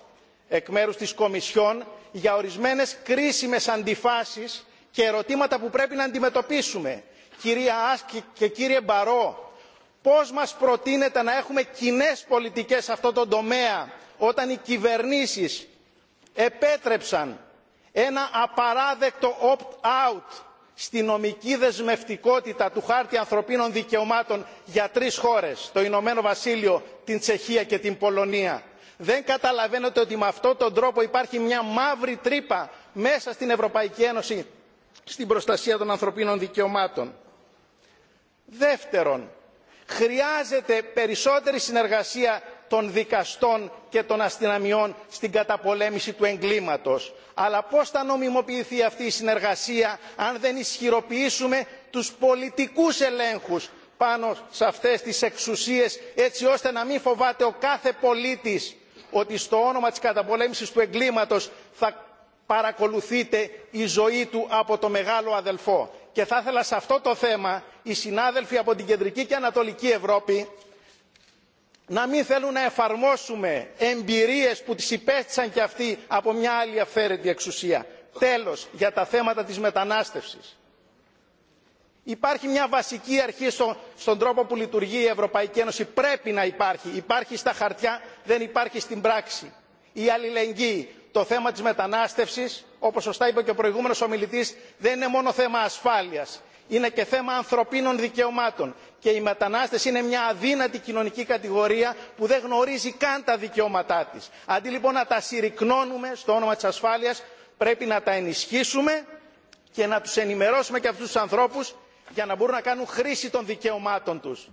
εκ μέρους της Κομισιόν για ορισμένες κρίσιμες αντιφάσεις και ερωτήματα που πρέπει να αντιμετωπίσουμε κυρία Άσκη και κύριε Μπαρό, πώς μας προτείνετε να έχουμε κοινέ πολιτικές σε αυτό το τομέα όταν οι κυβερνήσεις επέτρεψαν ένα απαράδεκτο opt-out στη νομική δεσμευτικότητα του χάρτη ανθρωπίνων δικαιωμάτων για τρεις χώρες το ηνωμένο βασίλειο την τσεχία και την πολωνία. δεν καταλαβαίνετε ότι με αυτόν τον τρόπο υπάρχει μια μαύρη τρύπα μέσα στην ευρωπαϊκή ένωση στην προστασία των ανθρωπίνων δικαιωμάτων δεύτερον χρειάζεται περισσότερη συνεργασία των δικαστών και των αστυνομιών στην καταπολέμηση του εγκλήματος αλλά πώς θα νομιμοποιηθεί αυτή η συνεργασία αν δεν ισχυροποιήσουμε τους πολιτικούς ελέγχους πάνω σε αυτές τις εξουσίες έτσι ώστε να μην φοβάται ο κάθε πολίτης ότι στο όνομα της καταπολέμησης του εγκλήματος θα παρακολουθείται η ζωή του από το μεγάλο αδελφό και θα ήθελα σε αυτό το θέμα οι συνάδελφοι από την κεντρική και ανατολική ευρώπη να μην θέλουν να εφαρμόσουμε εμπειρίες που τις υπέστησαν και αυτοί από μια άλλη αυθαίρετη εξουσία. Τέλος, για τα θέματα της μετανάστευσης. Υπάρχει μια βασική αρχή στον τρόπο που λειτουργεί η Ευρωπαϊκή Ένωση. Πρέπει να υπάρχει. Υπάρχει στα χαρτιά, δεν υπάρχει στην πράξη. Η αλληλεγγύη το θέμα της μετανάστευσης όπως σωστά είπε και ο προηγούμενος ομιλητής δεν είναι μόνο θέμα ασφάλειας είναι και θέμα ανθρωπίνων δικαιωμάτων και οι μετανάστες είναι μια αδύνατη κοινωνική κατηγορία που δεν γνωρίζει καν τα δικαιώματά της. αντί λοιπόν να τα συρρυκνώνουμε στο όνομα της ασφάλειας πρέπει να τα ενισχύσουμε και να τους ενημερώσουμε και αυτούς τους ανθρώπους για να μπορούν να κάνουν χρήση των δικαιωμάτων τους.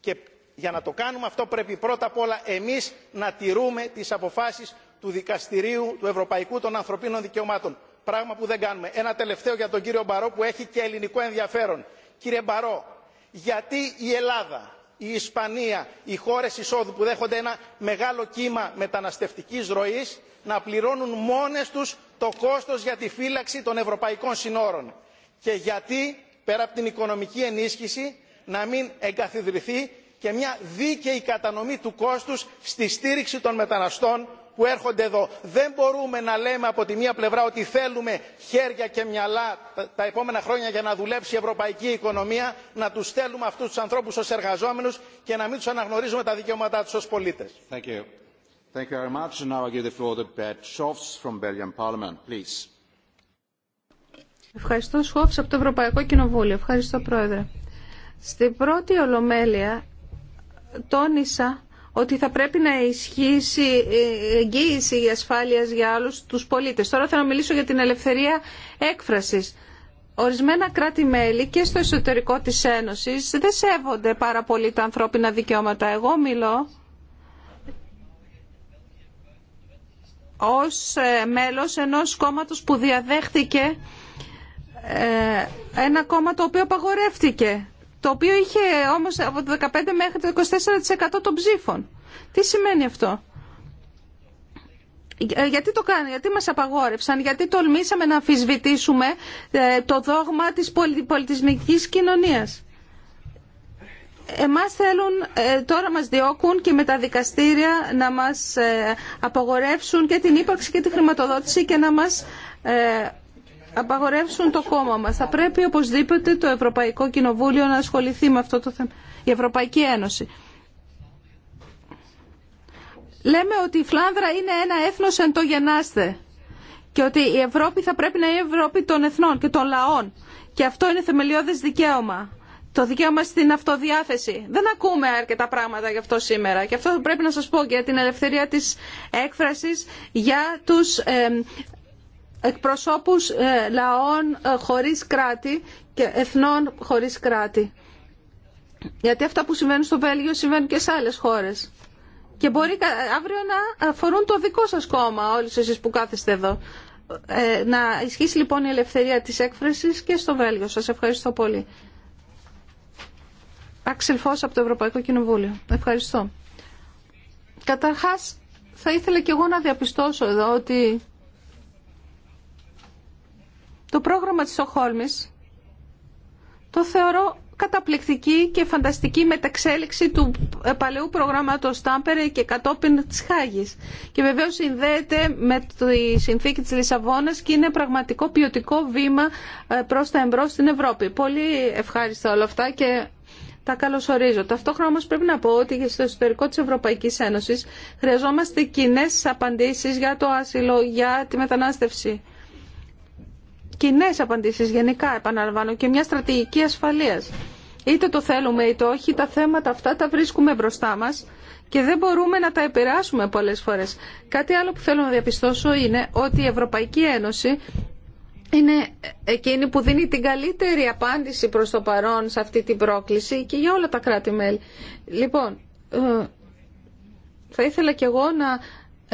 Και για να το κάνουμε αυτό πρέπει πρώτα απ' όλα εμείς να τηρούμε τις αποφάσεις του δικαστηρίου του ευρωπαϊκού των ανθρωπίνων δικαιωμάτων πράγμα που δεν κάνουμε. ένα τελευταίο για τον κύριο Μπαρό που έχει και ελληνικό ενδιαφέρον. κύριε Μπαρό, γιατί η ελλάδα η ισπανία οι χώρες εισόδου που δέχονται ένα μεγάλο κύμα μεταναστευτικής ροής να πληρώνουν μόνες τους το κόστος για τη φύλαξη των ευρωπαϊκών συνόρων και γιατί πέρα από την οικονομική ενίσχυση να μην εγκαθιδρυθεί και μια δίκαιη κατανομή του κόστους στη στήριξη των μεταναστών που έρχονται εδώ. Δεν μπορούμε να λέμε από τη μία πλευρά ότι θέλουμε χέρια και μυαλά τα επόμενα χρόνια για να δουλέψει η ευρωπαϊκή οικονομία, να τους στέλνουμε αυτούς τους ανθρώπους ως εργαζόμενους και να μην τους αναγνωρίζουμε τα δικαιώματά τους ως πολίτες. Ευχαριστώ από το Ευρωπαϊκό Κοινοβούλιο. Ευχαριστώ Πρόεδρε. Στην πρώτη ολομέλεια τόνισα ότι θα πρέπει να ισχύσει ε, εγγύηση ασφάλειας για όλους τους πολίτες. Τώρα θέλω να μιλήσω για την ελευθερία έκφρασης. Ορισμένα κράτη-μέλη και στο εσωτερικό της Ένωσης δεν σέβονται πάρα πολύ τα ανθρώπινα δικαιώματα. Εγώ μιλώ ως ε, μέλος ενός κόμματος που διαδέχτηκε ε, ένα κόμμα το οποίο απαγορεύτηκε το οποίο είχε όμως από το 15 μέχρι το 24% των ψήφων. Τι σημαίνει αυτό. Ε, γιατί το κάνει, γιατί μας απαγόρευσαν, γιατί τολμήσαμε να αμφισβητήσουμε ε, το δόγμα της πολιτισμικής κοινωνίας. Εμάς θέλουν, ε, τώρα μας διώκουν και με τα δικαστήρια να μας απαγορεύσουν και την ύπαρξη και τη χρηματοδότηση και να μας απαγορεύσουν το κόμμα μας. Θα πρέπει οπωσδήποτε το Ευρωπαϊκό Κοινοβούλιο να ασχοληθεί με αυτό το θέμα. Η Ευρωπαϊκή Ένωση. Λέμε ότι η Φλάνδρα είναι ένα έθνος εν το γεννάστε και ότι η Ευρώπη θα πρέπει να είναι η Ευρώπη των εθνών και των λαών. Και αυτό είναι θεμελιώδες δικαίωμα. Το δικαίωμα στην αυτοδιάθεση. Δεν ακούμε αρκετά πράγματα γι' αυτό σήμερα. Και αυτό πρέπει να σας πω για την ελευθερία της έκφρασης, για τους εκπροσώπους ε, λαών ε, χωρίς κράτη και εθνών χωρίς κράτη. Γιατί αυτά που συμβαίνουν στο Βέλγιο συμβαίνουν και σε άλλες χώρες. Και μπορεί αύριο να αφορούν το δικό σας κόμμα όλοι εσείς που κάθεστε εδώ. Ε, να ισχύσει λοιπόν η ελευθερία της έκφρασης και στο Βέλγιο. Σας ευχαριστώ πολύ. Φως από το Ευρωπαϊκό Κοινοβούλιο. Ευχαριστώ. Καταρχάς θα ήθελα και εγώ να διαπιστώσω εδώ ότι το πρόγραμμα της Οχόλμης το θεωρώ καταπληκτική και φανταστική μεταξέλιξη του παλαιού προγράμματος Τάμπερε και κατόπιν της Χάγης. Και βεβαίως συνδέεται με τη συνθήκη της Λισαβόνας και είναι πραγματικό ποιοτικό βήμα ε, προς τα εμπρός στην Ευρώπη. Πολύ ευχάριστα όλα αυτά και τα καλωσορίζω. Ταυτόχρονα όμως πρέπει να πω ότι στο εσωτερικό της Ευρωπαϊκής Ένωσης χρειαζόμαστε κοινέ απαντήσεις για το άσυλο, για τη μετανάστευση κοινέ απαντήσεις γενικά, επαναλαμβάνω, και μια στρατηγική ασφαλείας. Είτε το θέλουμε είτε όχι, τα θέματα αυτά τα βρίσκουμε μπροστά μας και δεν μπορούμε να τα επηρεάσουμε πολλές φορές. Κάτι άλλο που θέλω να διαπιστώσω είναι ότι η Ευρωπαϊκή Ένωση είναι εκείνη που δίνει την καλύτερη απάντηση προς το παρόν σε αυτή την πρόκληση και για όλα τα κράτη-μέλη. Λοιπόν, ε, θα ήθελα κι εγώ να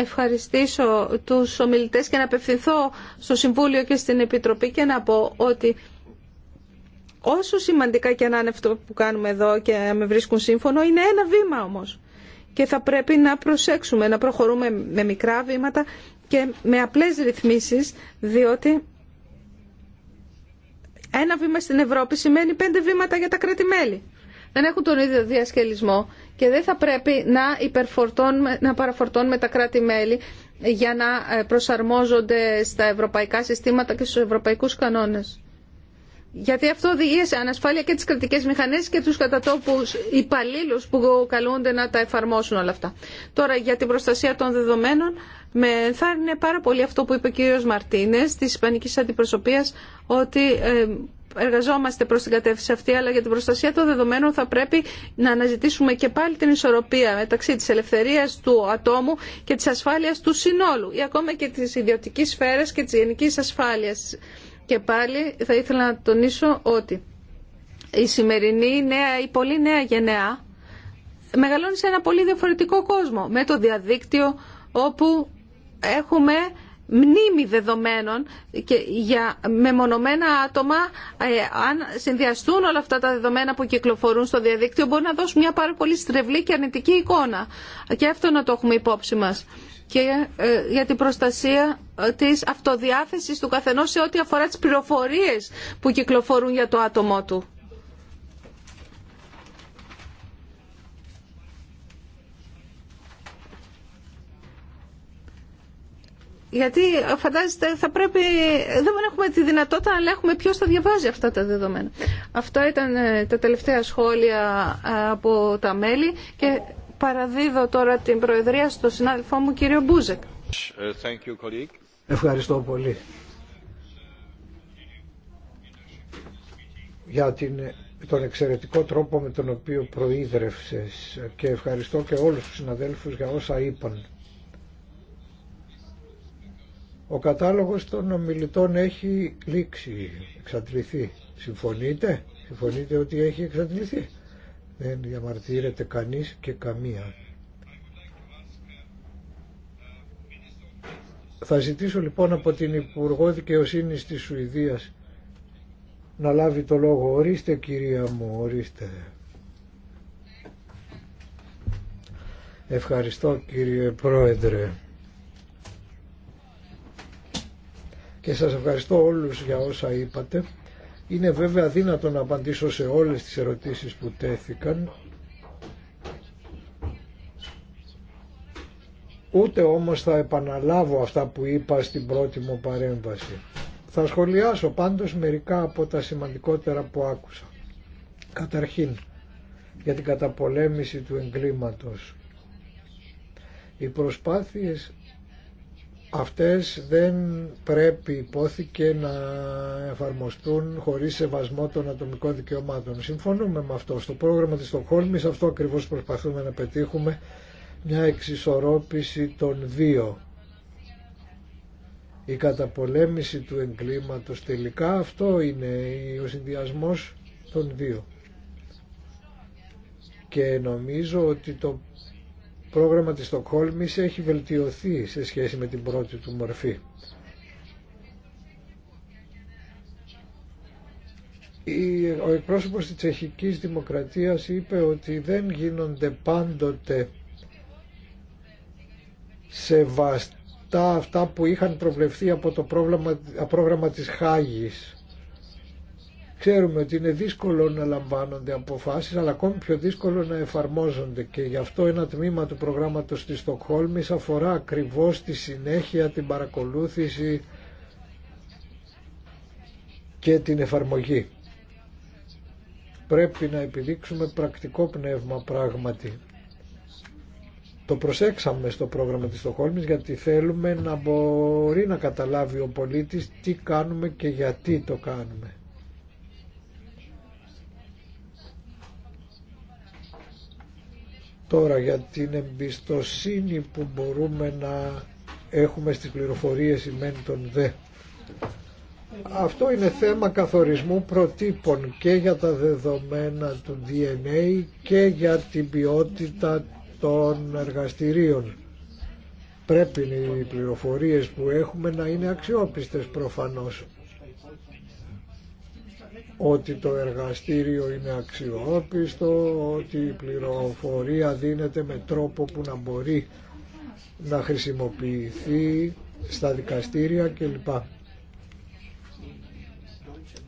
ευχαριστήσω τους ομιλητές και να απευθυνθώ στο Συμβούλιο και στην Επιτροπή και να πω ότι όσο σημαντικά και να είναι αυτό που κάνουμε εδώ και να με βρίσκουν σύμφωνο, είναι ένα βήμα όμως. Και θα πρέπει να προσέξουμε, να προχωρούμε με μικρά βήματα και με απλές ρυθμίσεις, διότι ένα βήμα στην Ευρώπη σημαίνει πέντε βήματα για τα κρατη δεν έχουν τον ίδιο διασκελισμό και δεν θα πρέπει να, να παραφορτώνουμε τα κράτη-μέλη για να ε, προσαρμόζονται στα ευρωπαϊκά συστήματα και στους ευρωπαϊκούς κανόνες. Γιατί αυτό οδηγεί σε ανασφάλεια και τις κρατικές μηχανές και τους κατατόπους υπαλλήλους που καλούνται να τα εφαρμόσουν όλα αυτά. Τώρα για την προστασία των δεδομένων με ενθάρρυνε πάρα πολύ αυτό που είπε ο κ. Μαρτίνες της Ισπανικής Αντιπροσωπείας ότι ε, εργαζόμαστε προ την κατεύθυνση αυτή, αλλά για την προστασία των δεδομένων θα πρέπει να αναζητήσουμε και πάλι την ισορροπία μεταξύ της ελευθερίας του ατόμου και της ασφάλειας του συνόλου ή ακόμα και τη ιδιωτική σφαίρα και τη γενική ασφάλεια. Και πάλι θα ήθελα να τονίσω ότι η σημερινή νέα ή πολύ νέα γενεά μεγαλώνει σε ένα πολύ διαφορετικό κόσμο με το διαδίκτυο όπου έχουμε μνήμη δεδομένων και για μεμονωμένα άτομα, ε, αν συνδυαστούν όλα αυτά τα δεδομένα που κυκλοφορούν στο διαδίκτυο, μπορεί να δώσουν μια πάρα πολύ στρεβλή και αρνητική εικόνα. Και αυτό να το έχουμε υπόψη μας. Και ε, για την προστασία ε, της αυτοδιάθεσης του καθενός σε ό,τι αφορά τις πληροφορίες που κυκλοφορούν για το άτομό του. Γιατί φαντάζεστε θα πρέπει, δεν έχουμε τη δυνατότητα να λέγουμε ποιος θα διαβάζει αυτά τα δεδομένα. Αυτά ήταν ε, τα τελευταία σχόλια ε, από τα μέλη και παραδίδω τώρα την Προεδρία στο συνάδελφό μου κύριο Μπούζεκ. Ευχαριστώ πολύ για την, τον εξαιρετικό τρόπο με τον οποίο προείδρευσες και ευχαριστώ και όλους τους συναδέλφους για όσα είπαν. Ο κατάλογος των ομιλητών έχει λήξει, εξαντληθεί. Συμφωνείτε, συμφωνείτε ότι έχει εξαντληθεί. Δεν διαμαρτύρεται κανείς και καμία. Θα ζητήσω λοιπόν από την Υπουργό Δικαιοσύνη της Σουηδίας να λάβει το λόγο. Ορίστε κυρία μου, ορίστε. Ευχαριστώ κύριε Πρόεδρε. και σας ευχαριστώ όλους για όσα είπατε. Είναι βέβαια δύνατο να απαντήσω σε όλες τις ερωτήσεις που τέθηκαν. Ούτε όμως θα επαναλάβω αυτά που είπα στην πρώτη μου παρέμβαση. Θα σχολιάσω πάντως μερικά από τα σημαντικότερα που άκουσα. Καταρχήν, για την καταπολέμηση του εγκλήματος. Οι προσπάθειες αυτές δεν πρέπει υπόθηκε να εφαρμοστούν χωρίς σεβασμό των ατομικών δικαιωμάτων. Συμφωνούμε με αυτό. Στο πρόγραμμα της Στοκχόλμης αυτό ακριβώς προσπαθούμε να πετύχουμε μια εξισορρόπηση των δύο. Η καταπολέμηση του εγκλήματος τελικά αυτό είναι ο συνδυασμός των δύο. Και νομίζω ότι το πρόγραμμα της Στοκχόλμης έχει βελτιωθεί σε σχέση με την πρώτη του μορφή. Ο εκπρόσωπος της τσεχικής δημοκρατίας είπε ότι δεν γίνονται πάντοτε σεβαστά αυτά που είχαν προβλεφθεί από το πρόγραμμα, πρόγραμμα της Χάγης Ξέρουμε ότι είναι δύσκολο να λαμβάνονται αποφάσεις, αλλά ακόμη πιο δύσκολο να εφαρμόζονται και γι' αυτό ένα τμήμα του προγράμματος της Στοκχόλμης αφορά ακριβώς τη συνέχεια, την παρακολούθηση και την εφαρμογή. Πρέπει να επιδείξουμε πρακτικό πνεύμα πράγματι. Το προσέξαμε στο πρόγραμμα της Στοχόλμης γιατί θέλουμε να μπορεί να καταλάβει ο πολίτης τι κάνουμε και γιατί το κάνουμε. Τώρα για την εμπιστοσύνη που μπορούμε να έχουμε στις πληροφορίες ημέν των δε. Αυτό είναι θέμα καθορισμού προτύπων και για τα δεδομένα του DNA και για την ποιότητα των εργαστηρίων. Πρέπει οι πληροφορίες που έχουμε να είναι αξιόπιστες προφανώς ότι το εργαστήριο είναι αξιόπιστο, ότι η πληροφορία δίνεται με τρόπο που να μπορεί να χρησιμοποιηθεί στα δικαστήρια κλπ.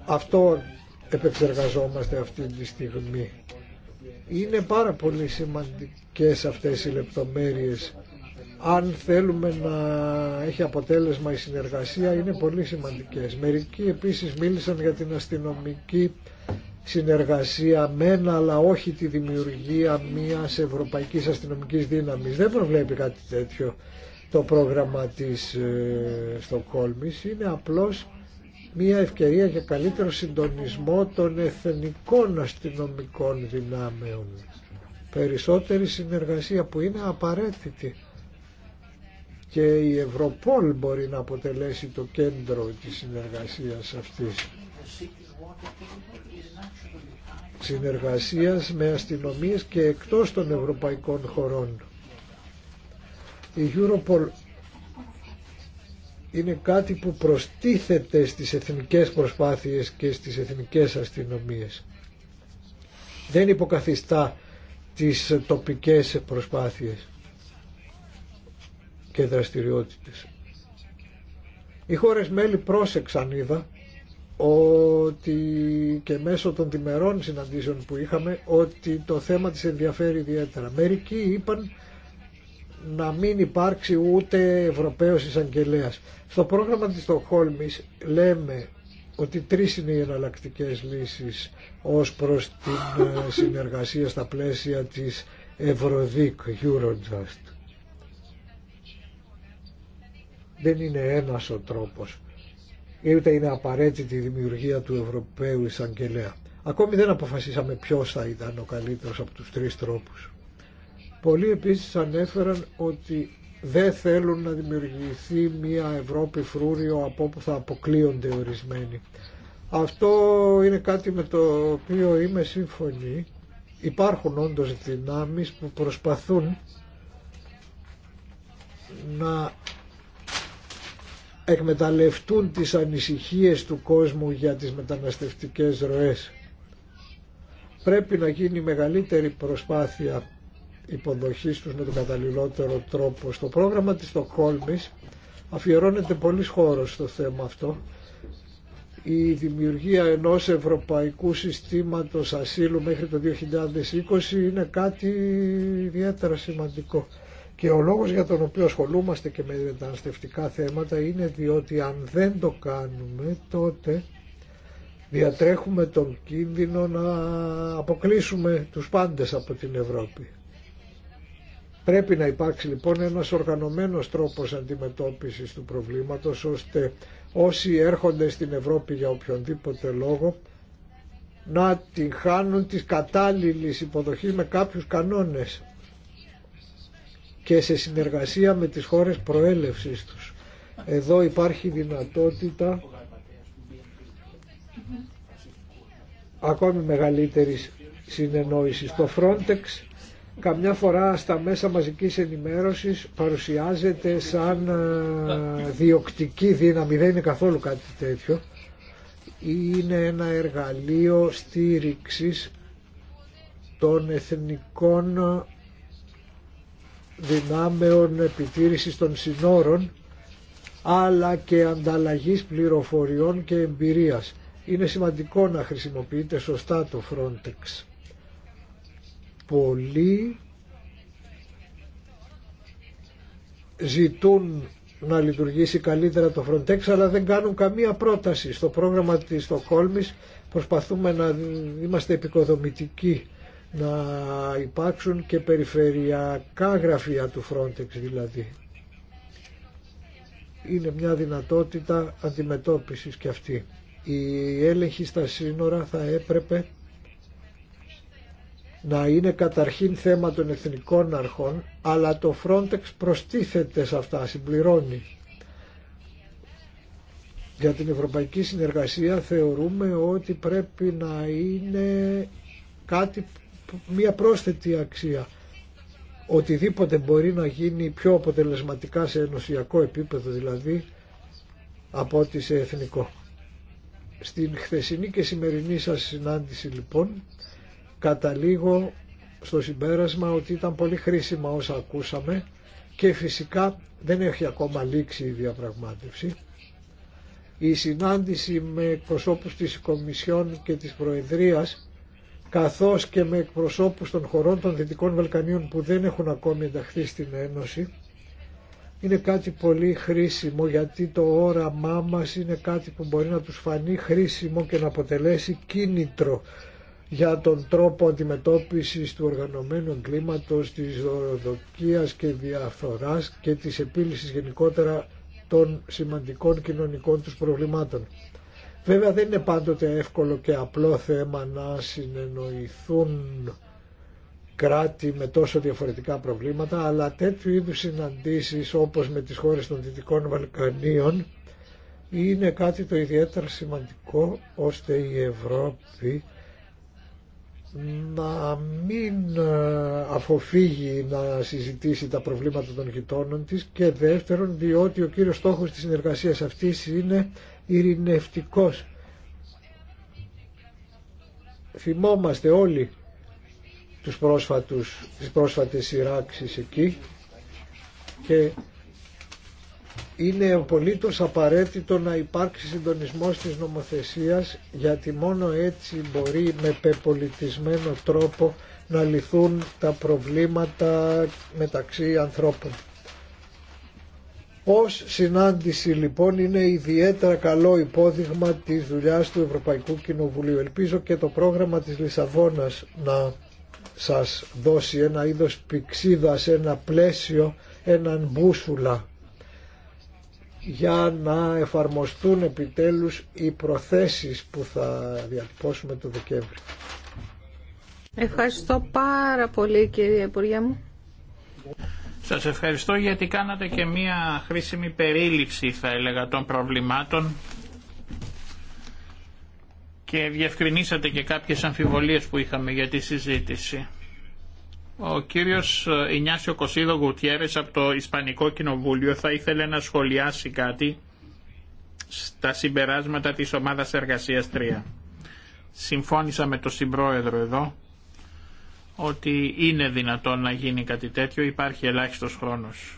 Αυτό επεξεργαζόμαστε αυτή τη στιγμή. Είναι πάρα πολύ σημαντικές αυτές οι λεπτομέρειες αν θέλουμε να έχει αποτέλεσμα η συνεργασία είναι πολύ σημαντικές. Μερικοί επίσης μίλησαν για την αστυνομική συνεργασία μεν αλλά όχι τη δημιουργία μιας ευρωπαϊκής αστυνομικής δύναμης. Δεν προβλέπει κάτι τέτοιο το πρόγραμμα της ε, Στοκόλμης. Είναι απλώς μια ευκαιρία για καλύτερο συντονισμό των εθνικών αστυνομικών δυνάμεων. Περισσότερη συνεργασία που είναι απαραίτητη και η Ευρωπόλ μπορεί να αποτελέσει το κέντρο της συνεργασίας αυτής. Συνεργασίας με αστυνομίες και εκτός των ευρωπαϊκών χωρών. Η Europol είναι κάτι που προστίθεται στις εθνικές προσπάθειες και στις εθνικές αστυνομίες. Δεν υποκαθιστά τις τοπικές προσπάθειες και δραστηριότητες. Οι χώρες μέλη πρόσεξαν είδα ότι και μέσω των διμερών συναντήσεων που είχαμε ότι το θέμα της ενδιαφέρει ιδιαίτερα. Μερικοί είπαν να μην υπάρξει ούτε Ευρωπαίος εισαγγελέας. Στο πρόγραμμα της Στοχόλμης λέμε ότι τρεις είναι οι εναλλακτικέ λύσεις ως προς την ε, συνεργασία στα πλαίσια της Ευρωδίκ, Eurojust. δεν είναι ένας ο τρόπος ή ούτε είναι απαραίτητη η δημιουργία του Ευρωπαίου Εισαγγελέα. Ακόμη δεν αποφασίσαμε ποιος θα ήταν ο καλύτερος από τους τρεις τρόπους. Πολλοί επίσης ανέφεραν ότι δεν θέλουν να δημιουργηθεί μια Ευρώπη φρούριο από όπου θα αποκλείονται ορισμένοι. Αυτό είναι κάτι με το οποίο είμαι σύμφωνη. Υπάρχουν όντως δυνάμεις που προσπαθούν να εκμεταλλευτούν τις ανησυχίες του κόσμου για τις μεταναστευτικές ροές. Πρέπει να γίνει μεγαλύτερη προσπάθεια υποδοχής τους με τον καταλληλότερο τρόπο. Στο πρόγραμμα της Στοκχόλμης αφιερώνεται πολύς χώρος στο θέμα αυτό. Η δημιουργία ενός ευρωπαϊκού συστήματος ασύλου μέχρι το 2020 είναι κάτι ιδιαίτερα σημαντικό. Και ο λόγος για τον οποίο ασχολούμαστε και με μεταναστευτικά θέματα είναι διότι αν δεν το κάνουμε τότε διατρέχουμε τον κίνδυνο να αποκλείσουμε τους πάντες από την Ευρώπη. Πρέπει να υπάρξει λοιπόν ένας οργανωμένος τρόπος αντιμετώπισης του προβλήματος ώστε όσοι έρχονται στην Ευρώπη για οποιονδήποτε λόγο να την χάνουν τις κατάλληλης υποδοχή με κάποιους κανόνες και σε συνεργασία με τις χώρες προέλευσης τους. Εδώ υπάρχει δυνατότητα ακόμη μεγαλύτερης συνεννόησης. Το Frontex καμιά φορά στα μέσα μαζικής ενημέρωσης παρουσιάζεται σαν διοκτική δύναμη, δεν είναι καθόλου κάτι τέτοιο. Είναι ένα εργαλείο στήριξης των εθνικών δυνάμεων επιτήρησης των συνόρων αλλά και ανταλλαγής πληροφοριών και εμπειρίας. Είναι σημαντικό να χρησιμοποιείται σωστά το Frontex. Πολλοί ζητούν να λειτουργήσει καλύτερα το Frontex αλλά δεν κάνουν καμία πρόταση. Στο πρόγραμμα της Στοκόλμης προσπαθούμε να είμαστε επικοδομητικοί να υπάρξουν και περιφερειακά γραφεία του Frontex δηλαδή. Είναι μια δυνατότητα αντιμετώπισης και αυτή. Η έλεγχη στα σύνορα θα έπρεπε να είναι καταρχήν θέμα των εθνικών αρχών, αλλά το Frontex προστίθεται σε αυτά, συμπληρώνει. Για την ευρωπαϊκή συνεργασία θεωρούμε ότι πρέπει να είναι κάτι μία πρόσθετη αξία. Οτιδήποτε μπορεί να γίνει πιο αποτελεσματικά σε ενωσιακό επίπεδο δηλαδή από ότι σε εθνικό. Στην χθεσινή και σημερινή σας συνάντηση λοιπόν καταλήγω στο συμπέρασμα ότι ήταν πολύ χρήσιμα όσα ακούσαμε και φυσικά δεν έχει ακόμα λήξει η διαπραγμάτευση. Η συνάντηση με προσώπους της Κομισιόν και της Προεδρίας καθώς και με εκπροσώπους των χωρών των Δυτικών Βαλκανίων που δεν έχουν ακόμη ενταχθεί στην Ένωση είναι κάτι πολύ χρήσιμο γιατί το όραμά μας είναι κάτι που μπορεί να τους φανεί χρήσιμο και να αποτελέσει κίνητρο για τον τρόπο αντιμετώπισης του οργανωμένου εγκλήματος, της δωροδοκίας και διαφθοράς και της επίλυσης γενικότερα των σημαντικών κοινωνικών τους προβλημάτων. Βέβαια δεν είναι πάντοτε εύκολο και απλό θέμα να συνεννοηθούν κράτη με τόσο διαφορετικά προβλήματα, αλλά τέτοιου είδους συναντήσεις όπως με τις χώρες των Δυτικών Βαλκανίων είναι κάτι το ιδιαίτερα σημαντικό ώστε η Ευρώπη να μην ε, αφοφύγει να συζητήσει τα προβλήματα των γειτόνων της και δεύτερον διότι ο κύριος στόχος της συνεργασίας αυτής είναι ειρηνευτικός. Θυμόμαστε όλοι τους πρόσφατους, τις πρόσφατες σειράξεις εκεί και είναι απολύτως απαραίτητο να υπάρξει συντονισμός της νομοθεσίας γιατί μόνο έτσι μπορεί με πεπολιτισμένο τρόπο να λυθούν τα προβλήματα μεταξύ ανθρώπων. Ως συνάντηση λοιπόν είναι ιδιαίτερα καλό υπόδειγμα της δουλειάς του Ευρωπαϊκού Κοινοβουλίου. Ελπίζω και το πρόγραμμα της Λισαβόνας να σας δώσει ένα είδος πηξίδας, ένα πλαίσιο, έναν μπούσουλα για να εφαρμοστούν επιτέλους οι προθέσεις που θα διατυπώσουμε το Δεκέμβριο. Ευχαριστώ πάρα πολύ κύριε Υπουργέ μου. Σας ευχαριστώ γιατί κάνατε και μία χρήσιμη περίληψη θα έλεγα των προβλημάτων και διευκρινίσατε και κάποιες αμφιβολίες που είχαμε για τη συζήτηση. Ο κύριος Ινιάσιο Κωσίδο Γουτιέρες από το Ισπανικό Κοινοβούλιο θα ήθελε να σχολιάσει κάτι στα συμπεράσματα της ομάδας εργασίας 3. Συμφώνησα με τον συμπρόεδρο εδώ ότι είναι δυνατόν να γίνει κάτι τέτοιο, υπάρχει ελάχιστος χρόνος.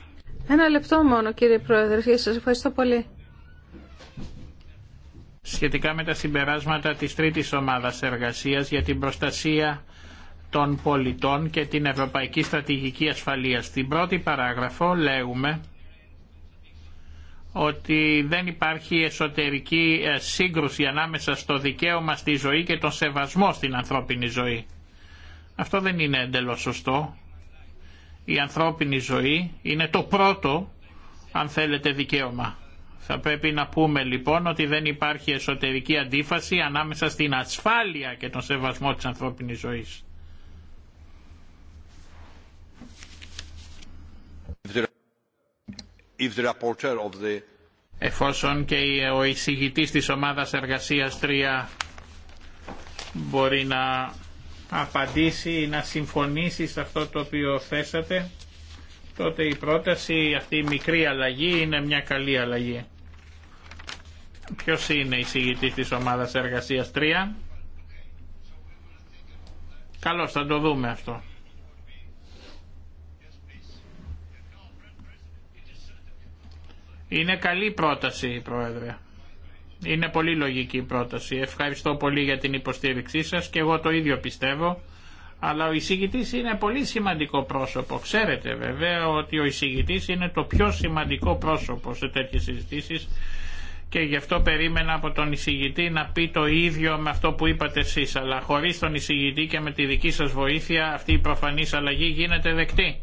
Ένα λεπτό μόνο κύριε Πρόεδρε σα σας ευχαριστώ πολύ. Σχετικά με τα συμπεράσματα της τρίτης ομάδας εργασίας για την προστασία των πολιτών και την Ευρωπαϊκή Στρατηγική Ασφαλείας. Στην πρώτη παράγραφο λέγουμε ότι δεν υπάρχει εσωτερική ε, σύγκρουση ανάμεσα στο δικαίωμα στη ζωή και τον σεβασμό στην ανθρώπινη ζωή. Αυτό δεν είναι εντελώς σωστό. Η ανθρώπινη ζωή είναι το πρώτο, αν θέλετε, δικαίωμα. Θα πρέπει να πούμε λοιπόν ότι δεν υπάρχει εσωτερική αντίφαση ανάμεσα στην ασφάλεια και τον σεβασμό της ανθρώπινης ζωής. Εφόσον και ο εισηγητής της ομάδας εργασίας 3 μπορεί να απαντήσει, να συμφωνήσει σε αυτό το οποίο θέσατε, τότε η πρόταση, αυτή η μικρή αλλαγή είναι μια καλή αλλαγή. Ποιος είναι η συγητής της ομάδας εργασίας 3. Καλώς θα το δούμε αυτό. Είναι καλή πρόταση, Πρόεδρε. Είναι πολύ λογική η πρόταση. Ευχαριστώ πολύ για την υποστήριξή σας και εγώ το ίδιο πιστεύω. Αλλά ο εισηγητής είναι πολύ σημαντικό πρόσωπο. Ξέρετε βέβαια ότι ο εισηγητής είναι το πιο σημαντικό πρόσωπο σε τέτοιες συζητήσεις και γι' αυτό περίμενα από τον εισηγητή να πει το ίδιο με αυτό που είπατε εσεί, Αλλά χωρί τον εισηγητή και με τη δική σας βοήθεια αυτή η προφανή αλλαγή γίνεται δεκτή.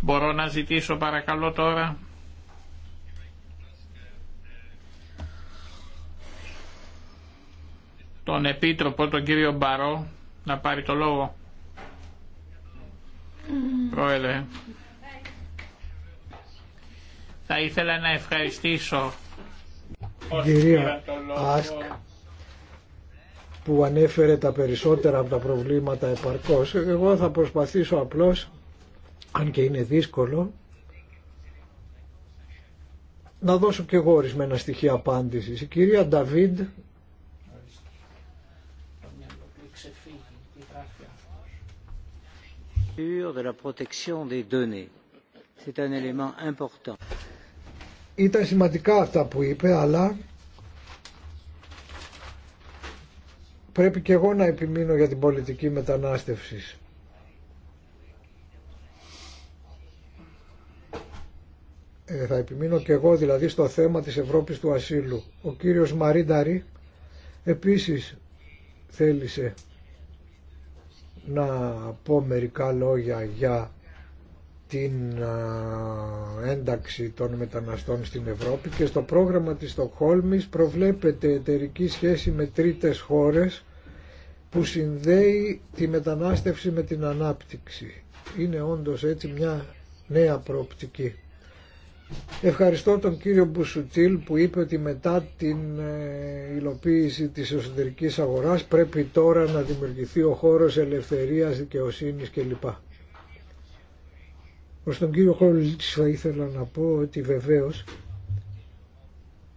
Μπορώ να ζητήσω παρακαλώ τώρα τον Επίτροπο, τον κύριο Μπαρό, να πάρει το λόγο. Πρόεδρε, θα ήθελα να ευχαριστήσω κυρία Άσκ που ανέφερε τα περισσότερα από τα προβλήματα επαρκώς. Εγώ θα προσπαθήσω απλώς, αν και είναι δύσκολο, να δώσω και εγώ ορισμένα στοιχεία απάντησης. Η κυρία Νταβίντ Ήταν σημαντικά αυτά που είπε, αλλά πρέπει και εγώ να επιμείνω για την πολιτική μετανάστευση. Ε, θα επιμείνω και εγώ δηλαδή στο θέμα της Ευρώπης του ασύλου. Ο κύριος Μαρίνταρη επίσης θέλησε να πω μερικά λόγια για την ένταξη των μεταναστών στην Ευρώπη και στο πρόγραμμα της Στοκχόλμης προβλέπεται εταιρική σχέση με τρίτες χώρες που συνδέει τη μετανάστευση με την ανάπτυξη. Είναι όντως έτσι μια νέα προοπτική. Ευχαριστώ τον κύριο Μπουσουτήλ που είπε ότι μετά την ε, υλοποίηση της εσωτερικής αγοράς πρέπει τώρα να δημιουργηθεί ο χώρος ελευθερίας, δικαιοσύνης κλπ. Προς τον κύριο Χρόλιτς θα ήθελα να πω ότι βεβαίως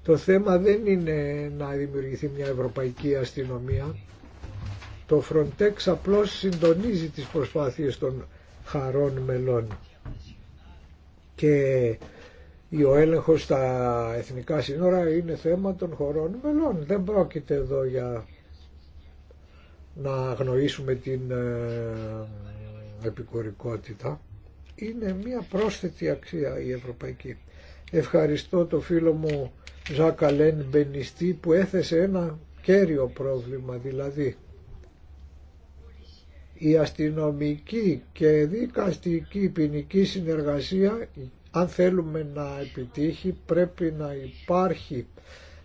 το θέμα δεν είναι να δημιουργηθεί μια ευρωπαϊκή αστυνομία. Το Frontex απλώς συντονίζει τις προσπάθειες των χαρών μελών. Και ή ο έλεγχος στα εθνικά σύνορα είναι θέμα των χωρών μελών. Δεν πρόκειται εδώ για να αγνοήσουμε την ε, επικορικότητα. Είναι μια πρόσθετη αξία η ευρωπαϊκή. Ευχαριστώ το φίλο μου Ζάκα Λέν Μπενιστή που έθεσε ένα κέριο πρόβλημα δηλαδή. Η αστυνομική και δικαστική ποινική συνεργασία αν θέλουμε να επιτύχει πρέπει να υπάρχει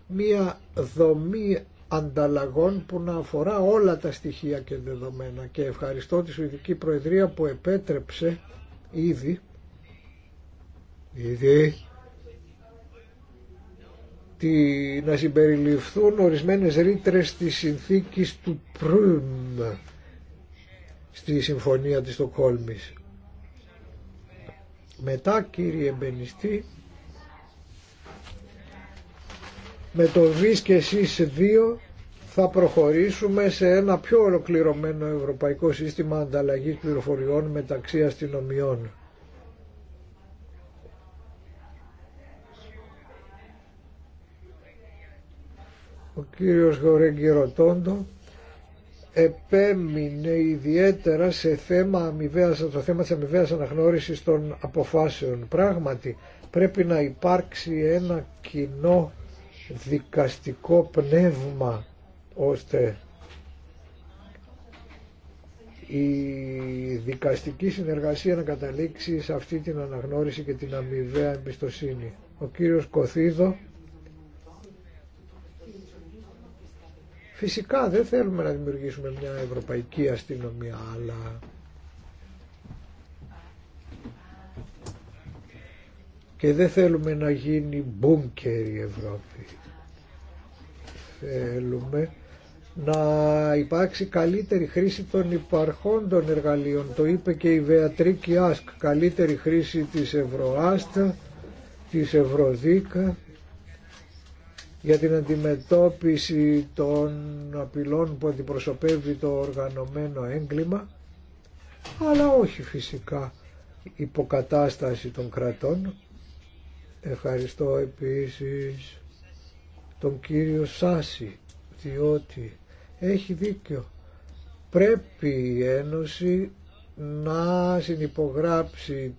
μία δομή ανταλλαγών που να αφορά όλα τα στοιχεία και δεδομένα και ευχαριστώ τη Σουηδική Προεδρία που επέτρεψε ήδη ήδη τη, να συμπεριληφθούν ορισμένες ρήτρες της συνθήκης του Προύμ στη Συμφωνία της Στοκόλμης. Μετά κύριε Μπενιστή, με το ΒΙΣ και ΣΥΣ 2 θα προχωρήσουμε σε ένα πιο ολοκληρωμένο ευρωπαϊκό σύστημα ανταλλαγής πληροφοριών μεταξύ αστυνομιών. Ο κύριος Γορέγγι Ρωτόντο επέμεινε ιδιαίτερα σε θέμα αμοιβαίας, το θέμα της αμοιβαίας αναγνώρισης των αποφάσεων. Πράγματι πρέπει να υπάρξει ένα κοινό δικαστικό πνεύμα ώστε η δικαστική συνεργασία να καταλήξει σε αυτή την αναγνώριση και την αμοιβαία εμπιστοσύνη. Ο κύριος Κοθίδο Φυσικά δεν θέλουμε να δημιουργήσουμε μια ευρωπαϊκή αστυνομία, αλλά και δεν θέλουμε να γίνει μπούνκερ η Ευρώπη. Θέλουμε να υπάρξει καλύτερη χρήση των των εργαλείων. Το είπε και η Βεατρίκη Άσκ, καλύτερη χρήση της Ευρωάστα, της Ευρωδίκα για την αντιμετώπιση των απειλών που αντιπροσωπεύει το οργανωμένο έγκλημα, αλλά όχι φυσικά υποκατάσταση των κρατών. Ευχαριστώ επίσης τον κύριο Σάση, διότι έχει δίκιο. Πρέπει η Ένωση να συνυπογράψει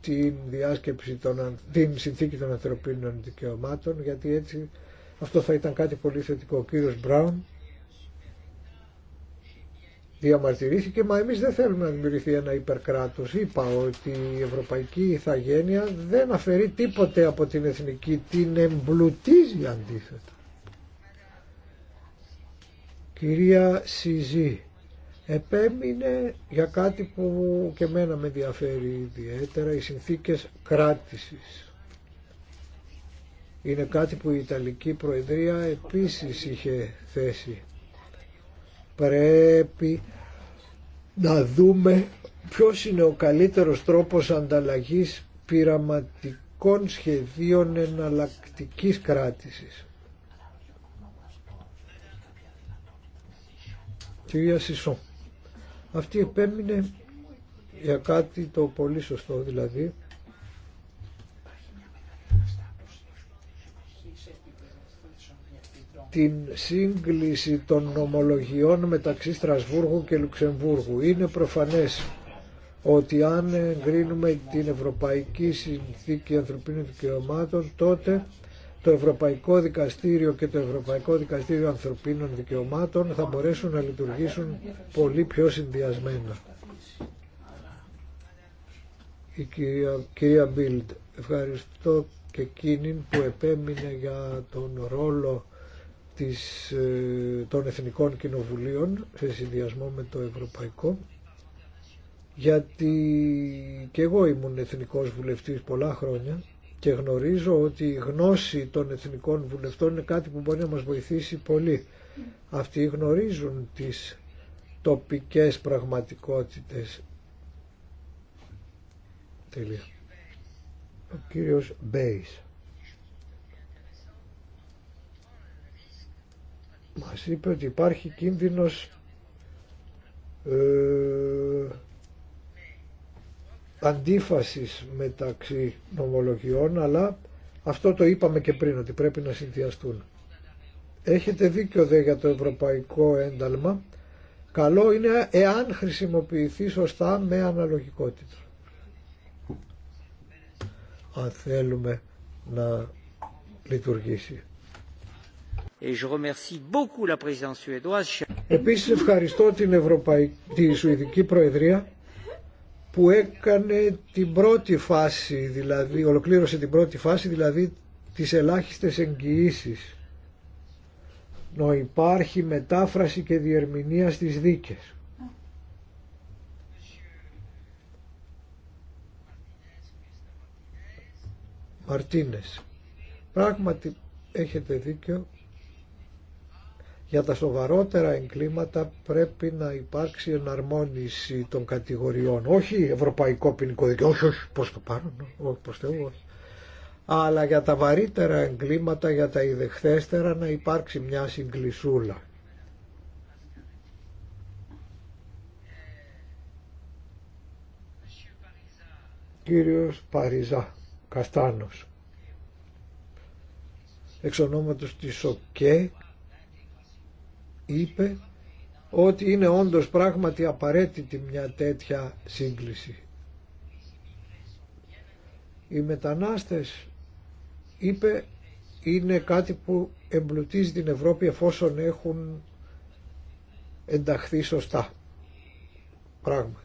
την διάσκεψη των, την συνθήκη των ανθρωπίνων δικαιωμάτων γιατί έτσι αυτό θα ήταν κάτι πολύ θετικό. Ο κύριος Μπράουν διαμαρτυρήθηκε, μα εμείς δεν θέλουμε να δημιουργηθεί ένα υπερκράτος. Είπα ότι η ευρωπαϊκή ηθαγένεια δεν αφαιρεί τίποτε από την εθνική, την εμπλουτίζει αντίθετα. Κυρία Σιζή, επέμεινε για κάτι που και μένα με ενδιαφέρει ιδιαίτερα, οι συνθήκες κράτησης. Είναι κάτι που η Ιταλική Προεδρία επίσης είχε θέσει. Πρέπει να δούμε ποιος είναι ο καλύτερος τρόπος ανταλλαγής πειραματικών σχεδίων εναλλακτικής κράτησης. Κυρία Σισό, αυτή επέμεινε για κάτι το πολύ σωστό δηλαδή, την σύγκληση των νομολογιών μεταξύ Στρασβούργου και Λουξεμβούργου. Είναι προφανές ότι αν εγκρίνουμε την Ευρωπαϊκή Συνθήκη Ανθρωπίνων Δικαιωμάτων, τότε το Ευρωπαϊκό Δικαστήριο και το Ευρωπαϊκό Δικαστήριο Ανθρωπίνων Δικαιωμάτων θα μπορέσουν να λειτουργήσουν πολύ πιο συνδυασμένα. Η κυρία, κυρία Μπίλτ, ευχαριστώ και εκείνη που επέμεινε για τον ρόλο της, ε, των Εθνικών Κοινοβουλίων σε συνδυασμό με το Ευρωπαϊκό γιατί και εγώ ήμουν εθνικός βουλευτής πολλά χρόνια και γνωρίζω ότι η γνώση των εθνικών βουλευτών είναι κάτι που μπορεί να μας βοηθήσει πολύ. Αυτοί γνωρίζουν τις τοπικές πραγματικότητες. Τελεία. Ο κύριος Μπέης. μας είπε ότι υπάρχει κίνδυνος ε, αντίφασης μεταξύ νομολογιών αλλά αυτό το είπαμε και πριν ότι πρέπει να συνδυαστούν. Έχετε δίκιο δε για το ευρωπαϊκό ένταλμα. Καλό είναι εάν χρησιμοποιηθεί σωστά με αναλογικότητα. Αν θέλουμε να λειτουργήσει. Επίσης ευχαριστώ την, Ευρωπαϊκή Σουηδική Προεδρία που έκανε την πρώτη φάση, δηλαδή, ολοκλήρωσε την πρώτη φάση, δηλαδή τις ελάχιστες εγγυήσεις. να υπάρχει μετάφραση και διερμηνία στις δίκες. Μαρτίνες. Πράγματι έχετε δίκιο για τα σοβαρότερα εγκλήματα πρέπει να υπάρξει εναρμόνιση των κατηγοριών. Όχι ευρωπαϊκό ποινικό δικαίωμα, όχι, όχι, Πώς το πάρον, όχι, Αλλά για τα βαρύτερα εγκλήματα, για τα ιδεχθέστερα να υπάρξει μια συγκλισούλα. Κύριος Παριζά, Καστάνος. Εξ ονόματος της ΟΚΕ είπε ότι είναι όντως πράγματι απαραίτητη μια τέτοια σύγκληση. Οι μετανάστες είπε είναι κάτι που εμπλουτίζει την Ευρώπη εφόσον έχουν ενταχθεί σωστά. Πράγματι.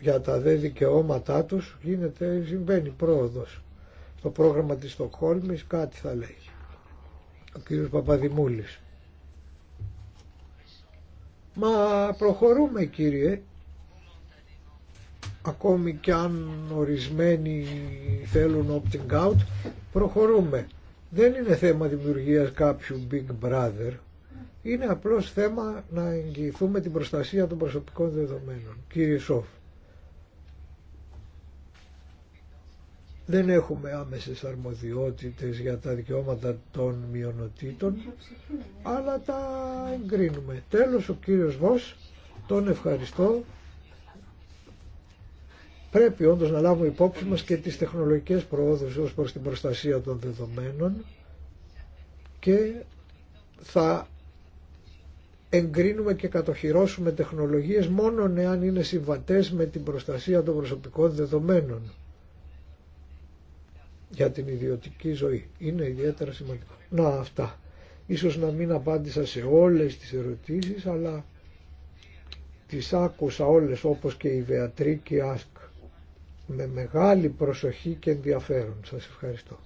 Για τα δε δικαιώματά τους γίνεται, συμβαίνει πρόοδος. Το πρόγραμμα της Στοκχόλμης κάτι θα λέει. Ο κύριος Παπαδημούλης. Μα προχωρούμε κύριε, ακόμη κι αν ορισμένοι θέλουν opting out, προχωρούμε. Δεν είναι θέμα δημιουργίας κάποιου Big Brother, είναι απλώς θέμα να εγγυηθούμε την προστασία των προσωπικών δεδομένων. Κύριε Σόφ. δεν έχουμε άμεσες αρμοδιότητες για τα δικαιώματα των μειονοτήτων, αλλά τα εγκρίνουμε. Τέλος ο κύριος Βος, τον ευχαριστώ. Πρέπει όντως να λάβουμε υπόψη μας και τις τεχνολογικές προόδους ως προς την προστασία των δεδομένων και θα εγκρίνουμε και κατοχυρώσουμε τεχνολογίες μόνο εάν είναι συμβατές με την προστασία των προσωπικών δεδομένων για την ιδιωτική ζωή. Είναι ιδιαίτερα σημαντικό. Να αυτά. Ίσως να μην απάντησα σε όλες τις ερωτήσεις, αλλά τις άκουσα όλες όπως και η Βεατρίκη Άσκ με μεγάλη προσοχή και ενδιαφέρον. Σας ευχαριστώ.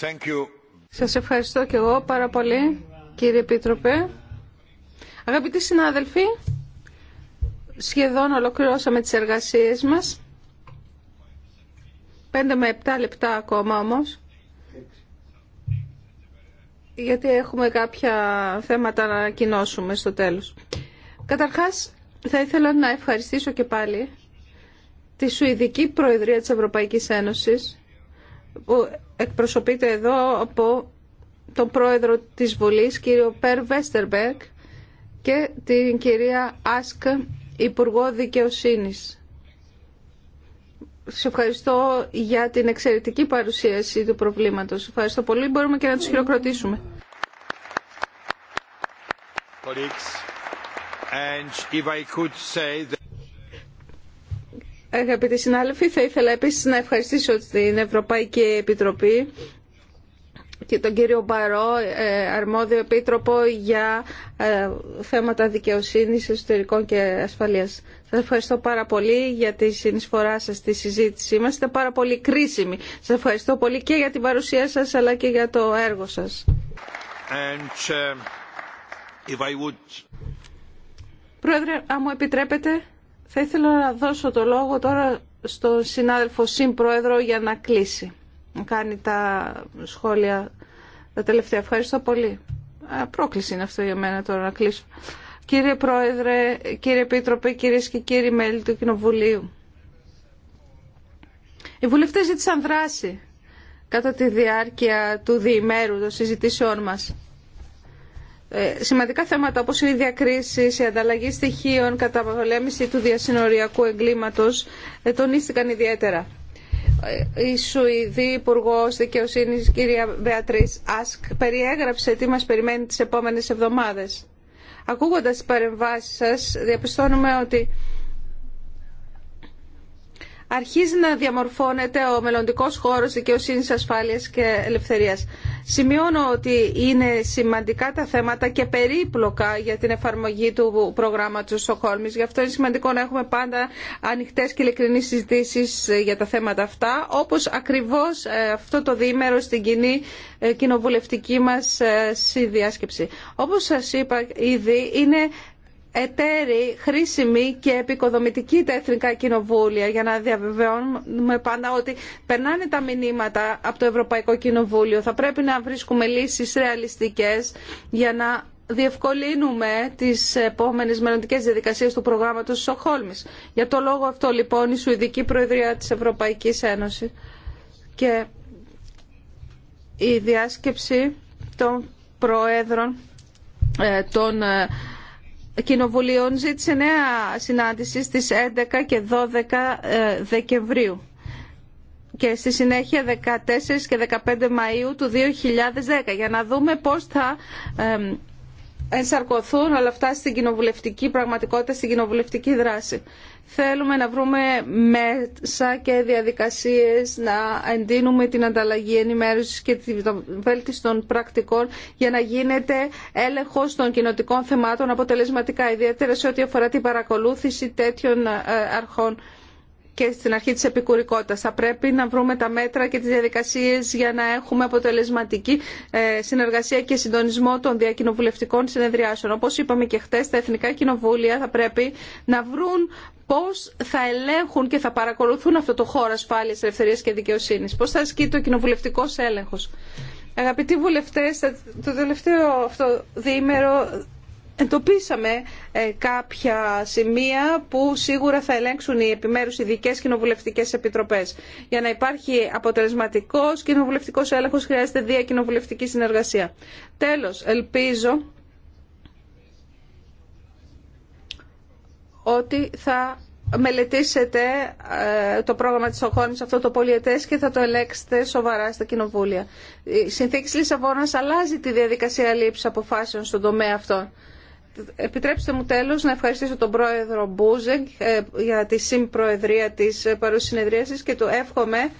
Thank you. Σας ευχαριστώ και εγώ πάρα πολύ κύριε Επίτροπε. Αγαπητοί συνάδελφοι, Σχεδόν ολοκληρώσαμε τις εργασίες μας. Πέντε με επτά λεπτά ακόμα όμως. Γιατί έχουμε κάποια θέματα να ανακοινώσουμε στο τέλος. Καταρχάς, θα ήθελα να ευχαριστήσω και πάλι τη Σουηδική Προεδρία της Ευρωπαϊκής Ένωσης που εκπροσωπείται εδώ από τον πρόεδρο της Βουλής, κύριο Περ Βέστερμπεργκ και την κυρία Άσκ Υπουργό Δικαιοσύνης. Σε ευχαριστώ για την εξαιρετική παρουσίαση του προβλήματος. Ευχαριστώ πολύ. Μπορούμε και να τους χειροκροτήσουμε. Αγαπητοί συνάδελφοι, θα ήθελα επίσης να ευχαριστήσω την Ευρωπαϊκή Επιτροπή και τον κύριο Μπαρό, ε, αρμόδιο επίτροπο για ε, θέματα δικαιοσύνης, εσωτερικών και ασφαλείας. Σας ευχαριστώ πάρα πολύ για τη συνεισφορά σας στη συζήτησή μα. πάρα πολύ κρίσιμη. Σας ευχαριστώ πολύ και για την παρουσία σας αλλά και για το έργο σας. Uh, Πρόεδρε, αν μου επιτρέπετε, θα ήθελα να δώσω το λόγο τώρα στον συνάδελφο συμπρόεδρο για να κλείσει. Να κάνει τα σχόλια τα τελευταία. Ευχαριστώ πολύ. Πρόκληση είναι αυτό για μένα τώρα να κλείσω. Κύριε Πρόεδρε, κύριε Επίτροπε, κυρίες και κύριοι μέλη του Κοινοβουλίου. Οι βουλευτές ζήτησαν δράση κατά τη διάρκεια του διημέρου των συζητήσεών μας. Ε, σημαντικά θέματα όπως η διακρίση, η ανταλλαγή στοιχείων, καταπολέμηση του διασυνοριακού εγκλήματος ε, τονίστηκαν ιδιαίτερα η Σουηδή Υπουργό Δικαιοσύνη, κυρία Μπεατρή Άσκ, περιέγραψε τι μα περιμένει τι επόμενε εβδομάδε. Ακούγοντα τι παρεμβάσει σα, διαπιστώνουμε ότι αρχίζει να διαμορφώνεται ο μελλοντικό χώρος δικαιοσύνης, ασφάλειας και ελευθερίας. Σημειώνω ότι είναι σημαντικά τα θέματα και περίπλοκα για την εφαρμογή του προγράμματος Σοκόλμη. Γι' αυτό είναι σημαντικό να έχουμε πάντα ανοιχτές και ειλικρινείς συζητήσεις ε, για τα θέματα αυτά, όπως ακριβώς ε, αυτό το διήμερο στην κοινή ε, κοινοβουλευτική μας συνδιάσκεψη. Όπως σας είπα ήδη, είναι εταίροι χρήσιμοι και επικοδομητικοί τα εθνικά κοινοβούλια για να διαβεβαιώνουμε πάντα ότι περνάνε τα μηνύματα από το Ευρωπαϊκό Κοινοβούλιο. Θα πρέπει να βρίσκουμε λύσεις ρεαλιστικές για να διευκολύνουμε τις επόμενες μελλοντικές διαδικασίες του προγράμματος Σοχόλμης. Για το λόγο αυτό λοιπόν η Σουηδική Προεδρία της Ευρωπαϊκής Ένωσης και η διάσκεψη των Προέδρων ε, των ε, Κοινοβουλίων ζήτησε νέα συνάντηση στις 11 και 12 ε, Δεκεμβρίου και στη συνέχεια 14 και 15 Μαΐου του 2010 για να δούμε πώς θα ενσαρκωθούν όλα αυτά στην κοινοβουλευτική πραγματικότητα, στην κοινοβουλευτική δράση θέλουμε να βρούμε μέσα και διαδικασίες να εντείνουμε την ανταλλαγή ενημέρωσης και τη βέλτιση των πρακτικών για να γίνεται έλεγχος των κοινοτικών θεμάτων αποτελεσματικά, ιδιαίτερα σε ό,τι αφορά την παρακολούθηση τέτοιων ε, αρχών και στην αρχή της επικουρικότητας. Θα πρέπει να βρούμε τα μέτρα και τις διαδικασίες για να έχουμε αποτελεσματική ε, συνεργασία και συντονισμό των διακοινοβουλευτικών συνεδριάσεων. Όπως είπαμε και χτες, τα Εθνικά Κοινοβούλια θα πρέπει να βρουν πώς θα ελέγχουν και θα παρακολουθούν αυτό το χώρο ασφάλειας, ελευθερίας και δικαιοσύνης. Πώς θα ασκεί το κοινοβουλευτικός έλεγχος. Αγαπητοί βουλευτές, το τελευταίο αυτό διήμερο Εντοπίσαμε ε, κάποια σημεία που σίγουρα θα ελέγξουν οι επιμέρους ειδικέ κοινοβουλευτικές επιτροπές. Για να υπάρχει αποτελεσματικός κοινοβουλευτικός έλεγχος χρειάζεται διακοινοβουλευτική συνεργασία. Τέλος, ελπίζω ότι θα μελετήσετε ε, το πρόγραμμα της Οχώνης αυτό το πολιετές και θα το ελέγξετε σοβαρά στα κοινοβούλια. Η συνθήκη Λισαβόνας αλλάζει τη διαδικασία λήψης αποφάσεων στον τομέα αυτό. Επιτρέψτε μου τέλος να ευχαριστήσω τον πρόεδρο Μπούζεγκ ε, για τη συμπροεδρία της συνεδρίασης και του εύχομαι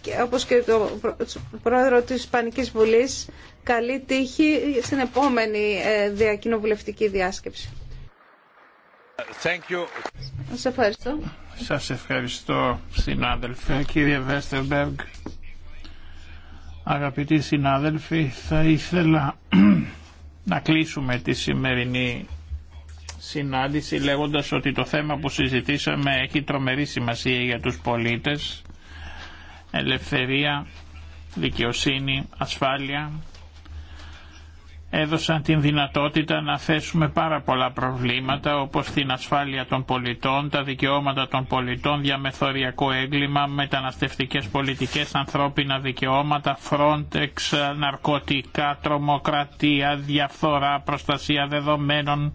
και όπως και το πρόεδρο της Ισπανικής Βουλής καλή τύχη στην επόμενη ε, διακοινοβουλευτική διάσκεψη. Thank Σας ευχαριστώ. Σας ευχαριστώ συνάδελφε κύριε Βέστερμπεργκ. Αγαπητοί συνάδελφοι θα ήθελα να κλείσουμε τη σημερινή συνάντηση λέγοντας ότι το θέμα που συζητήσαμε έχει τρομερή σημασία για τους πολίτες ελευθερία, δικαιοσύνη, ασφάλεια έδωσαν την δυνατότητα να θέσουμε πάρα πολλά προβλήματα όπως την ασφάλεια των πολιτών, τα δικαιώματα των πολιτών, διαμεθοριακό έγκλημα, μεταναστευτικές πολιτικές, ανθρώπινα δικαιώματα, Frontex, ναρκωτικά, τρομοκρατία, διαφθορά, προστασία δεδομένων,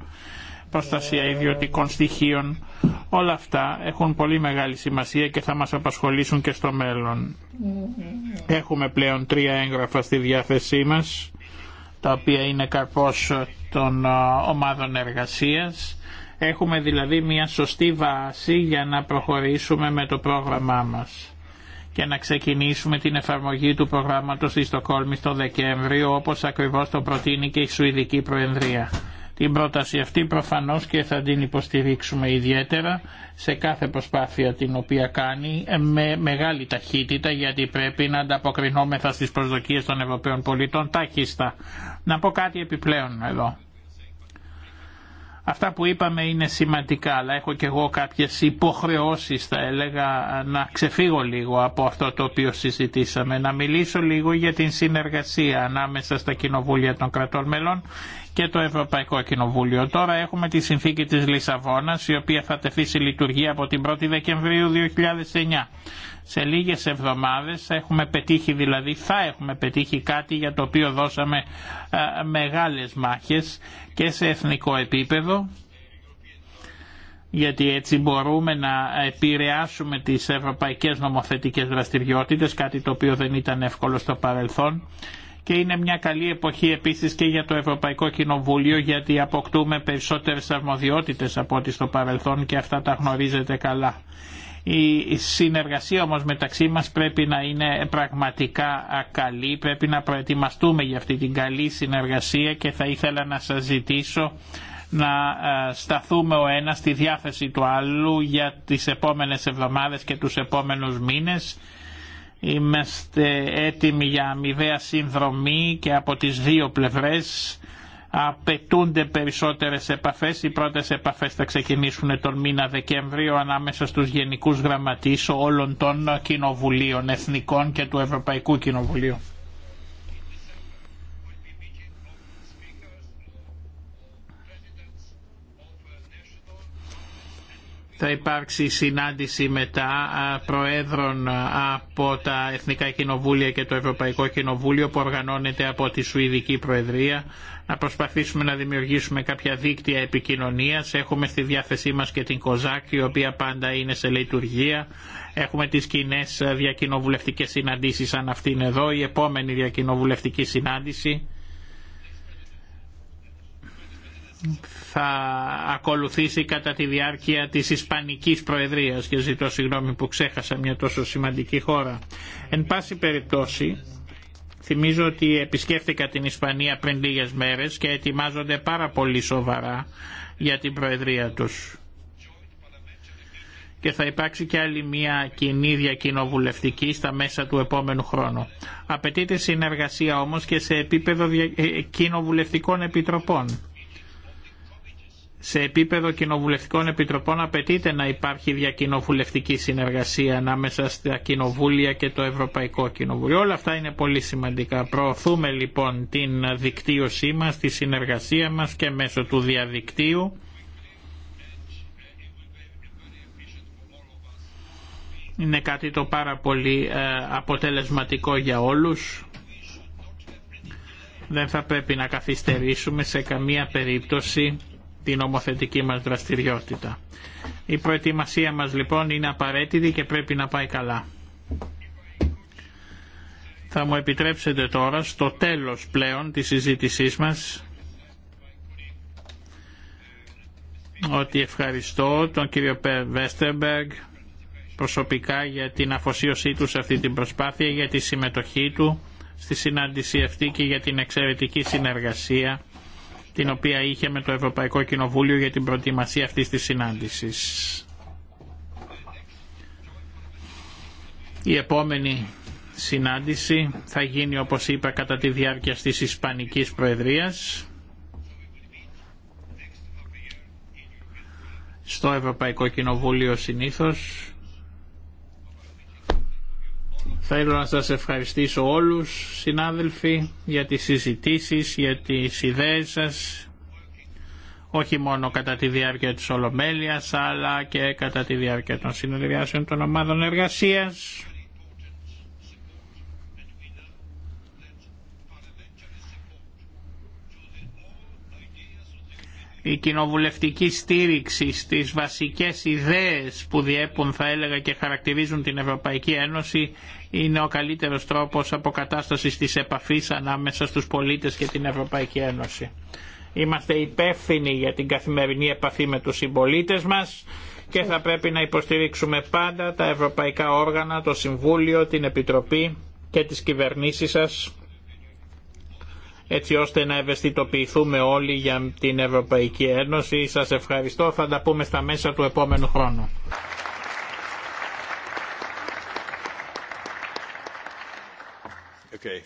προστασία ιδιωτικών στοιχείων. Όλα αυτά έχουν πολύ μεγάλη σημασία και θα μας απασχολήσουν και στο μέλλον. Mm-hmm. Έχουμε πλέον τρία έγγραφα στη διάθεσή μας τα οποία είναι καρπός των ε, ομάδων εργασίας. Έχουμε δηλαδή μια σωστή βάση για να προχωρήσουμε με το πρόγραμμά μας και να ξεκινήσουμε την εφαρμογή του προγράμματος στη Στοκόλμη το Δεκέμβριο όπως ακριβώς το προτείνει και η Σουηδική Προεδρία. Την πρόταση αυτή προφανώς και θα την υποστηρίξουμε ιδιαίτερα σε κάθε προσπάθεια την οποία κάνει με μεγάλη ταχύτητα γιατί πρέπει να ανταποκρινόμεθα στις προσδοκίες των Ευρωπαίων πολιτών τάχιστα. Να πω κάτι επιπλέον εδώ. Αυτά που είπαμε είναι σημαντικά, αλλά έχω και εγώ κάποιες υποχρεώσεις, θα έλεγα, να ξεφύγω λίγο από αυτό το οποίο συζητήσαμε. Να μιλήσω λίγο για την συνεργασία ανάμεσα στα κοινοβούλια των κρατών μελών και το Ευρωπαϊκό Κοινοβούλιο. Τώρα έχουμε τη συνθήκη της Λισαβόνας η οποία θα τεθεί σε λειτουργία από την 1η Δεκεμβρίου 2009. Σε λίγες εβδομάδες θα έχουμε πετύχει δηλαδή, θα έχουμε πετύχει κάτι για το οποίο δώσαμε μεγάλες μάχες και σε εθνικό επίπεδο γιατί έτσι μπορούμε να επηρεάσουμε τις ευρωπαϊκές νομοθετικές δραστηριότητες, κάτι το οποίο δεν ήταν εύκολο στο παρελθόν και είναι μια καλή εποχή επίσης και για το Ευρωπαϊκό Κοινοβούλιο γιατί αποκτούμε περισσότερες αρμοδιότητες από ό,τι στο παρελθόν και αυτά τα γνωρίζετε καλά. Η συνεργασία όμως μεταξύ μας πρέπει να είναι πραγματικά καλή, πρέπει να προετοιμαστούμε για αυτή την καλή συνεργασία και θα ήθελα να σας ζητήσω να ε, σταθούμε ο ένας στη διάθεση του άλλου για τις επόμενες εβδομάδες και τους επόμενους μήνες Είμαστε έτοιμοι για αμοιβαία συνδρομή και από τις δύο πλευρές απαιτούνται περισσότερες επαφές. Οι πρώτες επαφές θα ξεκινήσουν τον μήνα Δεκέμβριο ανάμεσα στους γενικούς γραμματείς όλων των κοινοβουλίων, εθνικών και του Ευρωπαϊκού Κοινοβουλίου. Θα υπάρξει συνάντηση μετά προέδρων από τα Εθνικά Κοινοβούλια και το Ευρωπαϊκό Κοινοβούλιο που οργανώνεται από τη Σουηδική Προεδρία. Να προσπαθήσουμε να δημιουργήσουμε κάποια δίκτυα επικοινωνίας. Έχουμε στη διάθεσή μας και την ΚΟΖΑΚ η οποία πάντα είναι σε λειτουργία. Έχουμε τις κοινέ διακοινοβουλευτικές συναντήσεις σαν αυτήν εδώ. Η επόμενη διακοινοβουλευτική συνάντηση θα ακολουθήσει κατά τη διάρκεια της Ισπανικής Προεδρίας και ζητώ συγγνώμη που ξέχασα μια τόσο σημαντική χώρα. Εν πάση περιπτώσει, θυμίζω ότι επισκέφθηκα την Ισπανία πριν λίγες μέρες και ετοιμάζονται πάρα πολύ σοβαρά για την Προεδρία τους. Και θα υπάρξει και άλλη μια κοινή διακοινοβουλευτική στα μέσα του επόμενου χρόνου. Απαιτείται συνεργασία όμως και σε επίπεδο ε, ε, κοινοβουλευτικών επιτροπών σε επίπεδο κοινοβουλευτικών επιτροπών απαιτείται να υπάρχει διακοινοβουλευτική συνεργασία ανάμεσα στα κοινοβούλια και το Ευρωπαϊκό Κοινοβούλιο. Όλα αυτά είναι πολύ σημαντικά. Προωθούμε λοιπόν την δικτύωσή μας, τη συνεργασία μας και μέσω του διαδικτύου. Είναι κάτι το πάρα πολύ ε, αποτελεσματικό για όλους. Δεν θα πρέπει να καθυστερήσουμε σε καμία περίπτωση την νομοθετική μας δραστηριότητα. Η προετοιμασία μας λοιπόν είναι απαραίτητη και πρέπει να πάει καλά. Θα μου επιτρέψετε τώρα στο τέλος πλέον της συζήτησής μας ότι ευχαριστώ τον κύριο Περ Βέστερμπεργκ προσωπικά για την αφοσίωσή του σε αυτή την προσπάθεια, για τη συμμετοχή του στη συνάντηση αυτή και για την εξαιρετική συνεργασία την οποία είχε με το Ευρωπαϊκό Κοινοβούλιο για την προετοιμασία αυτής της συνάντησης. Η επόμενη συνάντηση θα γίνει όπως είπα κατά τη διάρκεια της Ισπανικής Προεδρίας στο Ευρωπαϊκό Κοινοβούλιο συνήθως Θέλω να σας ευχαριστήσω όλους συνάδελφοι για τις συζητήσεις, για τις ιδέες σας όχι μόνο κατά τη διάρκεια της Ολομέλειας αλλά και κατά τη διάρκεια των συνεδριάσεων των ομάδων εργασίας. η κοινοβουλευτική στήριξη στις βασικές ιδέες που διέπουν θα έλεγα και χαρακτηρίζουν την Ευρωπαϊκή Ένωση είναι ο καλύτερος τρόπος αποκατάστασης της επαφής ανάμεσα στους πολίτες και την Ευρωπαϊκή Ένωση. Είμαστε υπεύθυνοι για την καθημερινή επαφή με τους συμπολίτε μας και θα πρέπει να υποστηρίξουμε πάντα τα ευρωπαϊκά όργανα, το Συμβούλιο, την Επιτροπή και τις κυβερνήσεις σας έτσι ώστε να ευαισθητοποιηθούμε όλοι για την Ευρωπαϊκή Ένωση. Σας ευχαριστώ. Θα τα πούμε στα μέσα του επόμενου χρόνου. Okay.